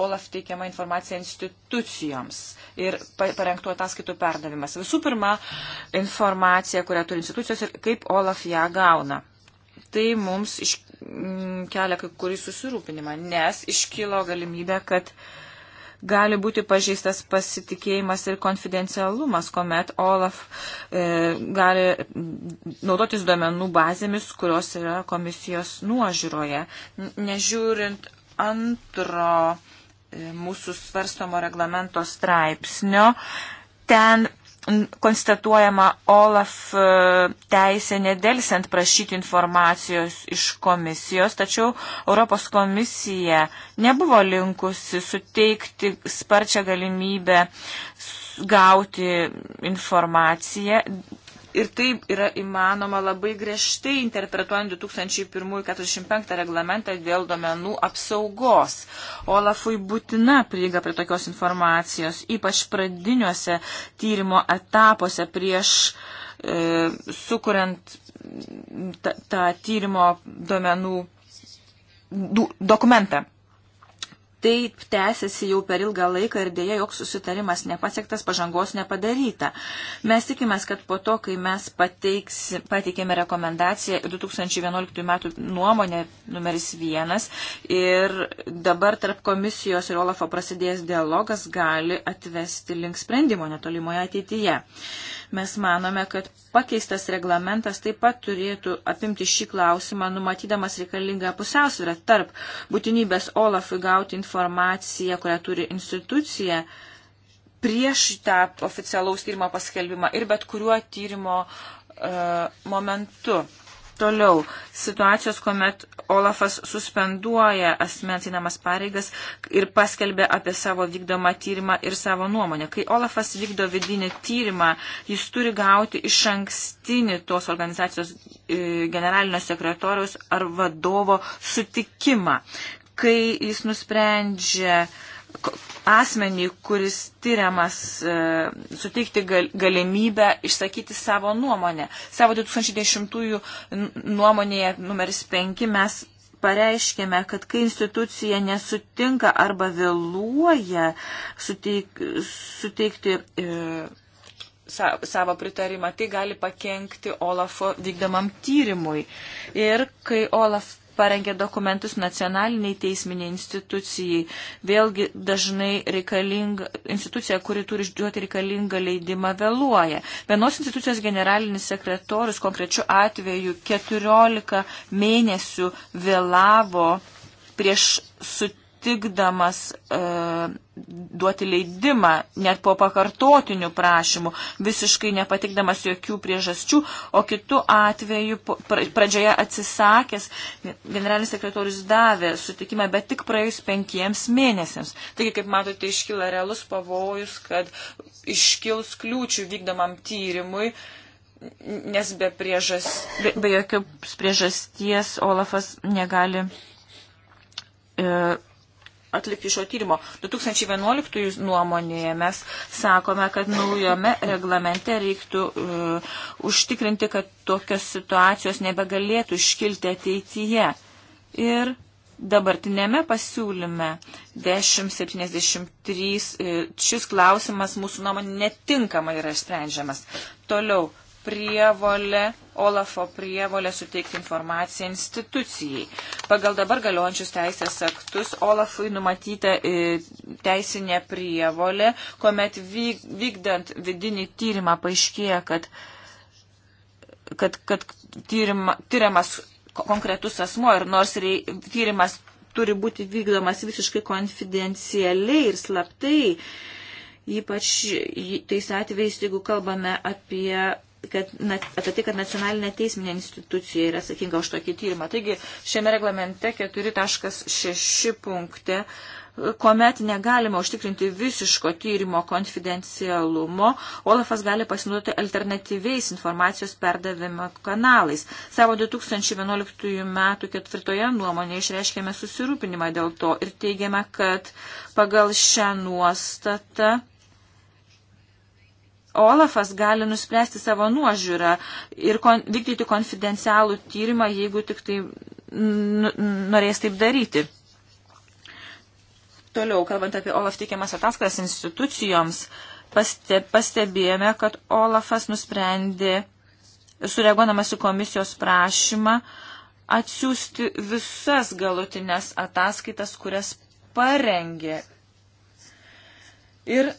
OLAF teikiama informacija institucijoms ir parengtų ataskaitų perdavimas. Visų pirma, informacija, kurią turi institucijos ir kaip OLAF ją gauna. Tai mums iš, m, kelia kai kurį susirūpinimą, nes iškilo galimybė, kad uh, gali būti pažeistas pasitikėjimas ir konfidencialumas, kuomet Olaf e, gali naudotis duomenų bazėmis, kurios yra komisijos nuožiūroje. Nežiūrint antro e, mūsų svarstomo reglamento straipsnio, ten konstatuojama Olaf e, teisė nedelsiant prašyti informacijos iš komisijos, tačiau Europos komisija nebuvo linkusi suteikti sparčią galimybę gauti informaciją Ir taip yra įmanoma labai griežtai interpretuojant 2001-45 reglamentą dėl domenų apsaugos. Olafui būtina prieiga prie tokios informacijos, ypač pradiniuose tyrimo etapuose prieš e, sukuriant tą tyrimo domenų du, dokumentą taip tęsiasi jau per ilgą laiką ir dėja joks susitarimas nepasiektas, pažangos nepadaryta. Mes tikimės, kad po to, kai mes pateiks, pateikėme rekomendaciją 2011 metų nuomonė numeris vienas ir dabar tarp komisijos ir Olafo prasidėjęs dialogas gali atvesti link sprendimo netolimoje ateityje. Mes manome, kad pakeistas reglamentas taip pat turėtų apimti šį klausimą, numatydamas reikalingą pusiausvyrą tarp būtinybės Olafui gauti informaciją, kurią turi institucija prieš tą oficialaus tyrimo paskelbimą ir bet kuriuo tyrimo uh, momentu. Toliau, situacijos, kuomet Olafas suspenduoja asmens einamas pareigas ir paskelbė apie savo vykdomą tyrimą ir savo nuomonę. Kai Olafas vykdo vidinį tyrimą, jis turi gauti iš ankstinį tos organizacijos e, generalinio sekretoriaus ar vadovo sutikimą. Kai jis nusprendžia uh, asmenį, kuris tyriamas e, suteikti galimybę išsakyti savo nuomonę. Savo 2010 nuomonėje numeris 5 mes pareiškėme, kad kai institucija nesutinka arba vėluoja suteik, suteikti e, sa, savo pritarimą, tai gali pakengti Olafo vykdomam tyrimui. Ir kai Olaf parengė dokumentus nacionaliniai teisminiai institucijai. Vėlgi dažnai reikalinga, institucija, kuri turi išduoti reikalingą leidimą, vėluoja. Vienos institucijos generalinis sekretorius konkrečiu atveju 14 mėnesių vėlavo prieš sutikimą sutikdamas e, duoti leidimą net po pakartotinių prašymų, visiškai nepatikdamas jokių priežasčių, o kitų atveju pradžioje atsisakęs, generalinis sekretorius davė sutikimą, bet tik praėjus penkiems mėnesiams. Taigi, kaip matote, iškyla realus pavojus, kad iškils kliūčių vykdomam tyrimui nes be, priežas, be, be jokios priežasties Olafas negali e, atlikti šio tyrimo. 2011 nuomonėje mes sakome, kad naujome reglamente reiktų uh, užtikrinti, kad tokios situacijos nebegalėtų iškilti ateityje. Ir dabartinėme pasiūlyme 1073 e, šis klausimas mūsų nuomonė netinkamai yra išsprendžiamas. Toliau prievolė, Olafo prievolė suteikti informaciją institucijai. Pagal dabar galiojančius teisės aktus Olafui numatyta e, teisinė prievolė, kuomet vykdant vidinį tyrimą paaiškėja, kad, kad, kad tyrima, tyriamas konkretus asmo ir nors rei, tyrimas turi būti vykdomas visiškai konfidencialiai ir slaptai, ypač tais atvejais, jeigu kalbame apie kad, na, apie tai, kad nacionalinė teisminė institucija yra atsakinga už tokį tyrimą. Taigi šiame reglamente 4.6 punkte, kuomet negalima užtikrinti visiško tyrimo konfidencialumo, Olafas gali pasinaudoti alternatyviais informacijos perdavimo kanalais. Savo 2011 m. ketvirtoje nuomonėje išreiškėme susirūpinimą dėl to ir teigiame, kad pagal šią nuostatą Olafas gali nuspręsti savo nuožiūrą ir kon, vykdyti konfidencialų tyrimą, jeigu tik tai norės taip daryti. Toliau, kalbant apie Olaf teikiamas ataskaitas institucijoms, paste, pastebėjome, kad Olafas nusprendė, sureaguodamas į komisijos prašymą, atsiųsti visas galutinės ataskaitas, kurias parengė. Ir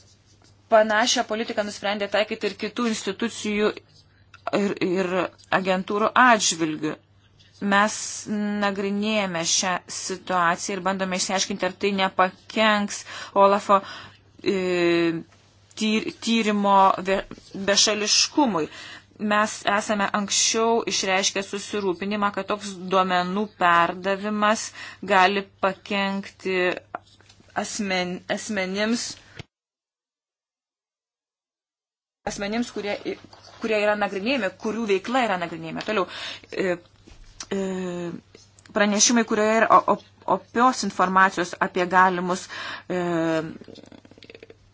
Panašią politiką nusprendė taikyti ir kitų institucijų ir, ir agentūrų atžvilgių. Mes nagrinėjame šią situaciją ir bandome išsiaiškinti, ar tai nepakenks Olafo e, tyrimo bešališkumui mes esame anksčiau išreiškę susirūpinimą, kad toks duomenų perdavimas gali pakengti asmen, asmenims, asmenims, kurie, kurie yra nagrinėjami, kurių veikla yra nagrinėjami. Toliau, e, e, pranešimai, kurioje yra op, opios informacijos apie galimus e,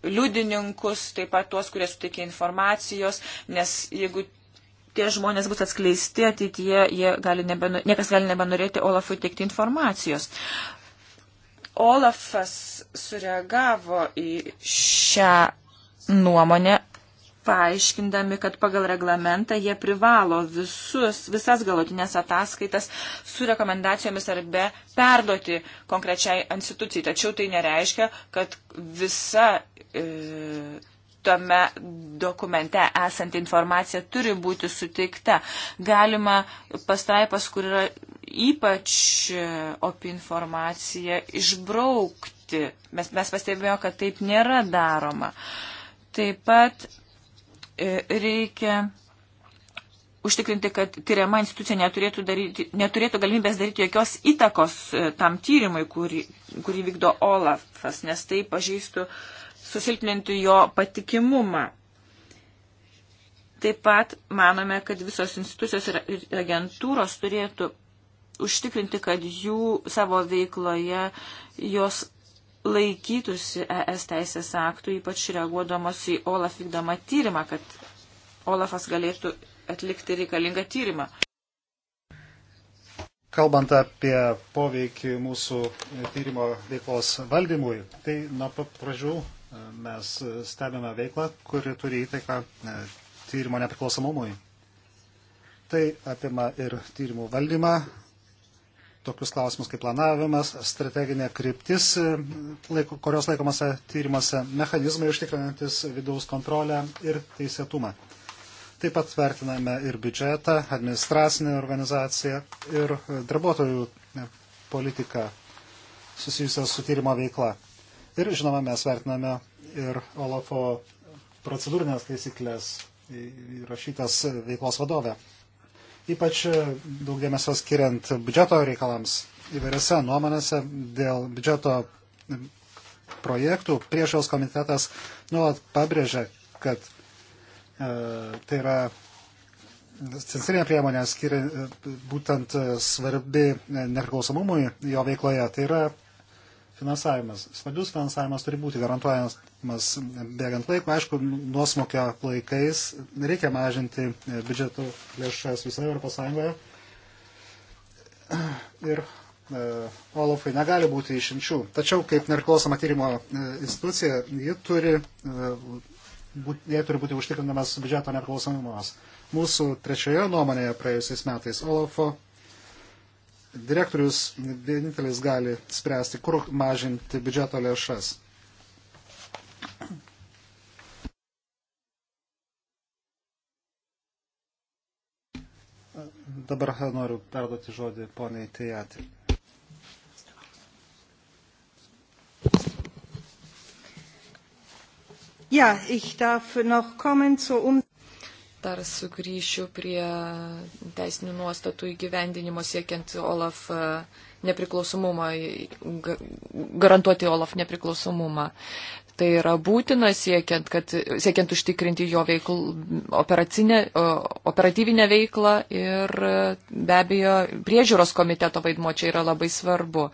liudininkus, taip pat tuos, kurie sutikė informacijos, nes jeigu tie žmonės bus atskleisti ateityje, gali nebenu, niekas gali nebenorėti Olafui teikti informacijos. Olafas sureagavo į šią nuomonę paaiškindami, kad pagal reglamentą jie privalo visus, visas galutinės ataskaitas su rekomendacijomis ar be perduoti konkrečiai institucijai. Tačiau tai nereiškia, kad visa e, tame dokumente esanti informacija turi būti suteikta. Galima pastraipas, kur yra ypač e, opi informacija, išbraukti. Mes, mes pastebėjome, kad taip nėra daroma. Taip pat E, reikia užtikrinti, kad tyriama institucija neturėtų, daryti, neturėtų galimybės daryti jokios įtakos e, tam tyrimui, kurį, kurį vykdo Olafas, nes tai pažįstų susilpninti jo patikimumą. Taip pat manome, kad visos institucijos ir agentūros turėtų užtikrinti, kad jų savo veikloje jos laikytųsi ES teisės aktų, ypač reaguodamos į Olaf vykdomą tyrimą, kad Olafas galėtų atlikti reikalingą tyrimą. Kalbant apie poveikį mūsų tyrimo veiklos valdymui, tai nuo pat pradžių e, mes stebime veiklą, kuri turi įtaiką e, tyrimo nepriklausomumui. Tai apima ir tyrimų valdymą, tokius klausimus kaip planavimas, strateginė kryptis, e, laiko, kurios laikomose tyrimuose, mechanizmai užtikrinantis vidaus kontrolę ir teisėtumą. Taip pat vertiname ir biudžetą, administracinę organizaciją ir darbuotojų e, politiką susijusią su tyrimo veikla. Ir žinoma, mes vertiname ir Olafo procedūrinės taisyklės įrašytas veiklos vadovė ypač e, daug dėmesio skiriant biudžeto reikalams įvairiose nuomonėse dėl biudžeto projektų. Priežiūros komitetas nuolat pabrėžia, kad e, tai yra censorinė priemonė skiria būtent e, svarbi e, nepriklausomumui jo veikloje. Tai yra finansavimas. Svarbus finansavimas turi būti garantuojamas bėgant laikui. Aišku, nuosmokio laikais reikia mažinti biudžeto lėšas visoje Europos Sąjungoje. Ir e, Olafai negali būti išimčių. Tačiau, kaip nepriklausoma tyrimo e, institucija, ji turi, e, būt, jie turi būti užtikrinamas biudžeto nepriklausomumas. Mūsų trečioje nuomonėje praėjusiais metais Olafo direktorius vienintelis gali spręsti, kur mažinti biudžeto lėšas. Dabar noriu perduoti žodį poniai Tejatį. Ja, ich darf noch kommen zur um Dar sugrįšiu prie teisinių nuostatų įgyvendinimo siekiant OLAF e, nepriklausomumą, garantuoti OLAF nepriklausomumą. Tai yra būtina siekiant, kad, siekiant užtikrinti jo veikl, operatyvinę veiklą ir e, be abejo priežiūros komiteto vaidmo čia yra labai svarbu.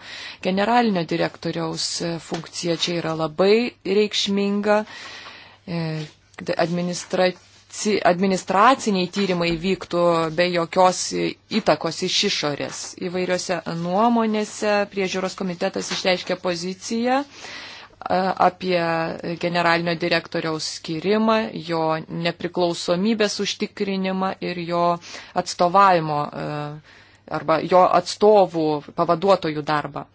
Generalinio direktoriaus e, funkcija čia yra labai reikšminga administratyvi administraciniai tyrimai vyktų be jokios įtakos iš išorės. Įvairiose nuomonėse priežiūros komitetas išreiškė poziciją apie generalinio direktoriaus skirimą, jo nepriklausomybės užtikrinimą ir jo atstovavimo arba jo atstovų pavaduotojų darbą.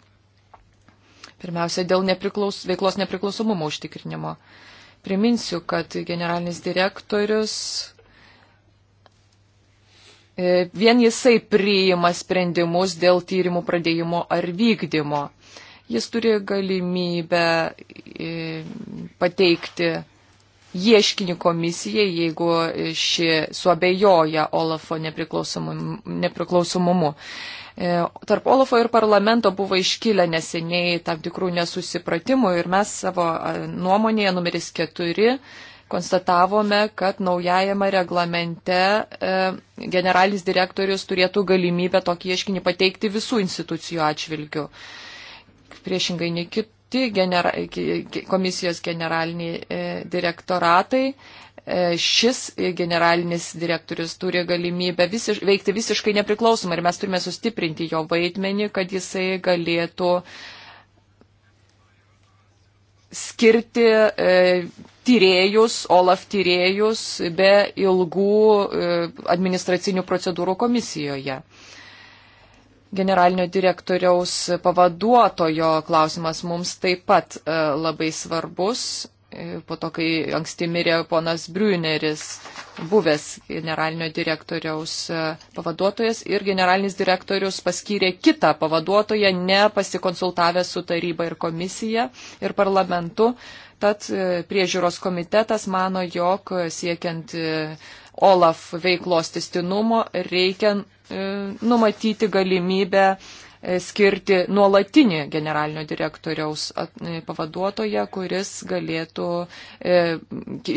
Pirmiausia, dėl nepriklaus, veiklos nepriklausomumo užtikrinimo. Uh, Priminsiu, kad generalinis direktorius e, vien jisai priima sprendimus dėl tyrimų pradėjimo ar vykdymo. Jis turi galimybę e, pateikti ieškinį komisijai, jeigu ši suabejoja Olafo nepriklausomumu. nepriklausomumu. E, tarp Olofo ir parlamento buvo iškilę neseniai tam tikrų nesusipratimų ir mes savo e, nuomonėje numeris keturi konstatavome, kad naujajame reglamente e, generalinis direktorius turėtų galimybę tokį ieškinį pateikti visų institucijų atžvilgių. Priešingai nei kiti genera komisijos generaliniai direktoratai E, šis generalinis direktorius turi galimybę visiš, veikti visiškai nepriklausomai ir mes turime sustiprinti jo vaidmenį, kad jisai galėtų skirti e, tyrėjus, OLAF tyrėjus be ilgų e, administracinių procedūrų komisijoje. Generalinio direktoriaus pavaduotojo klausimas mums taip pat e, labai svarbus E, po to, kai anksti mirė ponas Brüneris, buvęs generalinio direktoriaus e, pavaduotojas ir generalinis direktorius paskyrė kitą pavaduotoją, nepasikonsultavę su taryba ir komisija ir parlamentu. Tad e, priežiūros komitetas mano, jog siekiant OLAF veiklos testinumo reikia numatyti galimybę skirti nuolatinį generalinio direktoriaus e, pavaduotoją, kuris galėtų e,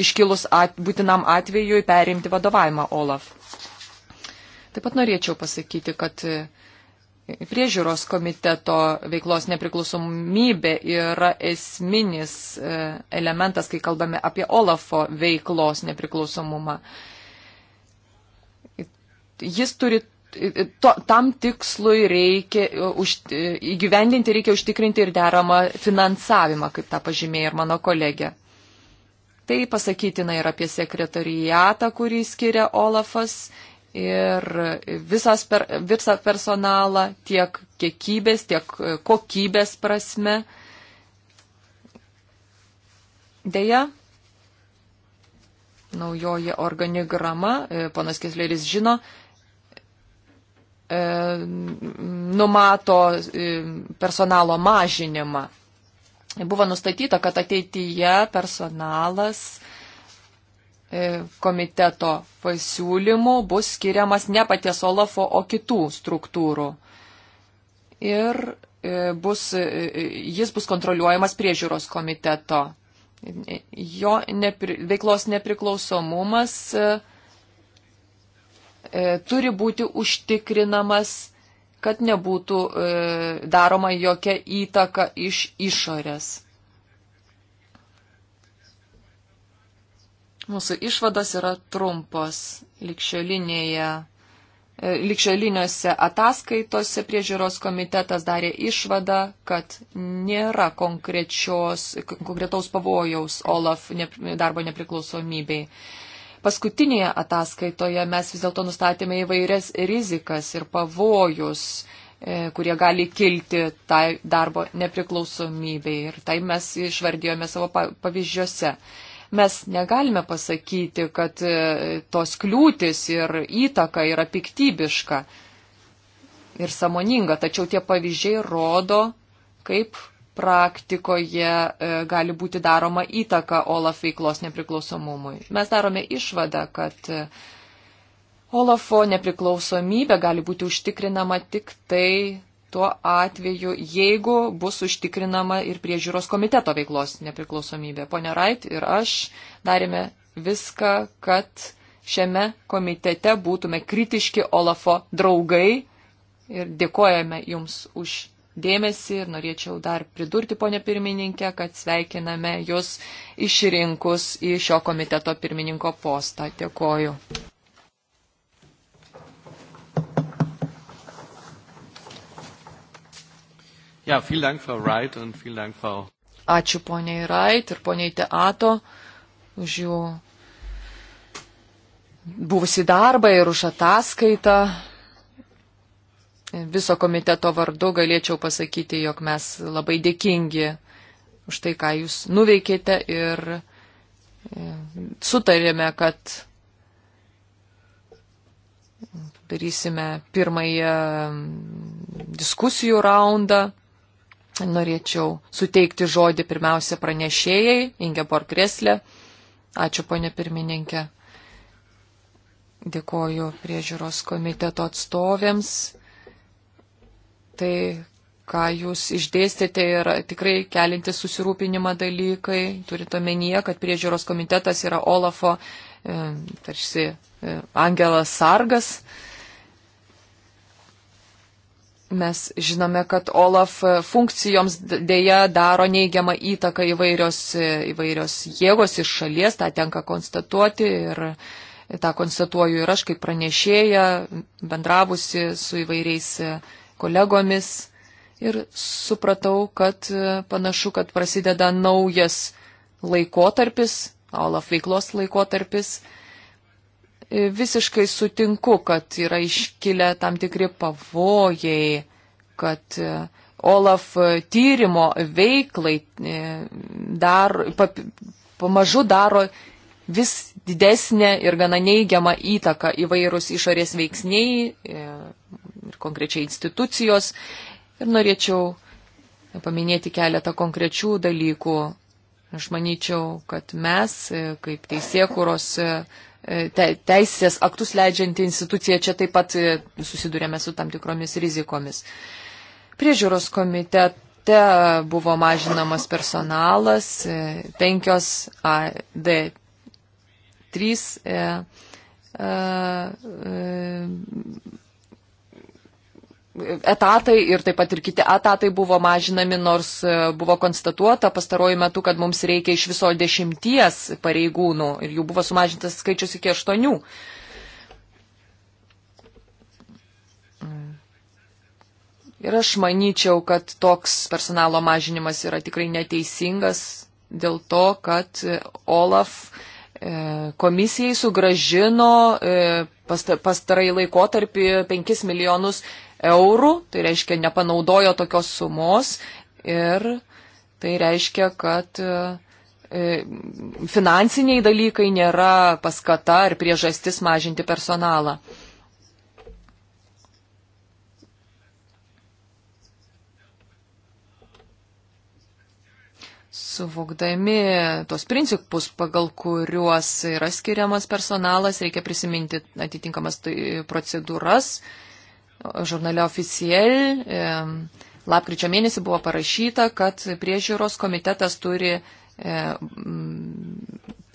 iškilus at, būtinam atvejui perimti vadovavimą Olaf. Taip pat norėčiau pasakyti, kad e, priežiūros komiteto veiklos nepriklausomybė yra esminis elementas, kai kalbame apie Olafo veiklos nepriklausomumą. Jis turi to, tam tikslui reikia, e, už, e, įgyvendinti reikia užtikrinti ir deramą finansavimą, kaip tą pažymėjo ir mano kolegė. Tai pasakytina ir apie sekretarijatą, kurį skiria Olafas ir visas per, visą personalą tiek kiekybės, tiek e, kokybės prasme. Deja, naujoji organigrama, ponas Kesleris žino, E, numato e, personalo mažinimą. Buvo nustatyta, kad ateityje personalas e, komiteto pasiūlymų bus skiriamas ne paties Olafo, o kitų struktūrų. Ir bus, jis bus kontroliuojamas priežiūros komiteto. Jo nepri, veiklos nepriklausomumas E, turi būti užtikrinamas, kad nebūtų e, daroma jokia įtaka iš išorės. Mūsų išvados yra trumpos. E, likščioliniuose ataskaitose priežiūros komitetas darė išvadą, kad nėra konkretaus pavojaus Olaf darbo nepriklausomybei. Paskutinėje ataskaitoje mes vis dėlto nustatėme įvairias rizikas ir pavojus e, kurie gali kilti tai darbo nepriklausomybei. Ir tai mes išvardėjome savo pavyzdžiuose mes negalime pasakyti, kad e, tos kliūtis ir įtaka yra piktybiška ir samoninga, tačiau tie pavyzdžiai rodo, kaip praktikoje e, gali būti daroma įtaka OLAF veiklos nepriklausomumui. Mes darome išvadą, kad e, OLAFO nepriklausomybė gali būti užtikrinama tik tai tuo atveju, jeigu bus užtikrinama ir priežiūros komiteto veiklos nepriklausomybė. Pone Rait ir aš darėme viską, kad šiame komitete būtume kritiški OLAFO draugai ir dėkojame Jums už dėmesį ir norėčiau dar pridurti, ponė pirmininkė, kad sveikiname jūs išrinkus į šio komiteto pirmininko postą. Dėkoju. Ja, vielen Dank, Frau Wright, und vielen Dank, Frau. Ačiū poniai Wright ir poniai Teato už jų buvusi darbą ir už ataskaitą viso komiteto vardu galėčiau pasakyti, jog mes labai dėkingi už tai, ką jūs nuveikėte ir e, sutarėme, kad darysime pirmąją mm, diskusijų raundą. Norėčiau suteikti žodį pirmiausia pranešėjai, Ingeborg Kreslė. Ačiū, ponė pirmininkė. Dėkoju priežiūros komiteto atstovėms Tai, ką jūs išdėstėte, yra tikrai kelinti susirūpinimą dalykai, turint omenyje, kad priežiūros komitetas yra Olafo e, tarsi e, Angelas Sargas. Mes žinome, kad Olaf e, funkcijoms dėja daro neigiamą įtaką įvairios, įvairios jėgos iš šalies, tą tenka konstatuoti ir tą konstatuoju ir aš kaip pranešėja, bendravusi su įvairiais kolegomis ir supratau, kad e, panašu, kad prasideda naujas laikotarpis, Olaf veiklos laikotarpis. E, visiškai sutinku, kad yra iškilę tam tikri pavojai, kad e, Olaf tyrimo veiklai dar, pap, pamažu daro vis didesnė ir gana neigiama įtaka įvairūs išorės veiksniai, ir konkrečiai institucijos. Ir norėčiau paminėti keletą konkrečių dalykų. Aš manyčiau, kad mes, kaip teisėkuros te, teisės aktus leidžianti institucija, čia taip pat susidurėme su tam tikromis rizikomis. Priežiūros komitete buvo mažinamas personalas, penkios AD3 e, e, etatai ir taip pat ir kiti etatai buvo mažinami, nors e, buvo konstatuota pastaruoju metu, kad mums reikia iš viso dešimties pareigūnų ir jų buvo sumažintas skaičius iki aštuonių. Ir aš manyčiau, kad toks personalo mažinimas yra tikrai neteisingas dėl to, kad e, Olaf e, komisijai sugražino pastarai laikotarpį 5 milijonus eurų, tai reiškia nepanaudojo tokios sumos ir tai reiškia, kad e, finansiniai dalykai nėra paskata ar priežastis mažinti personalą. Suvokdami tos principus, pagal kuriuos yra skiriamas personalas, reikia prisiminti atitinkamas tai, procedūras, žurnale oficiel lapkričio mėnesį buvo parašyta, kad priežiūros komitetas turi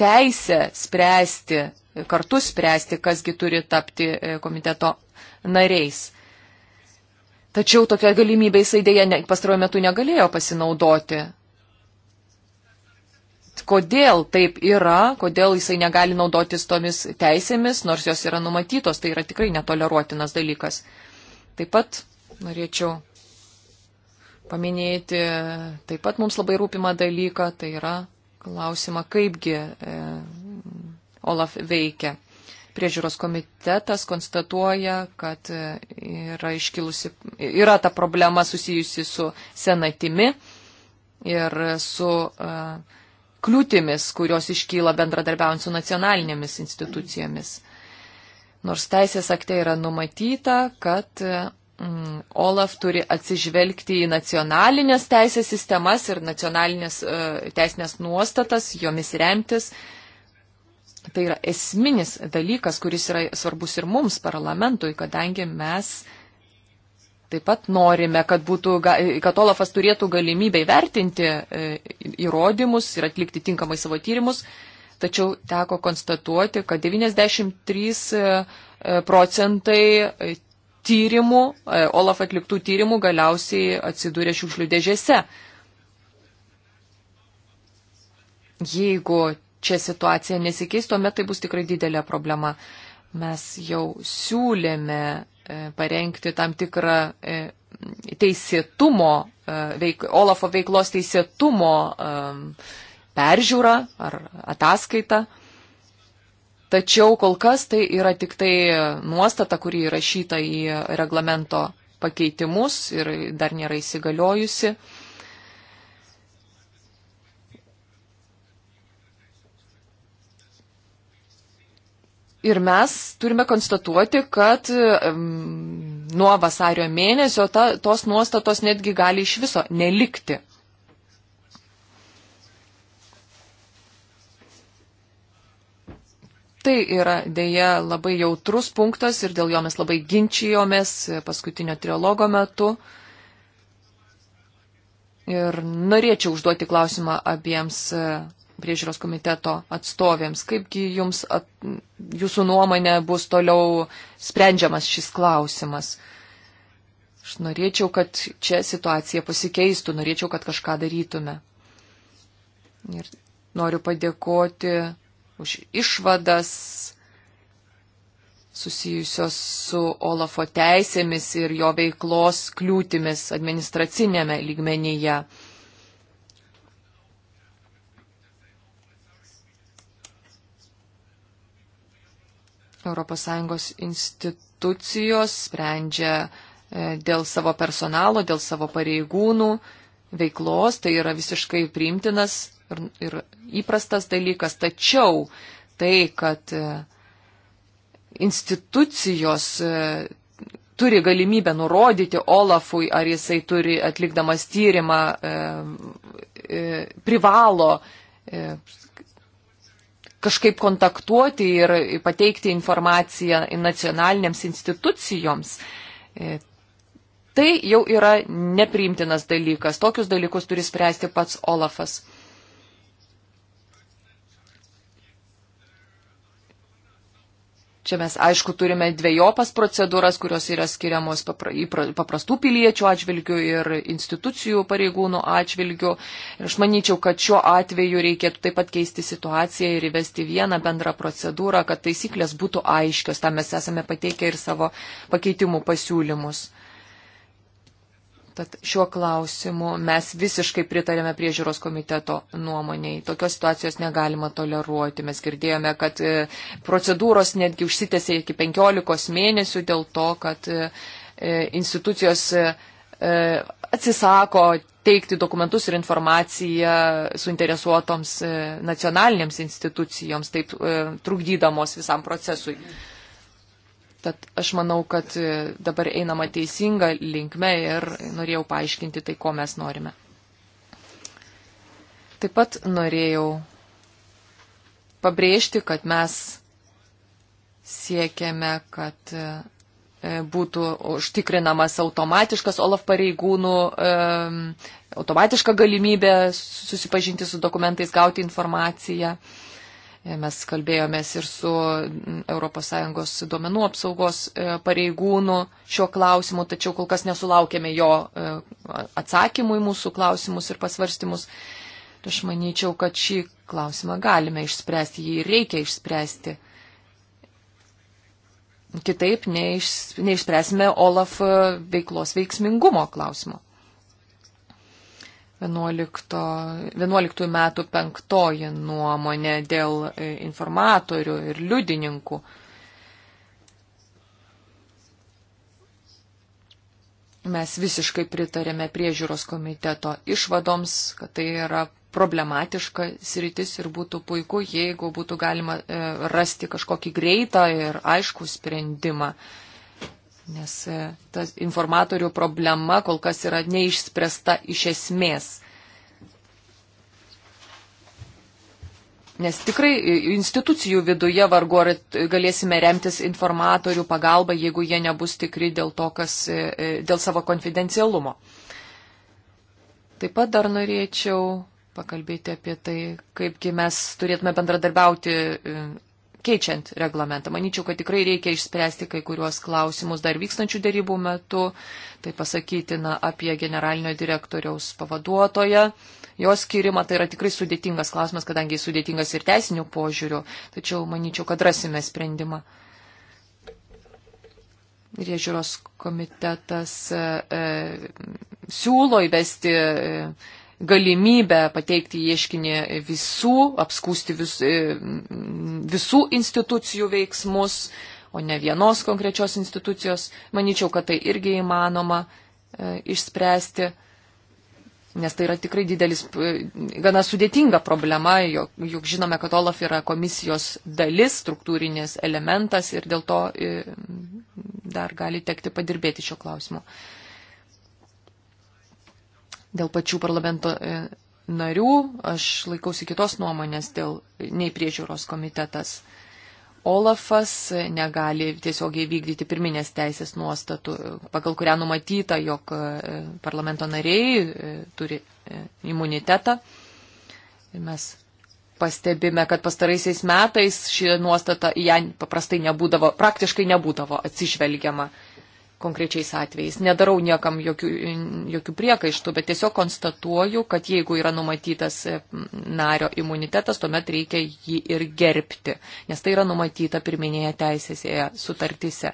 teisę spręsti, kartu spręsti, kasgi turi tapti e, komiteto nariais. Tačiau tokia galimybė jisai dėja pastaruoju metu negalėjo pasinaudoti. Kodėl taip yra, kodėl jisai negali naudotis tomis teisėmis, nors jos yra numatytos, tai yra tikrai netoleruotinas dalykas. Taip pat norėčiau paminėti taip pat mums labai rūpimą dalyką, tai yra klausimą, kaipgi e, Olaf veikia. Priežiūros komitetas konstatuoja, kad e, yra, iškilusi, yra ta problema susijusi su senatimi ir su e, kliūtimis, kurios iškyla bendradarbiaujant su nacionalinėmis institucijomis nors teisės akte yra numatyta, kad mm, Olaf turi atsižvelgti į nacionalinės teisės sistemas ir nacionalinės e, teisinės nuostatas, jomis remtis. Tai yra esminis dalykas, kuris yra svarbus ir mums, parlamentui, kadangi mes taip pat norime, kad, būtų, kad Olafas turėtų galimybę įvertinti e, įrodymus ir atlikti tinkamai savo tyrimus. E, tačiau teko konstatuoti, kad 93 e, e, procentai e, tyrimų, Olaf atliktų tyrimų galiausiai atsidūrė šiukšlių dėžėse. Jeigu čia situacija nesikeis, tuomet tai bus tikrai didelė problema. Mes jau siūlėme parengti tam tikrą teisėtumo, veik, Olafo veiklos teisėtumo um, peržiūrą ar ataskaitą. Tačiau kol kas tai yra tik tai nuostata, kuri įrašyta į reglamento pakeitimus ir dar nėra įsigaliojusi. Ir mes turime konstatuoti, kad nuo vasario mėnesio ta, tos nuostatos netgi gali iš viso nelikti tai yra dėja labai jautrus punktas ir dėl jo mes labai ginčijomės paskutinio trilogo metu. Ir norėčiau užduoti klausimą abiems e, priežiūros komiteto atstovėms, kaipgi jums, at, jūsų nuomonė bus toliau sprendžiamas šis klausimas. Aš norėčiau, kad čia situacija pasikeistų, norėčiau, kad kažką darytume. Ir noriu padėkoti už išvadas susijusios su Olafo teisėmis ir jo veiklos kliūtimis administracinėme lygmenyje. ES institucijos sprendžia e, dėl savo personalo, dėl savo pareigūnų veiklos, tai yra visiškai priimtinas ir, ir įprastas dalykas, tačiau tai, kad e, institucijos e, turi galimybę nurodyti Olafui, ar jisai turi atlikdamas tyrimą, e, privalo kažkaip kontaktuoti ir pateikti informaciją nacionalinėms institucijoms. Tai jau yra nepriimtinas dalykas. Tokius dalykus turi spręsti pats Olafas. Čia mes, aišku, turime dviejopas procedūras, kurios yra skiriamos paprastų piliečių atžvilgių ir institucijų pareigūnų atžvilgių. Ir aš manyčiau, kad šiuo atveju reikėtų taip pat keisti situaciją ir įvesti vieną bendrą procedūrą, kad taisyklės būtų aiškios. Tam mes esame pateikę ir savo pakeitimų pasiūlymus. Tad šiuo klausimu mes visiškai pritarėme priežiūros komiteto nuomoniai. Tokios situacijos negalima toleruoti. Mes girdėjome, kad e, procedūros netgi užsitęsė iki 15 mėnesių dėl to, kad e, e, institucijos atsisako teikti dokumentus ir informaciją suinteresuotoms nacionalinėms institucijoms, taip trukdydamos visam procesui. Mhm. Tad aš manau, kad e, dabar einama teisinga linkme ir norėjau paaiškinti tai, ko mes norime. Taip pat norėjau pabrėžti, kad mes siekiame, kad e, e, būtų užtikrinamas automatiškas OLAF pareigūnų, automatiška galimybė susipažinti su dokumentais, gauti informaciją. E, mes kalbėjomės ir su ES duomenų apsaugos e, pareigūnu šiuo klausimu, tačiau kol kas nesulaukėme jo e, atsakymų į mūsų klausimus ir pasvarstymus. Tai aš manyčiau, kad šį klausimą galime išspręsti, jį reikia išspręsti. Kitaip neiš, neišspręsime Olaf veiklos veiksmingumo klausimo. 11, 11 metų penktoji nuomonė dėl e, informatorių ir liudininkų. Mes visiškai pritarėme priežiūros komiteto išvadoms, kad tai yra problematiška sritis ir būtų puiku, jeigu būtų galima e, rasti kažkokį greitą ir aiškų sprendimą. E, nes e, ta informatorių problema kol kas yra neišspręsta iš esmės. Nes tikrai e, institucijų viduje vargu ar galėsime remtis informatorių pagalba, jeigu jie nebus tikri dėl, to, kas, e, dėl savo konfidencialumo. Taip pat dar norėčiau pakalbėti apie tai, kaipgi mes turėtume bendradarbiauti keičiant reglamentą. Manyčiau, kad tikrai reikia išspręsti kai kuriuos klausimus dar vykstančių dėrybų metu, tai pasakytina apie generalinio direktoriaus pavaduotoją. Jos skirimą tai yra tikrai sudėtingas klausimas, kadangi jis sudėtingas ir teisinių požiūrių, tačiau manyčiau, kad rasime sprendimą. Riežiūros komitetas e, e, siūlo įvesti e, galimybę pateikti ieškinį visų, apskūsti vis, e, visų institucijų veiksmus, o ne vienos konkrečios institucijos. Maničiau, kad tai irgi įmanoma e, išspręsti nes tai yra tikrai didelis, e, gana sudėtinga problema, juk, juk žinome, kad Olaf yra komisijos dalis, struktūrinis elementas ir dėl to dar gali tekti padirbėti šio klausimu. Dėl pačių parlamento e, narių aš laikausi kitos nuomonės dėl nei priežiūros komitetas. Olafas e, negali tiesiogiai vykdyti pirminės teisės nuostatų, e, pagal kurią numatyta, jog parlamento nariai turi imunitetą. Ir mes pastebime, kad pastaraisiais metais ši nuostata į ją paprastai nebūdavo, praktiškai nebūdavo atsižvelgiama konkrečiais atvejais. Nedarau niekam jokių, jokių priekaištų, bet tiesiog konstatuoju, kad jeigu yra numatytas e, nario imunitetas, tuomet reikia jį ir gerbti, nes tai yra numatyta pirminėje teisėse sutartise.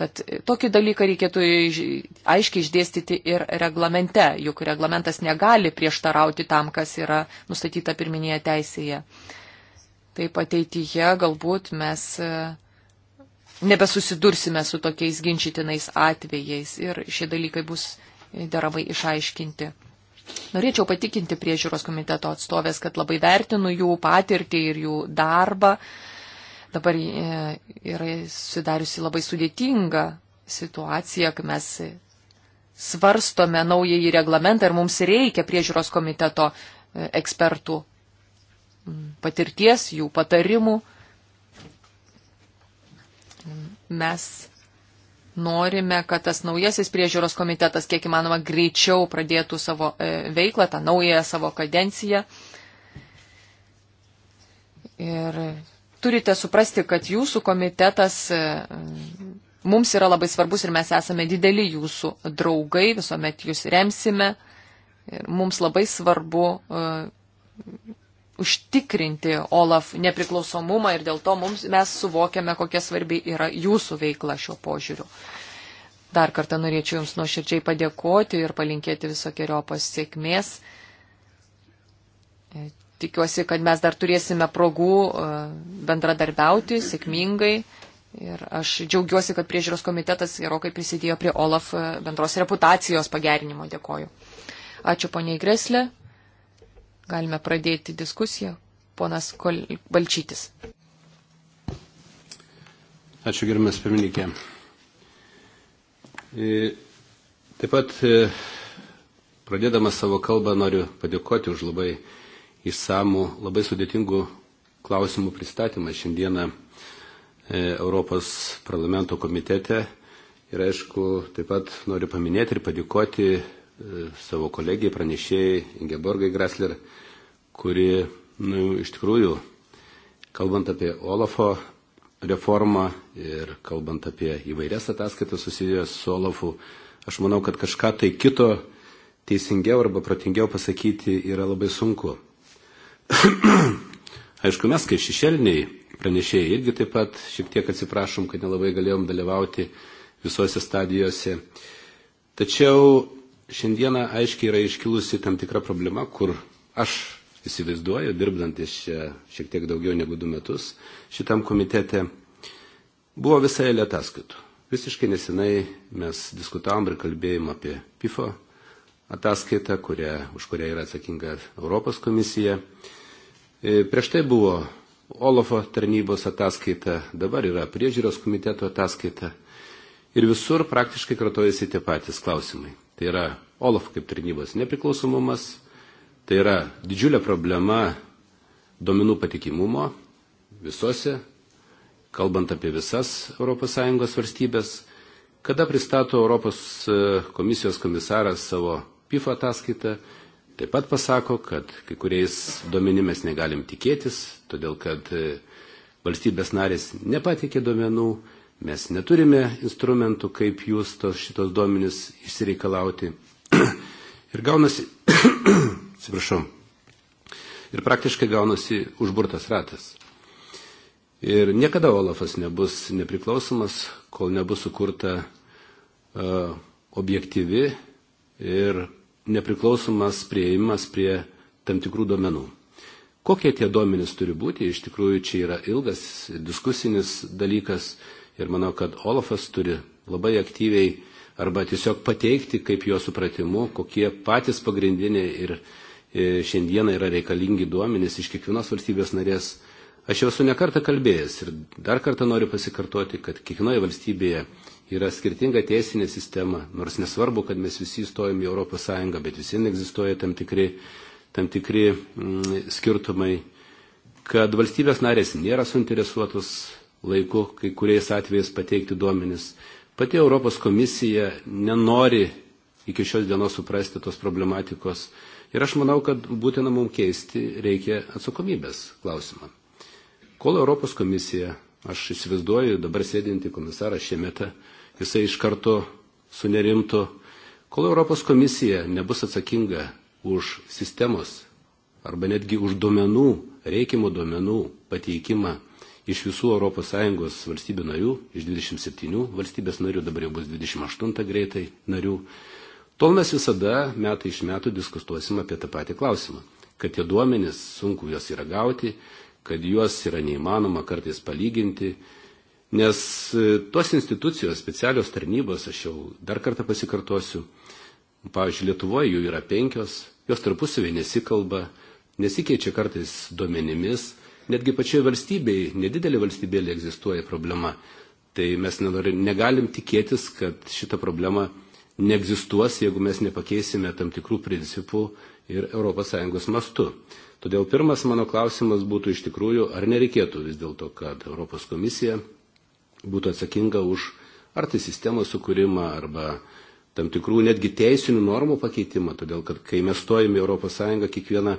Tad e, tokį dalyką reikėtų aiškiai išdėstyti ir reglamente, juk reglamentas negali prieštarauti tam, kas yra nustatyta pirminėje teisėje. Taip ateityje galbūt mes e, nebesusidursime su tokiais ginčytinais atvejais ir šie dalykai bus deramai išaiškinti. Norėčiau patikinti priežiūros komiteto atstovės, kad labai vertinu jų patirtį ir jų darbą. Dabar e, yra sudariusi labai sudėtinga situacija, kai mes svarstome naująjį reglamentą ir mums reikia priežiūros komiteto e, ekspertų patirties, jų patarimų. Mes norime, kad tas naujasis priežiūros komitetas kiek įmanoma greičiau pradėtų savo e, veiklą, tą naują savo kadenciją. Ir turite suprasti, kad jūsų komitetas e, mums yra labai svarbus ir mes esame dideli jūsų draugai, visuomet jūs remsime. Ir mums labai svarbu e, užtikrinti OLAF nepriklausomumą ir dėl to mums, mes suvokiame, kokia svarbi yra jūsų veikla šiuo požiūriu. Dar kartą norėčiau Jums nuoširdžiai padėkoti ir palinkėti visokiojopas sėkmės. E, tikiuosi, kad mes dar turėsime progų e, bendradarbiauti sėkmingai. Ir aš džiaugiuosi, kad priežiūros komitetas gerokai prisidėjo prie OLAF e, bendros reputacijos pagerinimo. Dėkoju. Ačiū poniai Greslė. Galime pradėti diskusiją. Ponas Kol... Balčytis. Ačiū, gerbiamas pirmininkė. E, taip pat e, pradėdamas savo kalbą noriu padėkoti už labai išsamų, labai sudėtingų klausimų pristatymą šiandieną e, Europos parlamento komitete. Ir aišku, taip pat noriu paminėti ir padėkoti E, savo kolegijai, pranešėjai Ingeborgai Grasler, kuri nu, iš tikrųjų, kalbant apie Olafo reformą ir kalbant apie įvairias ataskaitas susidėjęs su Olafu, aš manau, kad kažką tai kito teisingiau arba protingiau pasakyti yra labai sunku. Aišku, mes kaip šešėliniai pranešėjai irgi taip pat šiek tiek atsiprašom, kad nelabai galėjom dalyvauti visose stadijose. Tačiau šiandieną aiškiai yra iškilusi tam tikra problema, kur aš įsivaizduoju, dirbdantis čia šiek tiek daugiau negu du metus, šitam komitete buvo visai eilė ataskaitų. Visiškai nesenai mes diskutavom ir kalbėjom apie PIFO ataskaitą, kurią, už kurią yra atsakinga Europos komisija. E, prieš tai buvo Olofo tarnybos ataskaita, dabar yra priežiūros komiteto ataskaita. Ir visur praktiškai kratojasi tie patys klausimai tai yra OLAF kaip tarnybos nepriklausomumas, tai yra didžiulė problema duomenų patikimumo visose, kalbant apie visas ES valstybės, kada pristato Europos e, komisijos komisaras savo PIF ataskaitą, taip pat pasako, kad kai kuriais duomenimis negalim tikėtis, todėl kad e, valstybės narės nepatikė duomenų, Mes neturime instrumentų, kaip jūs tos, šitos duomenys išsireikalauti. ir gaunasi, atsiprašau, ir praktiškai gaunasi užburtas ratas. Ir niekada Olafas nebus nepriklausomas, kol nebus sukurta uh, objektyvi ir nepriklausomas prieimas prie tam tikrų duomenų. Kokie tie duomenys turi būti, iš tikrųjų čia yra ilgas diskusinis dalykas ir manau, kad Olafas turi labai aktyviai arba tiesiog pateikti, kaip jo supratimu, kokie patys pagrindiniai ir e, šiandieną yra reikalingi duomenys iš kiekvienos valstybės narės. Aš jau esu nekartą kalbėjęs ir dar kartą noriu pasikartoti, kad kiekvienoje valstybėje yra skirtinga teisinė sistema, nors nesvarbu, kad mes visi įstojom į Europos Sąjungą, bet visi egzistuoja tam tikri, tam tikri mm, skirtumai, kad valstybės narės nėra suinteresuotos laiku kai kuriais atvejais pateikti duomenis. Pati Europos komisija nenori iki šios dienos suprasti tos problematikos. Ir aš manau, kad būtina mums keisti reikia atsakomybės klausimą. Kol Europos komisija, aš įsivaizduoju dabar sėdinti komisarą Šemetą, jisai iš karto sunerimtų, kol Europos komisija nebus atsakinga už sistemos arba netgi už duomenų, reikimų duomenų pateikimą iš visų ES valstybių narių, iš 27 valstybės narių, dabar jau bus 28 greitai narių, tol mes visada metai iš metų diskutuosim apie tą patį klausimą, kad tie duomenys sunku juos yra gauti, kad juos yra neįmanoma kartais palyginti, nes e, tos institucijos, specialios tarnybos, aš jau dar kartą pasikartosiu, pavyzdžiui, Lietuvoje jų yra penkios, jos tarpusavį nesikalba, nesikeičia kartais duomenimis, netgi pačioje valstybėje, nedidelė valstybėlė egzistuoja problema. Tai mes negalim tikėtis, kad šita problema neegzistuos, jeigu mes nepakeisime tam tikrų principų ir ES mastu. Todėl pirmas mano klausimas būtų iš tikrųjų, ar nereikėtų vis dėlto, kad Europos komisija būtų atsakinga už ar tai sistemos sukūrimą, arba tam tikrų netgi teisinių normų pakeitimą, todėl kad kai mes stojame į ES, kiekviena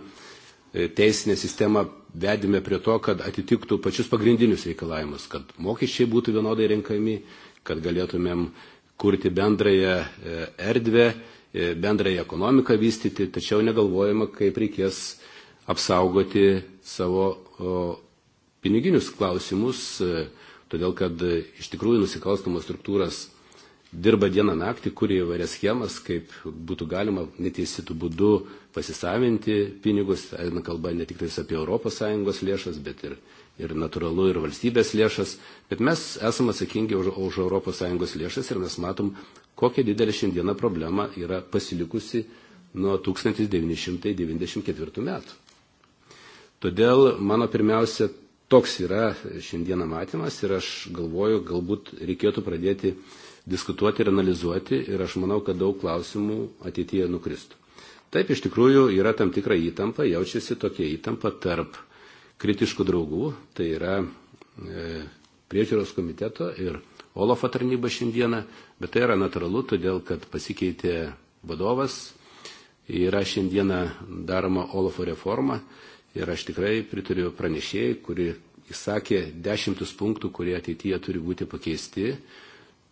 E, teisinę sistemą vedėme prie to, kad atitiktų pačius pagrindinius reikalavimus, kad mokesčiai būtų vienodai renkami, kad galėtumėm kurti bendrąją e, erdvę, e, bendrąją ekonomiką vystyti, tačiau negalvojama, kaip reikės apsaugoti savo piniginius klausimus, todėl kad iš tikrųjų nusikalstamos struktūros dirba dieną naktį, kuria įvairias schemas, kaip būtų galima neteisėtų būdų pasisavinti pinigus, eina kalba ne tik apie ES lėšas, bet ir, ir natūralu, ir valstybės lėšas, bet mes esame atsakingi už, už ES lėšas ir mes matom, kokia didelė šiandieną problema yra pasilikusi nuo 1994 metų. Todėl mano pirmiausia toks yra šiandieną matymas ir aš galvoju, galbūt reikėtų pradėti uh, diskutuoti ir analizuoti ir aš manau, kad daug klausimų ateityje nukristų. Taip, iš tikrųjų yra tam tikra įtampa, jaučiasi tokia įtampa tarp kritiškų draugų, tai yra e, priežiūros komiteto ir Olofo tarnyba šiandieną, bet tai yra natūralu, todėl kad pasikeitė vadovas, yra šiandieną daroma Olofo reforma ir aš tikrai pritariu pranešėjai, kuri įsakė dešimtus punktų, kurie ateityje turi būti pakeisti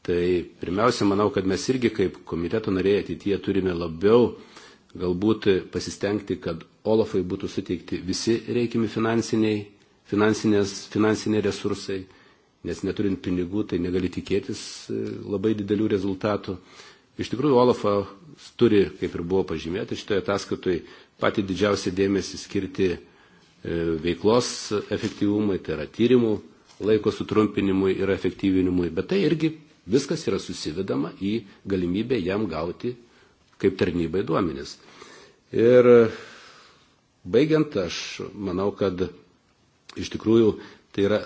Tai pirmiausia, manau, kad mes irgi kaip komiteto nariai ateityje turime labiau galbūt pasistengti, kad Olafai būtų suteikti visi reikimi finansiniai resursai, nes neturint pinigų, tai negali tikėtis e, labai didelių rezultatų. Iš tikrųjų, Olafas turi, kaip ir buvo pažymėta, šitoje ataskaitoje patį didžiausią dėmesį skirti e, veiklos efektyvumui, tai yra tyrimų laiko sutrumpinimui ir efektyvinimui, bet tai irgi Viskas yra susivedama į galimybę jam gauti kaip tarnybai duomenis. Ir baigiant, aš manau, kad iš tikrųjų tai yra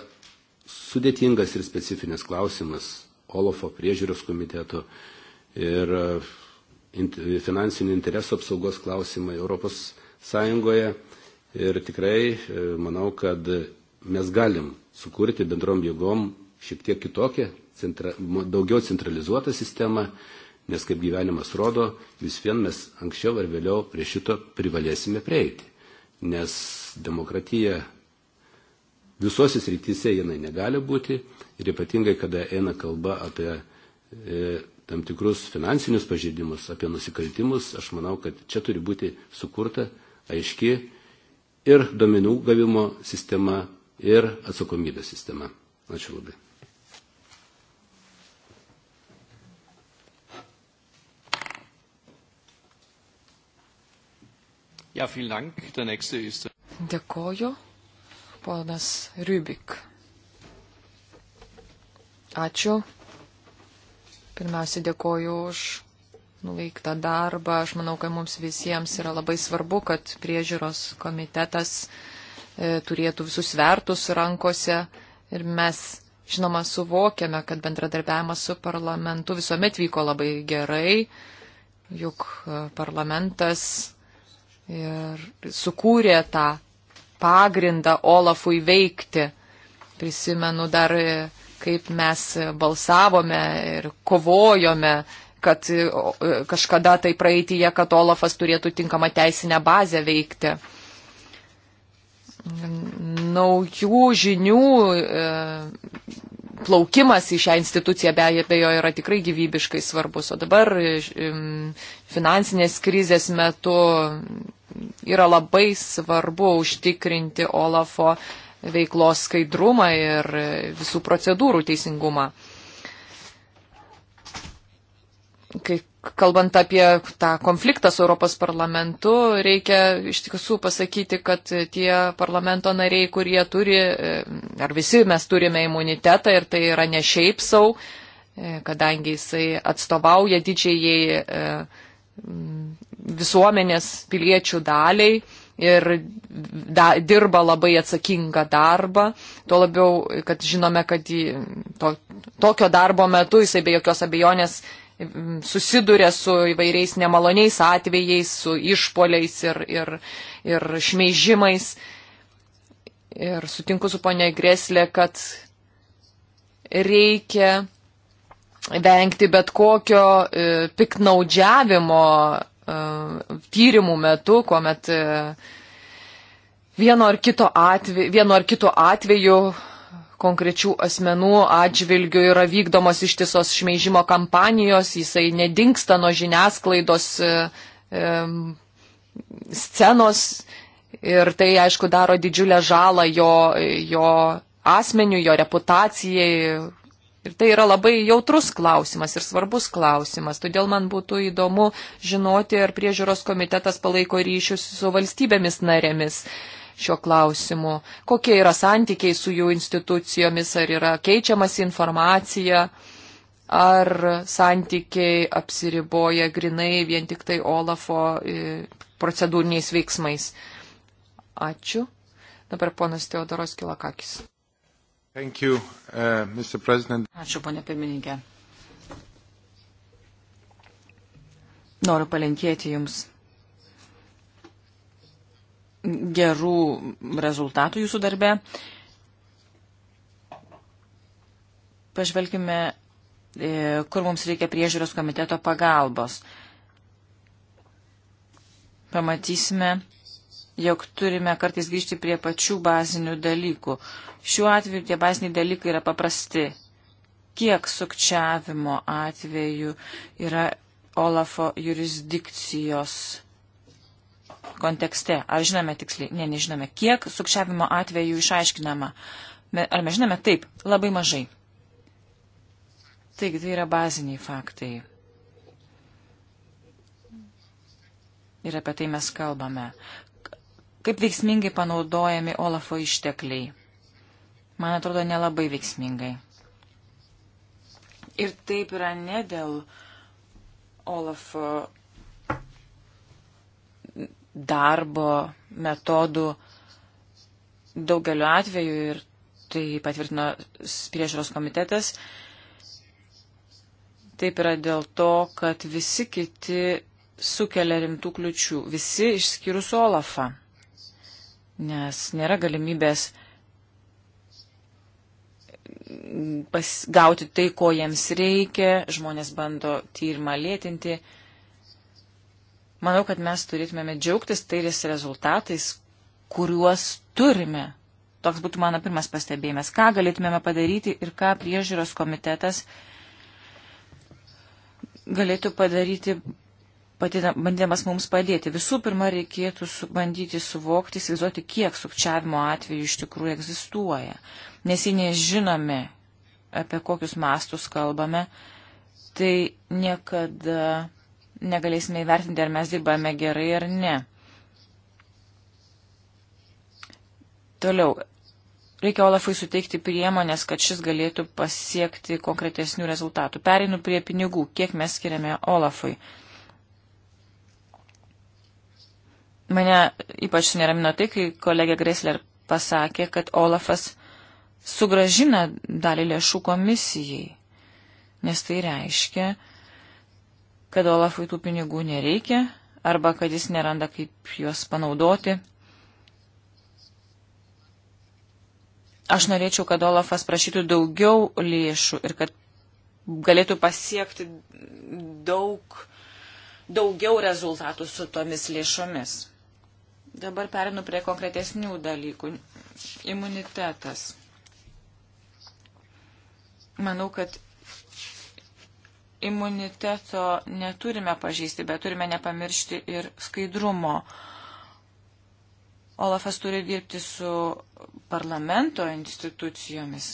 sudėtingas ir specifinis klausimas Olofo priežiūros komiteto ir finansinių interesų apsaugos klausimai Europos Sąjungoje. Ir tikrai e, manau, kad mes galim sukurti bendrom jėgom šiek tiek kitokią centra, daugiau centralizuotą sistemą, nes kaip gyvenimas rodo, vis vien mes anksčiau ar vėliau prie šito privalėsime prieiti. Nes demokratija visose srityse jinai negali būti ir ypatingai, kada eina kalba apie e, tam tikrus finansinius pažeidimus, apie nusikaltimus, aš manau, kad čia turi būti sukurta aiški ir domenų gavimo sistema, ir atsakomybės sistema. Ačiū labai. Ja, vielen Dank. Der nächste ist. Dėkoju, ponas Rybik. Ačiū. Pirmiausia, dėkoju už nuveiktą darbą. Aš manau, kad mums visiems yra labai svarbu, kad priežiūros komitetas e, turėtų visus vertus rankose ir mes, žinoma, suvokiame, kad bendradarbiavimas su parlamentu visuomet vyko labai gerai, juk e, parlamentas ir sukūrė tą pagrindą Olafui veikti. Prisimenu dar, kaip mes balsavome ir kovojome, kad e, e, kažkada tai praeitie, kad Olafas turėtų tinkamą teisinę bazę veikti. Naujų žinių e, plaukimas į šią instituciją be abejo yra tikrai gyvybiškai svarbus. O dabar finansinės krizės metu yra labai svarbu užtikrinti Olafo veiklos skaidrumą ir visų procedūrų teisingumą kai kalbant apie tą konfliktą su Europos parlamentu, reikia iš tiesų pasakyti, kad tie parlamento nariai, kurie turi, e, ar visi mes turime imunitetą ir tai yra ne šiaip savo, e, kadangi jisai atstovauja didžiai e, visuomenės piliečių daliai ir da, dirba labai atsakingą darbą. Tuo labiau, kad žinome, kad į, to, tokio darbo metu jisai be jokios abejonės susiduria su įvairiais nemaloniais atvejais, su išpoliais ir, ir, ir šmeižimais. Ir sutinku su ponė Greslė, kad reikia vengti bet kokio e, piknaudžiavimo e, tyrimų metu, kuomet e, vieno ar kito atveju, vieno ar kito atveju konkrečių asmenų atžvilgių yra vykdomos ištisos šmeižimo kampanijos, jisai nedingsta nuo žiniasklaidos e, e scenos ir tai, aišku, daro didžiulę žalą jo, jo asmeniu, jo reputacijai. Ir tai yra labai jautrus klausimas ir svarbus klausimas. Todėl man būtų įdomu žinoti, ar priežiūros komitetas palaiko ryšius su valstybėmis narėmis. E, šio klausimu? Kokie yra santykiai su jų institucijomis? Ar yra keičiamas informacija? Ar santykiai apsiriboja grinai vien tik tai Olafo e, procedūriniais veiksmais? Ačiū. Dabar ponas Teodoros Kilakakis. Thank you, uh, Mr. President. Ačiū, ponė pirmininkė. Noriu palinkėti Jums gerų rezultatų jūsų darbe. Pažvelkime, e, kur mums reikia priežiūros komiteto pagalbos. Pamatysime, jog turime kartais grįžti prie pačių bazinių dalykų. Šiuo atveju tie baziniai dalykai yra paprasti. Kiek sukčiavimo atveju yra Olafo jurisdikcijos kontekste. Ar žinome tiksliai? Ne, nežinome. Kiek sukčiavimo atvejų išaiškinama? Ar mes žinome? Taip, labai mažai. Taigi, tai yra baziniai faktai. Ir apie tai mes kalbame. Kaip veiksmingai panaudojami Olafo ištekliai? Man atrodo, nelabai veiksmingai. Ir taip yra ne dėl Olafo darbo metodų daugeliu atveju ir tai patvirtino priežiūros komitetas. Taip yra dėl to, kad visi kiti sukelia rimtų kliučių, visi išskyrus Olafą, nes nėra galimybės pas, gauti tai, ko jiems reikia, žmonės bando tyrimą lėtinti. Tai Manau, kad mes turėtumėme džiaugtis tais rezultatais, kuriuos turime. Toks būtų mano pirmas pastebėjimas. Ką galėtumėme padaryti ir ką priežiūros komitetas galėtų padaryti, bandydamas mums padėti. Visų pirma, reikėtų bandyti suvokti, įsivaizduoti, kiek sukčiavimo atvejų iš tikrųjų egzistuoja. Nes jei nežinome, apie kokius mastus kalbame, tai niekada negalėsime įvertinti, ar mes dirbame gerai ar ne. Toliau. Reikia Olafui suteikti priemonės, kad šis galėtų pasiekti konkretesnių rezultatų. Pereinu prie pinigų, kiek mes skiriame Olafui. Mane ypač neramino tai, kai kolegė Gresler pasakė, kad Olafas sugražina dalį lėšų komisijai, nes tai reiškia, kad Olafui tų pinigų nereikia arba kad jis neranda, kaip juos panaudoti. Aš norėčiau, kad Olafas prašytų daugiau lėšų ir kad galėtų pasiekti daug, daugiau rezultatų su tomis lėšomis. Dabar perinu prie konkretesnių dalykų. Imunitetas. Manau, kad imuniteto neturime pažįsti, bet turime nepamiršti ir skaidrumo. Olafas turi dirbti su parlamento institucijomis,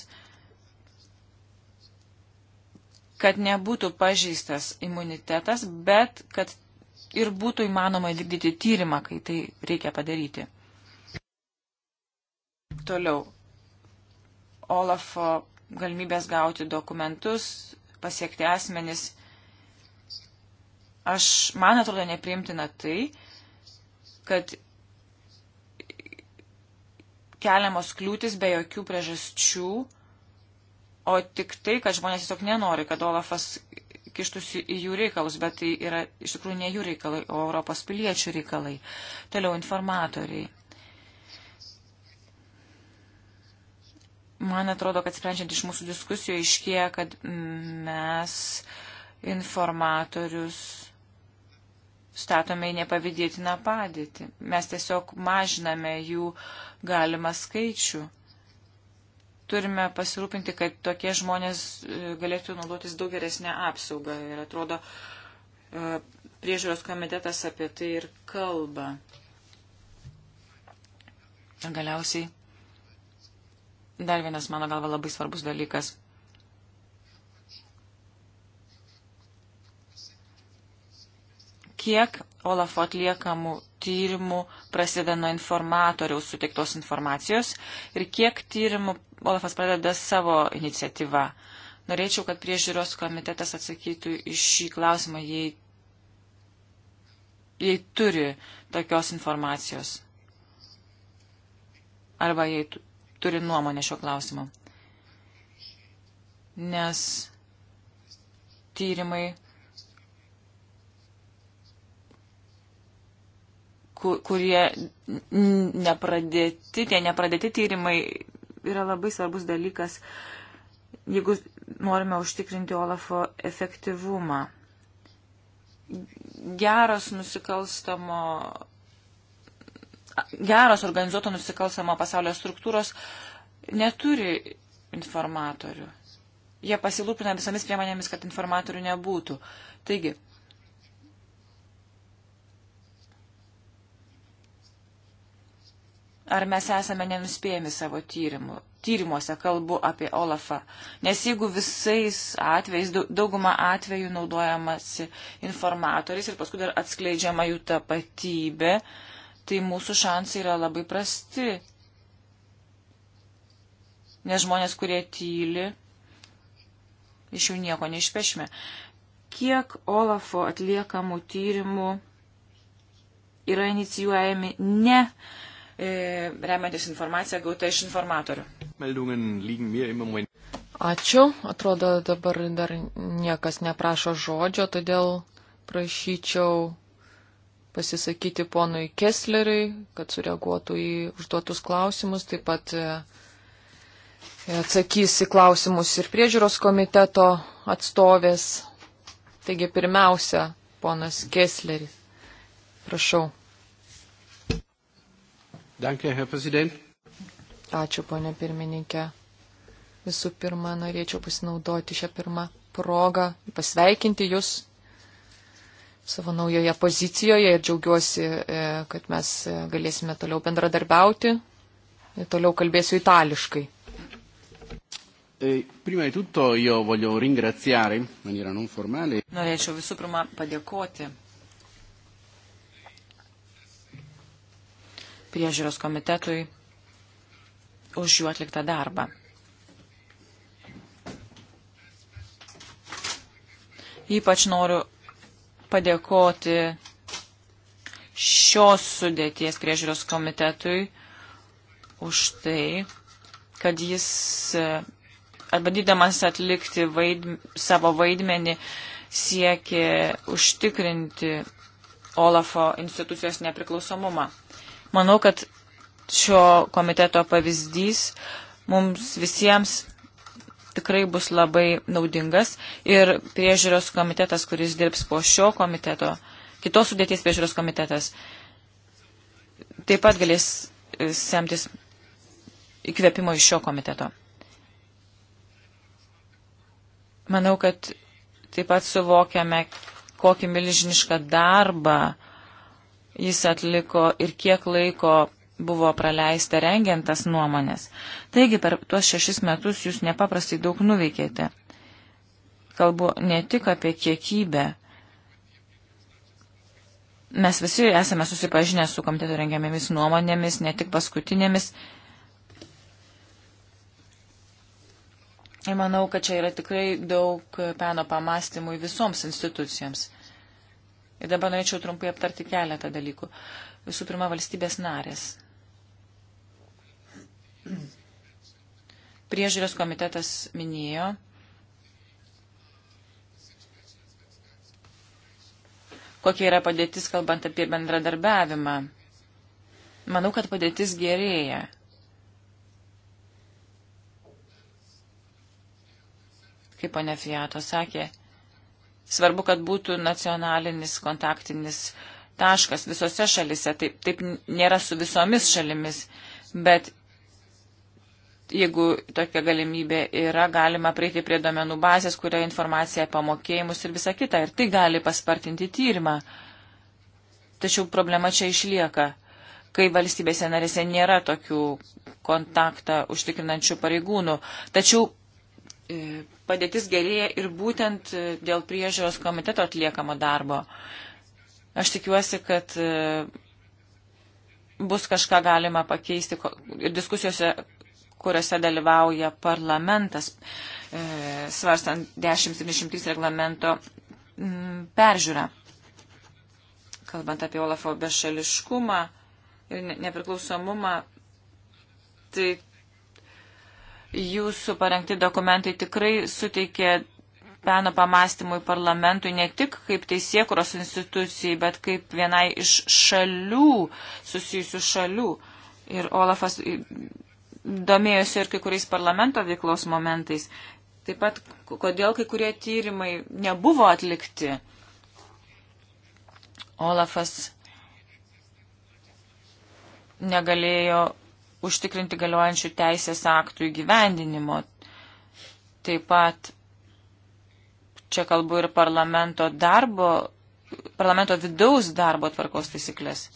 kad nebūtų pažįstas imunitetas, bet kad ir būtų įmanoma vykdyti tyrimą, kai tai reikia padaryti. Toliau. Olafo galimybės gauti dokumentus pasiekti asmenis. Aš, man atrodo, nepriimtina tai, kad keliamos kliūtis be jokių priežasčių, o tik tai, kad žmonės tiesiog nenori, kad Olafas kištusi į jų reikalus, bet tai yra iš tikrųjų ne jų reikalai, o Europos piliečių reikalai. Toliau informatoriai. Man atrodo, kad sprendžiant iš mūsų diskusijų iškėja, kad mes informatorius statome į nepavydėtiną padėtį. Mes tiesiog mažiname jų galimą skaičių. Turime pasirūpinti, kad tokie žmonės e, galėtų naudotis daug geresnę apsaugą. Ir atrodo, e, priežiūros komitetas apie tai ir kalba. Galiausiai dar vienas, mano galva, labai svarbus dalykas. Kiek Olafo atliekamų tyrimų prasideda nuo informatoriaus suteiktos informacijos ir kiek tyrimų Olafas pradeda savo iniciatyvą. Norėčiau, kad priežiūros komitetas atsakytų iš šį klausimą, jei, jei turi tokios informacijos. Arba jei turi nuomonę šio klausimu. Nes tyrimai, kurie nepradėti, tie nepradėti tyrimai yra labai svarbus dalykas, jeigu norime užtikrinti Olafo efektyvumą. Geros nusikalstamo geros organizuoto nusikalstamo pasaulio struktūros neturi informatorių. Jie pasilūpina visomis priemonėmis, kad informatorių nebūtų. Taigi, ar mes esame nenuspėjami savo tyrimu, tyrimuose, kalbu apie Olafą. Nes jeigu visais atvejais, dauguma atvejų naudojamasi informatoriais ir paskui dar atskleidžiama jų tapatybė, uh, tai mūsų šansai yra labai prasti. Nes žmonės, kurie tyli, iš jų nieko neišpešime. Kiek Olafo atliekamų tyrimų yra inicijuojami ne e, remiantis informaciją gauta iš informatorių? Ačiū. Atrodo, dabar dar niekas neprašo žodžio, todėl prašyčiau pasisakyti ponui Kessleriui, kad sureaguotų į užduotus klausimus, taip pat e, atsakys į klausimus ir priežiūros komiteto atstovės. Taigi pirmiausia, ponas Kessleris. Prašau. Danke, Herr Präsident. Ačiū, ponė pirmininkė. Visų pirma, norėčiau pasinaudoti šią pirmą progą pasveikinti Jūs savo naujoje pozicijoje ir džiaugiuosi, e, kad mes e, galėsime toliau bendradarbiauti. E, toliau kalbėsiu itališkai. Norėčiau visų pirma padėkoti priežiūros komitetui už jų atliktą darbą. Ypač noriu padėkoti šios sudėties priežiūros komitetui už tai, kad jis, e, bandydamas atlikti vaid, savo vaidmenį, siekė užtikrinti Olafo institucijos nepriklausomumą. Manau, kad šio komiteto pavyzdys mums visiems tikrai bus labai naudingas ir priežiūros komitetas, kuris dirbs po šio komiteto, kitos sudėties priežiūros komitetas, taip pat galės e, semtis įkvėpimo iš šio komiteto. Manau, kad taip pat suvokiame, kokį milžinišką darbą jis atliko ir kiek laiko buvo praleista rengiantas nuomonės. Taigi per tuos šešis metus jūs nepaprastai daug nuveikėte. Kalbu ne tik apie kiekybę. Mes visi esame susipažinę su komiteto rengiamėmis nuomonėmis, ne tik paskutinėmis. Ir manau, kad čia yra tikrai daug peno pamastymui visoms institucijams. Ir dabar norėčiau trumpai aptarti keletą dalykų. Visų pirma, valstybės narės. priežiūros komitetas minėjo, kokia yra padėtis, kalbant apie bendradarbiavimą. Manau, kad padėtis gerėja. Kaip ponė Fiato sakė, svarbu, kad būtų nacionalinis kontaktinis taškas visose šalise. Taip, taip nėra su visomis šalimis, bet jeigu tokia galimybė yra, galima prieiti prie domenų bazės, kurioje informacija apie mokėjimus ir visa kita. Ir tai gali paspartinti tyrimą. Tačiau problema čia išlieka, kai valstybėse narėse nėra tokių kontaktą užtikrinančių pareigūnų. Tačiau e, padėtis gerėja ir būtent e, dėl priežiūros komiteto atliekamo darbo. Aš tikiuosi, kad e, bus kažką galima pakeisti ir diskusijose kuriuose dalyvauja parlamentas, e, svarstant 1073 reglamento m, peržiūrą. Kalbant apie Olafo bešališkumą ir nepriklausomumą, tai jūsų parengti dokumentai tikrai suteikė peno pamastymui parlamentui ne tik kaip teisėkuros institucijai, bet kaip vienai iš šalių, susijusių šalių. Ir Olafas domėjosi ir kai kuriais parlamento veiklos momentais. Taip pat, kodėl kai kurie tyrimai nebuvo atlikti. Olafas negalėjo užtikrinti galiojančių teisės aktų įgyvendinimo. Taip pat čia kalbu ir parlamento darbo, parlamento vidaus darbo tvarkos taisyklės.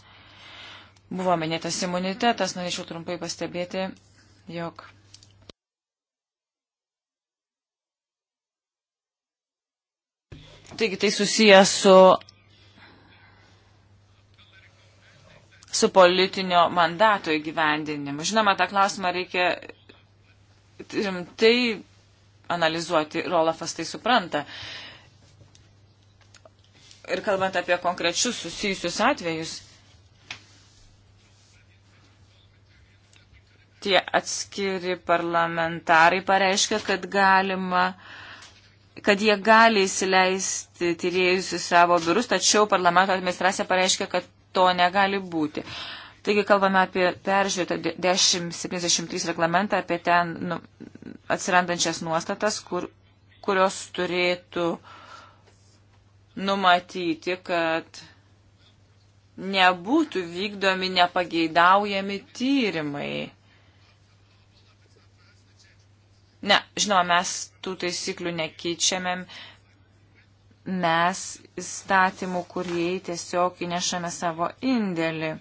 Buvo minėtas imunitetas, norėčiau trumpai pastebėti, jog Taigi tai susijęs su, su politinio mandato įgyvendinimu. Žinoma, tą klausimą reikia rimtai analizuoti ir Olafas tai supranta. Ir kalbant apie konkrečius susijusius atvejus, tie atskiri parlamentarai pareiškia, kad galima kad jie gali įsileisti tyriejus į savo biurus, tačiau parlamento administracija pareiškia, kad to negali būti. Taigi kalbame apie peržiūrėtą 1073 reglamentą, apie ten nu, atsirandančias nuostatas, kur, kurios turėtų numatyti, kad nebūtų vykdomi nepageidaujami tyrimai. Ne, žinoma, mes tų taisyklių nekeičiame, mes įstatymų, kurie tiesiog įnešame savo indėlį.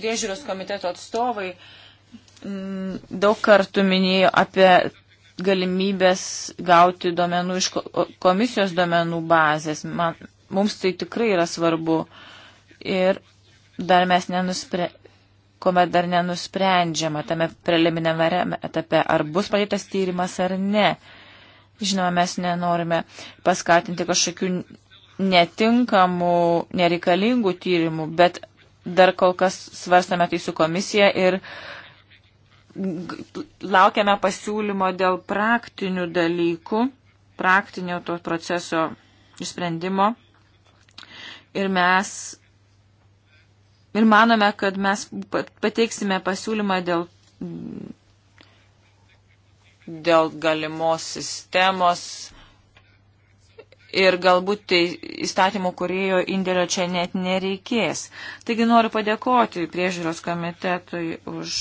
Priežiūros komiteto atstovai mm, daug kartų minėjo apie galimybės gauti duomenų iš komisijos duomenų bazės. Man, mums tai tikrai yra svarbu. Ir dar mes nenuspre, kuomet dar nenusprendžiama tame preliminariame etape, ar bus padėtas tyrimas ar ne. Žinoma, mes nenorime paskatinti kažkokių netinkamų, nereikalingų tyrimų, bet dar kol kas svarstame tai su komisija ir uh, laukiame pasiūlymo dėl praktinių dalykų, praktinio to proceso išsprendimo. Ir mes ir manome, kad mes pateiksime pasiūlymą dėl, dėl galimos sistemos ir galbūt tai įstatymų kurėjo indėlio čia net nereikės. Taigi noriu padėkoti priežiūros komitetui už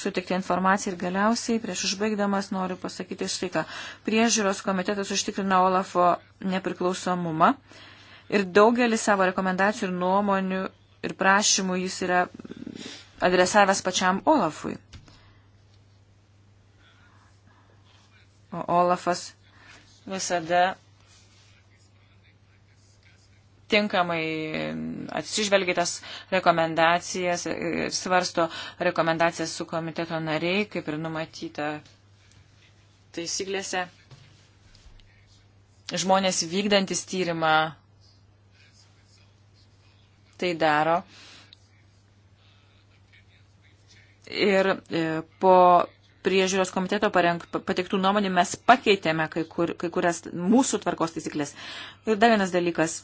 sutikti informaciją ir galiausiai, prieš užbaigdamas, noriu pasakyti štai ką. Priežiūros komitetas užtikrina Olafo nepriklausomumą ir daugelį savo rekomendacijų ir nuomonių ir prašymų jis yra adresavęs pačiam Olafui. O Olafas visada tinkamai atsižvelgia tas rekomendacijas ir e, svarsto rekomendacijas su komiteto nariai, kaip ir numatyta taisyklėse. Žmonės vykdantis tyrimą tai daro. Ir e, po priežiūros komiteto parenk, patiktų nuomonį mes pakeitėme kai, kur, kai kurias mūsų tvarkos taisyklės. Ir dar vienas dalykas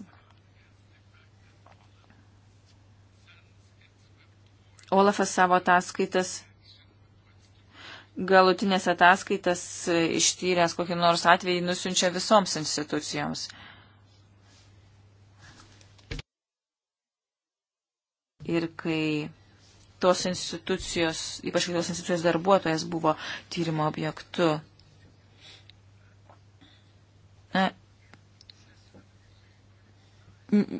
Olafas savo ataskaitas, galutinės ataskaitas e, ištyręs kokį nors atvejį nusinčia visoms institucijoms. Ir kai tos institucijos, ypač kai tos institucijos darbuotojas buvo tyrimo objektu. Na,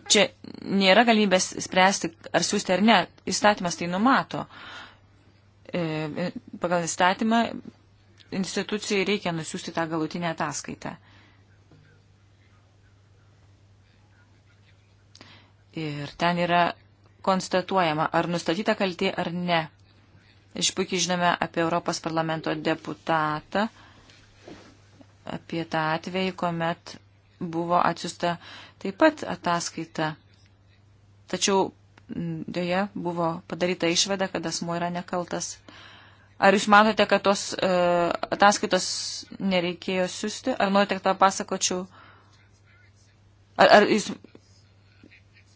čia nėra galimybės spręsti, ar siūsti ar ne. Įstatymas tai numato. E, pagal įstatymą institucijai reikia nusiųsti tą galutinę ataskaitą. Ir ten yra konstatuojama, ar nustatyta kaltė ar ne. Iš puikiai žinome apie Europos parlamento deputatą, apie tą atvejį, kuomet buvo atsiusta uh, taip pat ataskaita. Tačiau dėja buvo padaryta išvada, kad asmo yra nekaltas. Ar jūs matote, kad tos e, ataskaitos nereikėjo siūsti? Ar norite, kad tą pasakočiau? Ar, ar jūs...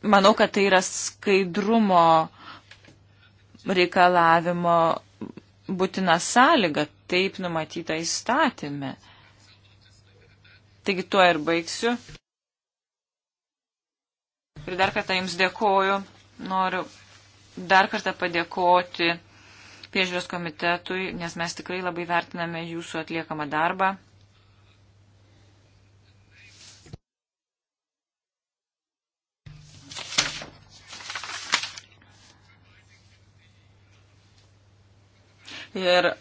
Manau, kad tai yra skaidrumo reikalavimo būtina sąlyga, taip numatyta įstatymė. Taigi tuo ir baigsiu. Ir dar kartą Jums dėkoju. Noriu dar kartą padėkoti priežiūros komitetui, nes mes tikrai labai vertiname Jūsų atliekamą darbą. Ir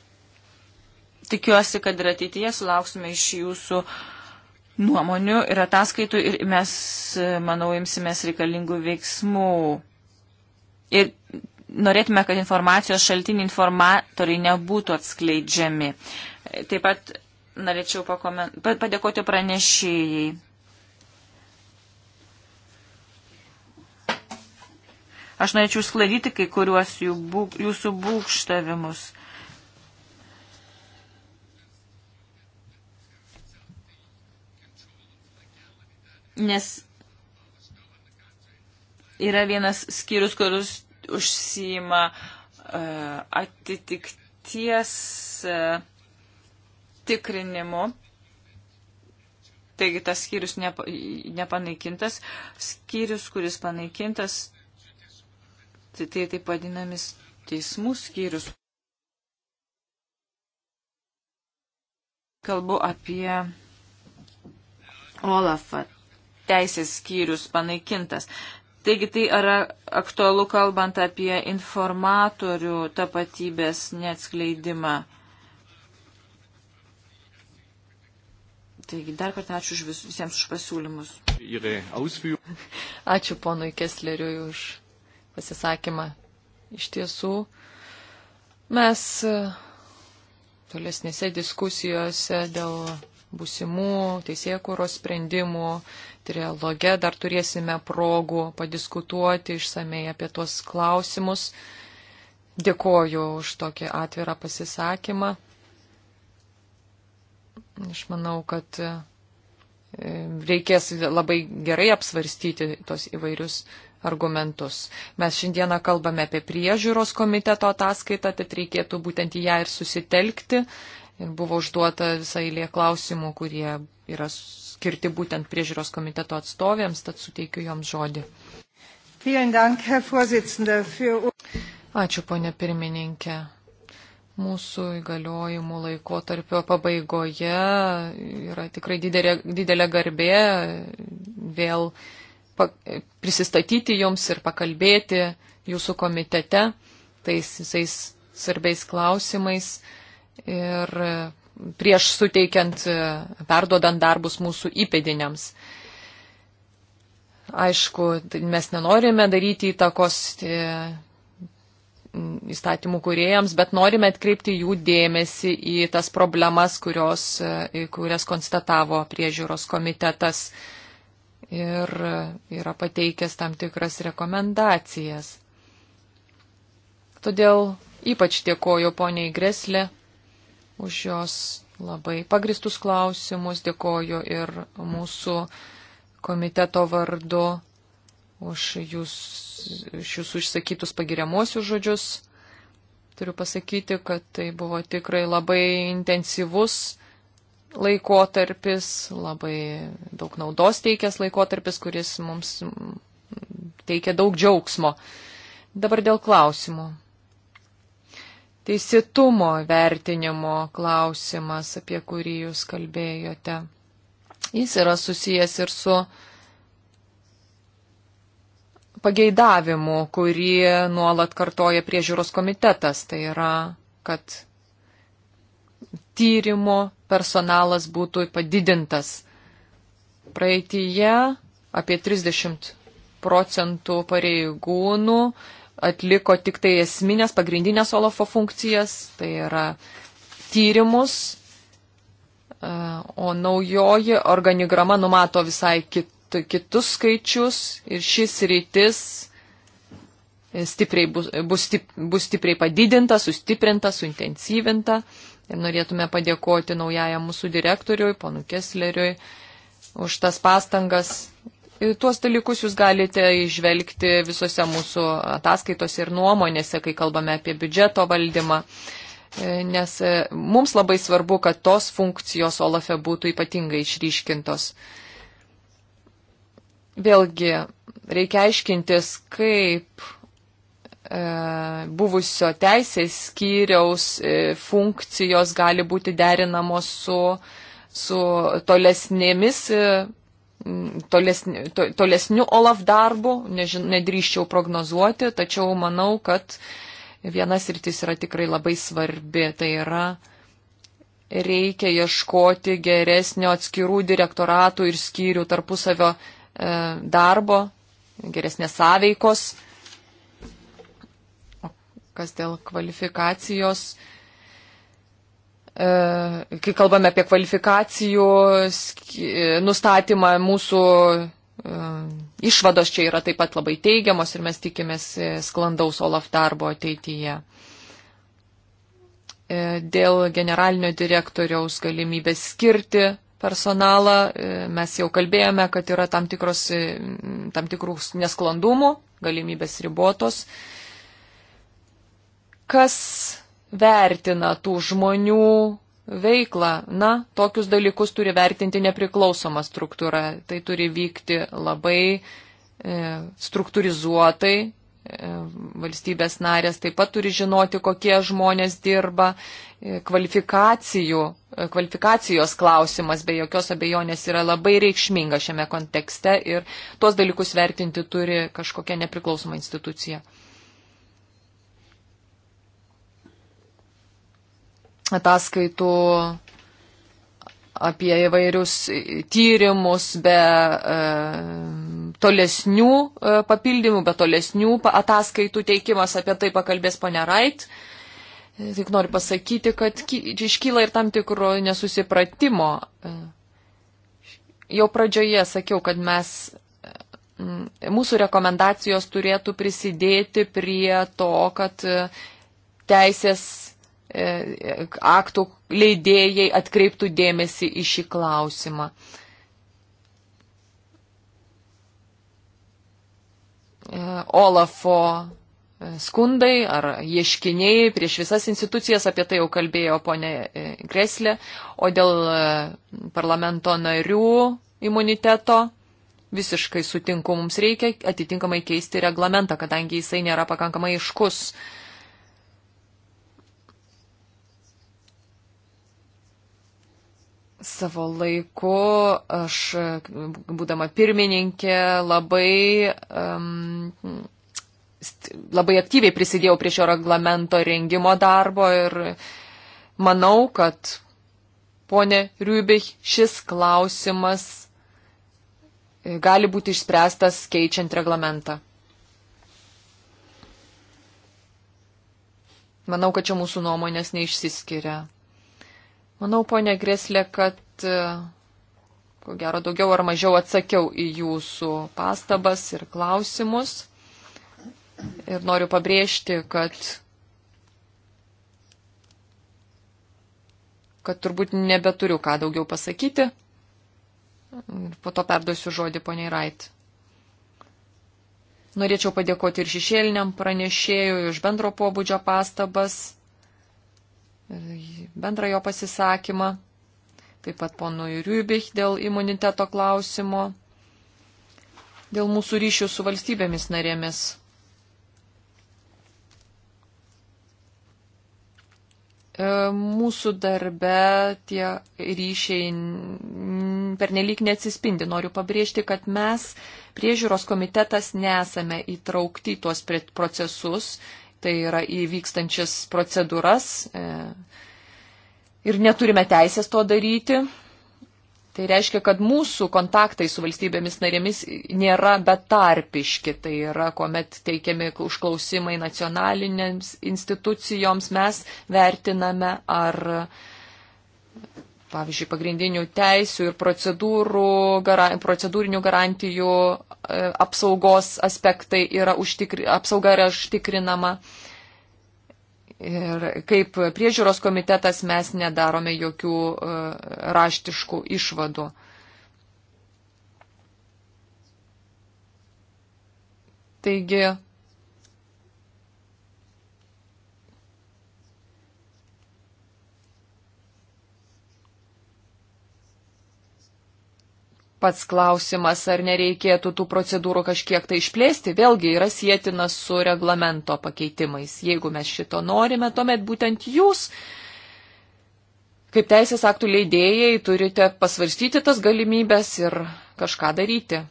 tikiuosi, kad ir ateityje sulauksime iš jūsų uh, nuomonių ir ataskaitų ir mes, manau, imsimės reikalingų veiksmų. Ir norėtume, kad informacijos šaltiniai informatoriai nebūtų atskleidžiami. Taip pat norėčiau pakomen... padėkoti pranešėjai. Aš norėčiau sklaidyti kai kuriuos jų būk, jūsų būkštavimus. nes yra vienas skyrius, kuris užsijima uh, e, atitikties uh, tikrinimu. Taigi tas skyrius nepa, nepanaikintas. Skyrius, kuris panaikintas, tai tai taip vadinamis teismų skyrius. Kalbu apie Olafą teisės skyrius panaikintas. Taigi tai yra aktualu kalbant apie informatorių tapatybės neatskleidimą. Taigi dar kartą ačiū už vis, visiems už pasiūlymus. Ačiū ponui Kesleriui už pasisakymą. Iš tiesų, mes e, tolesnėse diskusijose dėl būsimų teisėkūros sprendimų trialoge dar turėsime progų padiskutuoti išsamei apie tuos klausimus. Dėkoju už tokį atvirą pasisakymą. Aš manau, kad e, reikės labai gerai apsvarstyti tos įvairius argumentus. Mes šiandieną kalbame apie priežiūros komiteto ataskaitą, tad reikėtų būtent į ją ir susitelkti. Ir buvo užduota visai lie klausimų, kurie yra skirti būtent priežiūros komiteto atstovėms, tad suteikiu joms žodį. Ačiū, ponė pirmininkė. Mūsų įgaliojimų laiko tarpio pabaigoje yra tikrai didelė, didelė garbė vėl pa, prisistatyti jums ir pakalbėti jūsų komitete tais visais svarbiais klausimais ir prieš suteikiant, e, perduodant darbus mūsų įpėdiniams. Aišku, tai mes nenorime daryti įtakos e, įstatymų kuriejams, bet norime atkreipti jų dėmesį į tas problemas, kurios, e, kurias konstatavo priežiūros komitetas ir yra pateikęs tam tikras rekomendacijas. Todėl ypač dėkoju poniai Greslė už jos labai pagristus klausimus, dėkoju ir mūsų komiteto vardu už jūs, už jūsų išsakytus pagiriamuosius žodžius. Turiu pasakyti, kad tai buvo tikrai labai intensyvus laikotarpis, labai daug naudos teikęs laikotarpis, kuris mums teikia daug džiaugsmo. Dabar dėl klausimų teisėtumo vertinimo klausimas, apie kurį jūs kalbėjote. Jis yra susijęs ir su pageidavimu, kurį nuolat kartoja priežiūros komitetas. Tai yra, kad tyrimo personalas būtų padidintas. Praeitįje apie 30 procentų pareigūnų atliko tik tai esminės pagrindinės Olafo funkcijas, tai yra tyrimus, e, o naujoji organigrama numato visai kit, kitus skaičius ir šis rytis e, stipriai bus, e, bus, stip, bus stipriai padidinta, sustiprinta, suintensyvinta. Ir norėtume padėkoti naujajam mūsų direktoriui, ponu Kesleriui, už tas pastangas Tuos dalykus jūs galite išvelgti visose mūsų ataskaitose ir nuomonėse, kai kalbame apie biudžeto valdymą, e, nes e, mums labai svarbu, kad tos funkcijos Olafe būtų ypatingai išryškintos. Vėlgi, reikia aiškintis, kaip e, buvusio teisės skyriaus funkcijos gali būti derinamos su su tolesnėmis tolesni, to, tolesniu OLAF darbu, nežin, nedrįščiau prognozuoti, tačiau manau, kad vienas rytis yra tikrai labai svarbi. Tai yra reikia ieškoti geresnio atskirų direktoratų ir skyrių tarpusavio e, darbo, geresnės sąveikos. O kas dėl kvalifikacijos? E, E, kai kalbame apie kvalifikacijų e, nustatymą, mūsų e, išvados čia yra taip pat labai teigiamos ir mes tikimės sklandaus OLAF darbo ateityje. Dėl generalinio direktoriaus galimybės skirti personalą mes jau kalbėjome, kad yra tam, tikros, tam tikrų nesklandumų, galimybės ribotos. Kas vertina tų žmonių veiklą. Na, tokius dalykus turi vertinti nepriklausoma struktūra. Tai turi vykti labai e, struktūrizuotai. E, valstybės narės taip pat turi žinoti, kokie žmonės dirba. E, kvalifikacijos klausimas be jokios abejonės yra labai reikšminga šiame kontekste ir tuos dalykus vertinti turi kažkokia nepriklausoma institucija. ataskaitų apie įvairius tyrimus be e, tolesnių e, papildymų, be tolesnių ataskaitų teikimas, apie tai pakalbės ponia Rait. Tik noriu pasakyti, kad iškyla ir tam tikro nesusipratimo. E, jau pradžioje sakiau, kad mes, mūsų rekomendacijos turėtų prisidėti prie to, kad e, teisės E, aktų leidėjai atkreiptų dėmesį į šį klausimą. E, Olafo e, skundai ar ieškiniai prieš visas institucijas, apie tai jau kalbėjo ponė Greslė, o dėl parlamento narių imuniteto visiškai sutinku, mums reikia atitinkamai keisti reglamentą, kadangi jisai nėra pakankamai iškus. Uh, Savo laiku aš, būdama pirmininkė, labai, um, labai aktyviai prisidėjau prie šio reglamento rengimo darbo ir manau, kad, ponė Riubich, šis klausimas gali būti išspręstas keičiant reglamentą. Manau, kad čia mūsų nuomonės neišsiskiria. Manau, ponė Greslė, kad e, ko gero daugiau ar mažiau atsakiau į jūsų pastabas ir klausimus. Ir noriu pabrėžti, kad, kad turbūt nebeturiu ką daugiau pasakyti. Po to perduosiu žodį poniai Rait. Norėčiau padėkoti ir šešėliniam pranešėjui už bendro pobūdžio pastabas bendrą jo pasisakymą, taip pat ponui Riubich dėl imuniteto klausimo, dėl mūsų ryšių su valstybėmis narėmis. E, mūsų darbe tie ryšiai pernelyg neatsispindi. Noriu pabrėžti, kad mes, priežiūros komitetas, nesame įtraukti tuos procesus tai yra įvykstančias procedūras e, ir neturime teisės to daryti. Tai reiškia, kad mūsų kontaktai su valstybėmis narėmis nėra betarpiški. Tai yra, kuomet teikiami užklausimai nacionalinėms institucijoms, mes vertiname, ar pavyzdžiui, pagrindinių teisių ir procedūrų, gara, procedūrinių garantijų e, apsaugos aspektai yra užtikri, apsauga yra užtikrinama. Ir kaip priežiūros komitetas mes nedarome jokių e, raštiškų išvadų. Taigi, pats klausimas, ar nereikėtų tų procedūrų kažkiek tai išplėsti, vėlgi yra sėtinas su reglamento pakeitimais. Jeigu mes šito norime, tuomet būtent jūs, kaip teisės aktų leidėjai, turite pasvarstyti tas galimybės ir kažką daryti.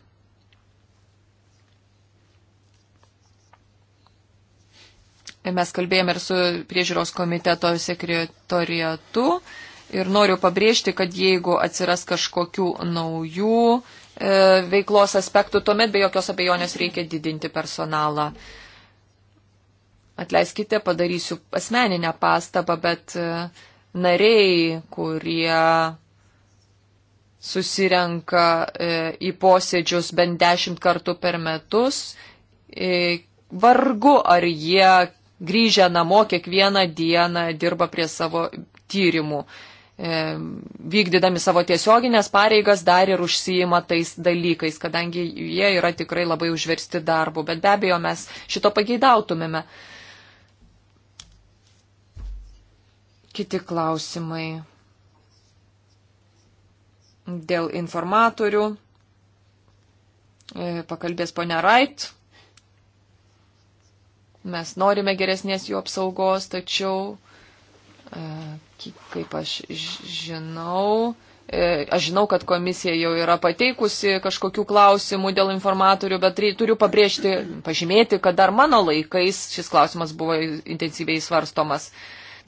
Mes kalbėjome ir su priežiūros komiteto sekretoriatu Ir noriu pabrėžti, kad jeigu atsiras kažkokių naujų e, veiklos aspektų, tuomet be jokios abejonės reikia didinti personalą. Atleiskite, padarysiu asmeninę pastabą, bet e, nariai, kurie susirenka e, į posėdžius bent dešimt kartų per metus, e, vargu ar jie grįžę namo kiekvieną dieną dirba prie savo tyrimų. E, E, vykdydami savo tiesioginės pareigas dar ir užsijima tais dalykais, kadangi jie yra tikrai labai užversti darbu, bet be abejo mes šito pageidautumėme. Kiti klausimai dėl informatorių. E, pakalbės ponia Rait. Mes norime geresnės jų apsaugos, tačiau E, kaip aš žinau, e, aš žinau, kad komisija jau yra pateikusi kažkokių klausimų dėl informatorių, bet turiu pabrėžti, pažymėti, kad dar mano laikais šis klausimas buvo intensyviai svarstomas.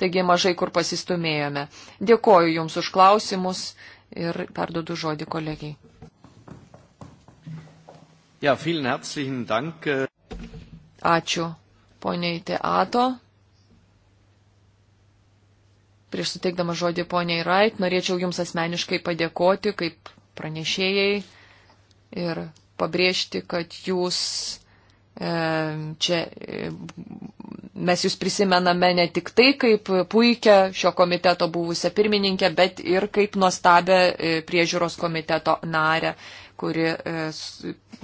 Taigi mažai kur pasistumėjome. Dėkoju Jums už klausimus ir perdodu žodį kolegiai. Ja, äh. Ačiū, poniai Teato. Prieš suteikdama žodį poniai Rait, norėčiau Jums asmeniškai padėkoti kaip pranešėjai ir pabrėžti, kad Jūs e, čia e, mes jūs prisimename ne tik tai kaip puikią šio komiteto buvusią pirmininkę, bet ir kaip nuostabę e, priežiūros komiteto narę, kuri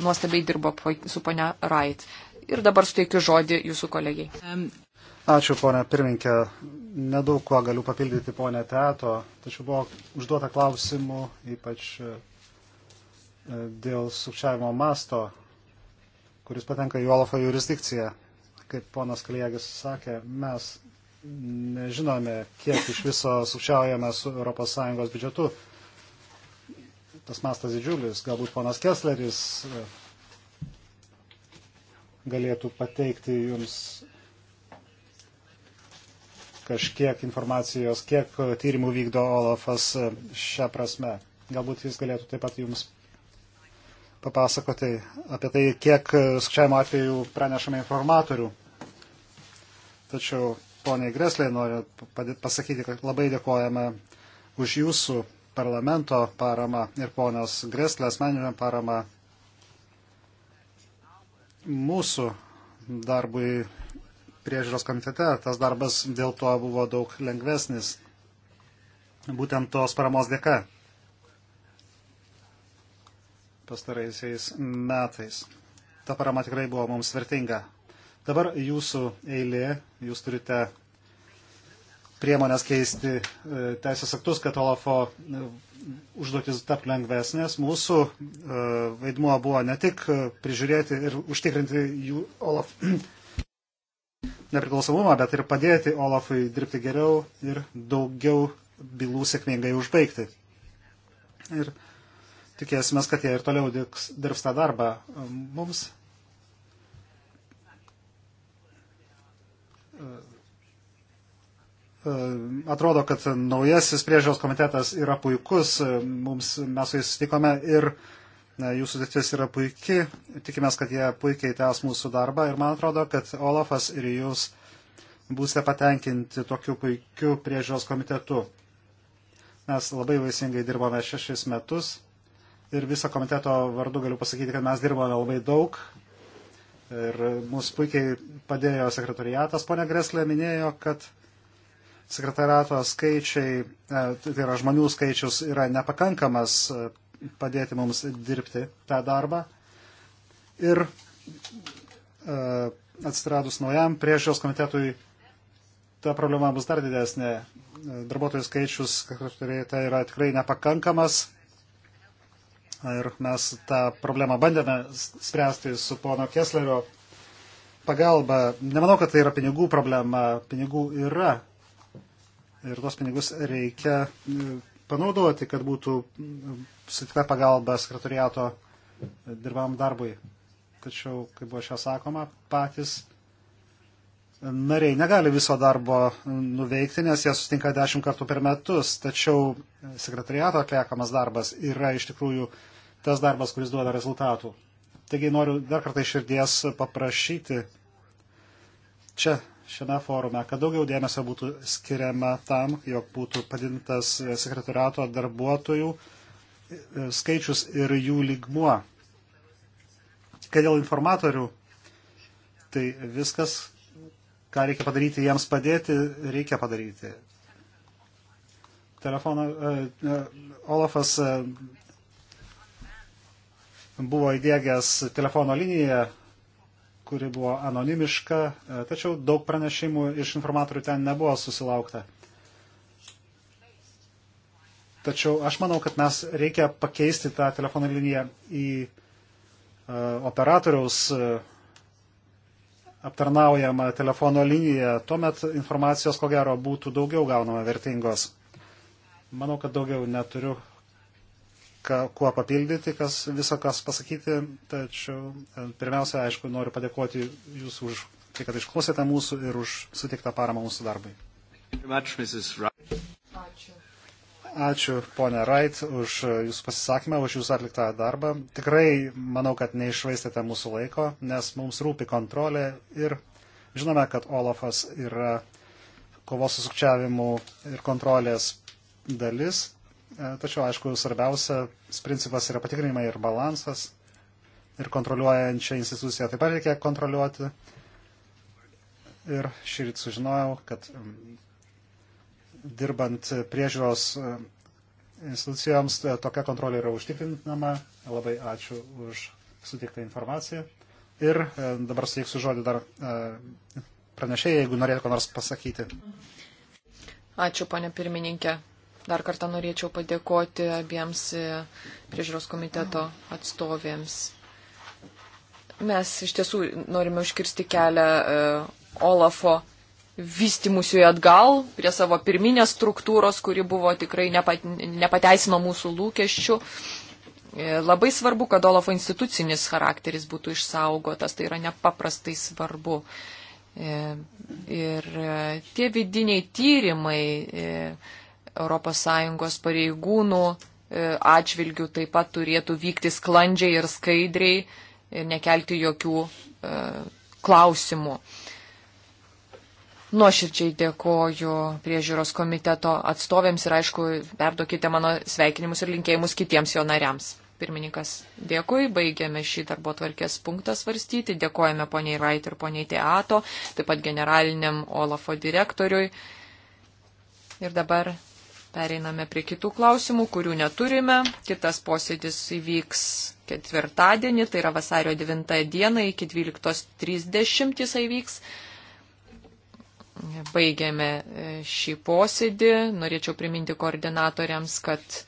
nuostabiai dirbo su ponia Rait. Ir dabar suteikiu žodį jūsų kolegiai. Ačiū, ponia pirminkė. Nedaug kuo galiu papildyti ponę Teto, tačiau buvo užduota klausimų, ypač e, dėl sukčiavimo masto, kuris patenka į Olafo jurisdikciją. Kaip ponas Kalijagis sakė, mes nežinome, kiek iš viso sukčiaujame su ES biudžetu. Tas mastas didžiulis. Galbūt ponas Kessleris e, galėtų pateikti jums kažkiek informacijos, kiek tyrimų vykdo Olafas e, šią prasme. Galbūt jis galėtų taip pat jums papasakoti apie tai, kiek e, skčiajimo atveju pranešame informatorių. Tačiau poniai Greslė noriu pasakyti, kad labai dėkojame už jūsų parlamento paramą ir ponios Greslė asmeninę paramą mūsų darbui priežiūros komitete tas darbas dėl to buvo daug lengvesnis, būtent tos paramos dėka pastaraisiais metais. Ta parama tikrai buvo mums vertinga. Dabar jūsų eilė, jūs turite priemonės keisti e, teisės aktus, kad Olafo e, užduotis taptų lengvesnės. Mūsų e, vaidmuo buvo ne tik prižiūrėti ir užtikrinti jų Olaf nepriklausomumą, bet ir padėti Olafui dirbti geriau ir daugiau bylų sėkmingai užbaigti. Ir tikėsime, kad jie ir toliau dirbs, dirbs tą darbą mums. E, e, atrodo, kad naujasis priežiūros komitetas yra puikus, mums mes su jais sutikome ir uh, Jūsų sudėtis yra puikiai, tikimės, kad jie puikiai tęs mūsų darbą ir man atrodo, kad Olafas ir jūs būsite patenkinti tokiu puikiu priežiūros komitetu. Mes labai vaisingai dirbome šešis metus ir viso komiteto vardu galiu pasakyti, kad mes dirbome labai daug ir mus puikiai padėjo sekretariatas. Pone Greslė minėjo, kad sekretariato skaičiai, e, tai yra žmonių skaičius, yra nepakankamas padėti mums dirbti tą darbą. Ir e, atsiradus naujam priežiūros komitetui, ta problema bus dar didesnė. Darbuotojų skaičius, tai yra tikrai nepakankamas. Ir mes tą problemą bandėme spręsti su pono Keslerio pagalba. Nemanau, kad tai yra pinigų problema. Pinigų yra. Ir tos pinigus reikia panaudoti, kad būtų sutikta pagalba sekretariato dirbam darbui. Tačiau, kaip buvo čia sakoma, patys nariai negali viso darbo nuveikti, nes jie sustinka dešimt kartų per metus, tačiau sekretariato atliekamas darbas yra iš tikrųjų tas darbas, kuris duoda rezultatų. Taigi noriu dar kartą iš širdies paprašyti čia šiame forume, kad daugiau dėmesio būtų skiriama tam, jog būtų padintas sekretariato darbuotojų e, skaičius ir jų lygmuo. Kai dėl informatorių, tai viskas, ką reikia padaryti, jiems padėti, reikia padaryti. Telefoną, uh, e, uh, e, Olafas uh, buvo įdėgęs telefono liniją kuri buvo anonimiška, e, tačiau daug pranešimų iš informatorių ten nebuvo susilaukta. Tačiau aš manau, kad mes reikia pakeisti tą telefono liniją į e, operatoriaus e, aptarnaujamą telefono liniją. Tuomet informacijos, ko gero, būtų daugiau gaunama vertingos. Manau, kad daugiau neturiu ką, kuo papildyti, kas, viso kas pasakyti, tačiau e, pirmiausia, aišku, noriu padėkoti Jūs už tai, kad išklausėte mūsų ir už sutiktą paramą mūsų darbai. Ačiū. Ačiū, ponė Rait, už Jūsų pasisakymą, už Jūsų atliktą darbą. Tikrai manau, kad neišvaistėte mūsų laiko, nes mums rūpi kontrolė ir žinome, kad Olafas yra kovos su sukčiavimu ir kontrolės dalis, E, tačiau, aišku, svarbiausias principas yra patikrinimai ir balansas. Ir kontroliuojančią instituciją taip pat reikia kontroliuoti. Ir šį rytą sužinojau, kad mm, dirbant priežiūros e, institucijoms e, tokia kontrolė yra užtikrinama. Labai ačiū už sutiktą informaciją. Ir dabar suteiksiu žodį dar pranešėjai, jeigu norėtų ko nors pasakyti. Ačiū, ponė pirmininkė. Dar kartą norėčiau padėkoti abiems e, priežiūros komiteto atstovėms. Mes iš tiesų norime užkirsti kelią e, Olafo vystimusiui atgal prie savo pirminės struktūros, kuri buvo tikrai nepateisino mūsų lūkesčių. E, labai svarbu, kad Olafo institucinis charakteris būtų išsaugotas, tai yra nepaprastai svarbu. Ir tie vidiniai tyrimai ES pareigūnų e, atžvilgių taip pat turėtų vykti sklandžiai ir skaidriai ir nekelti jokių e, klausimų. Nuoširdžiai dėkoju priežiūros komiteto atstovėms ir aišku, perduokite mano sveikinimus ir linkėjimus kitiems jo nariams. Pirmininkas, dėkui, baigėme šį darbo tvarkės punktą svarstyti, dėkojame poniai Rait ir poniai Teato, taip pat generaliniam Olafo direktoriui. Ir dabar Pereiname prie kitų klausimų, kurių neturime. Kitas posėdis įvyks ketvirtadienį, tai yra vasario 9 dieną iki 12.30 jisai vyks. Baigiame e, šį posėdį. Norėčiau priminti koordinatoriams, kad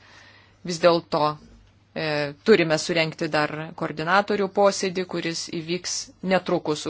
vis dėlto e, turime surenkti dar koordinatorių posėdį, kuris įvyks netrukus už.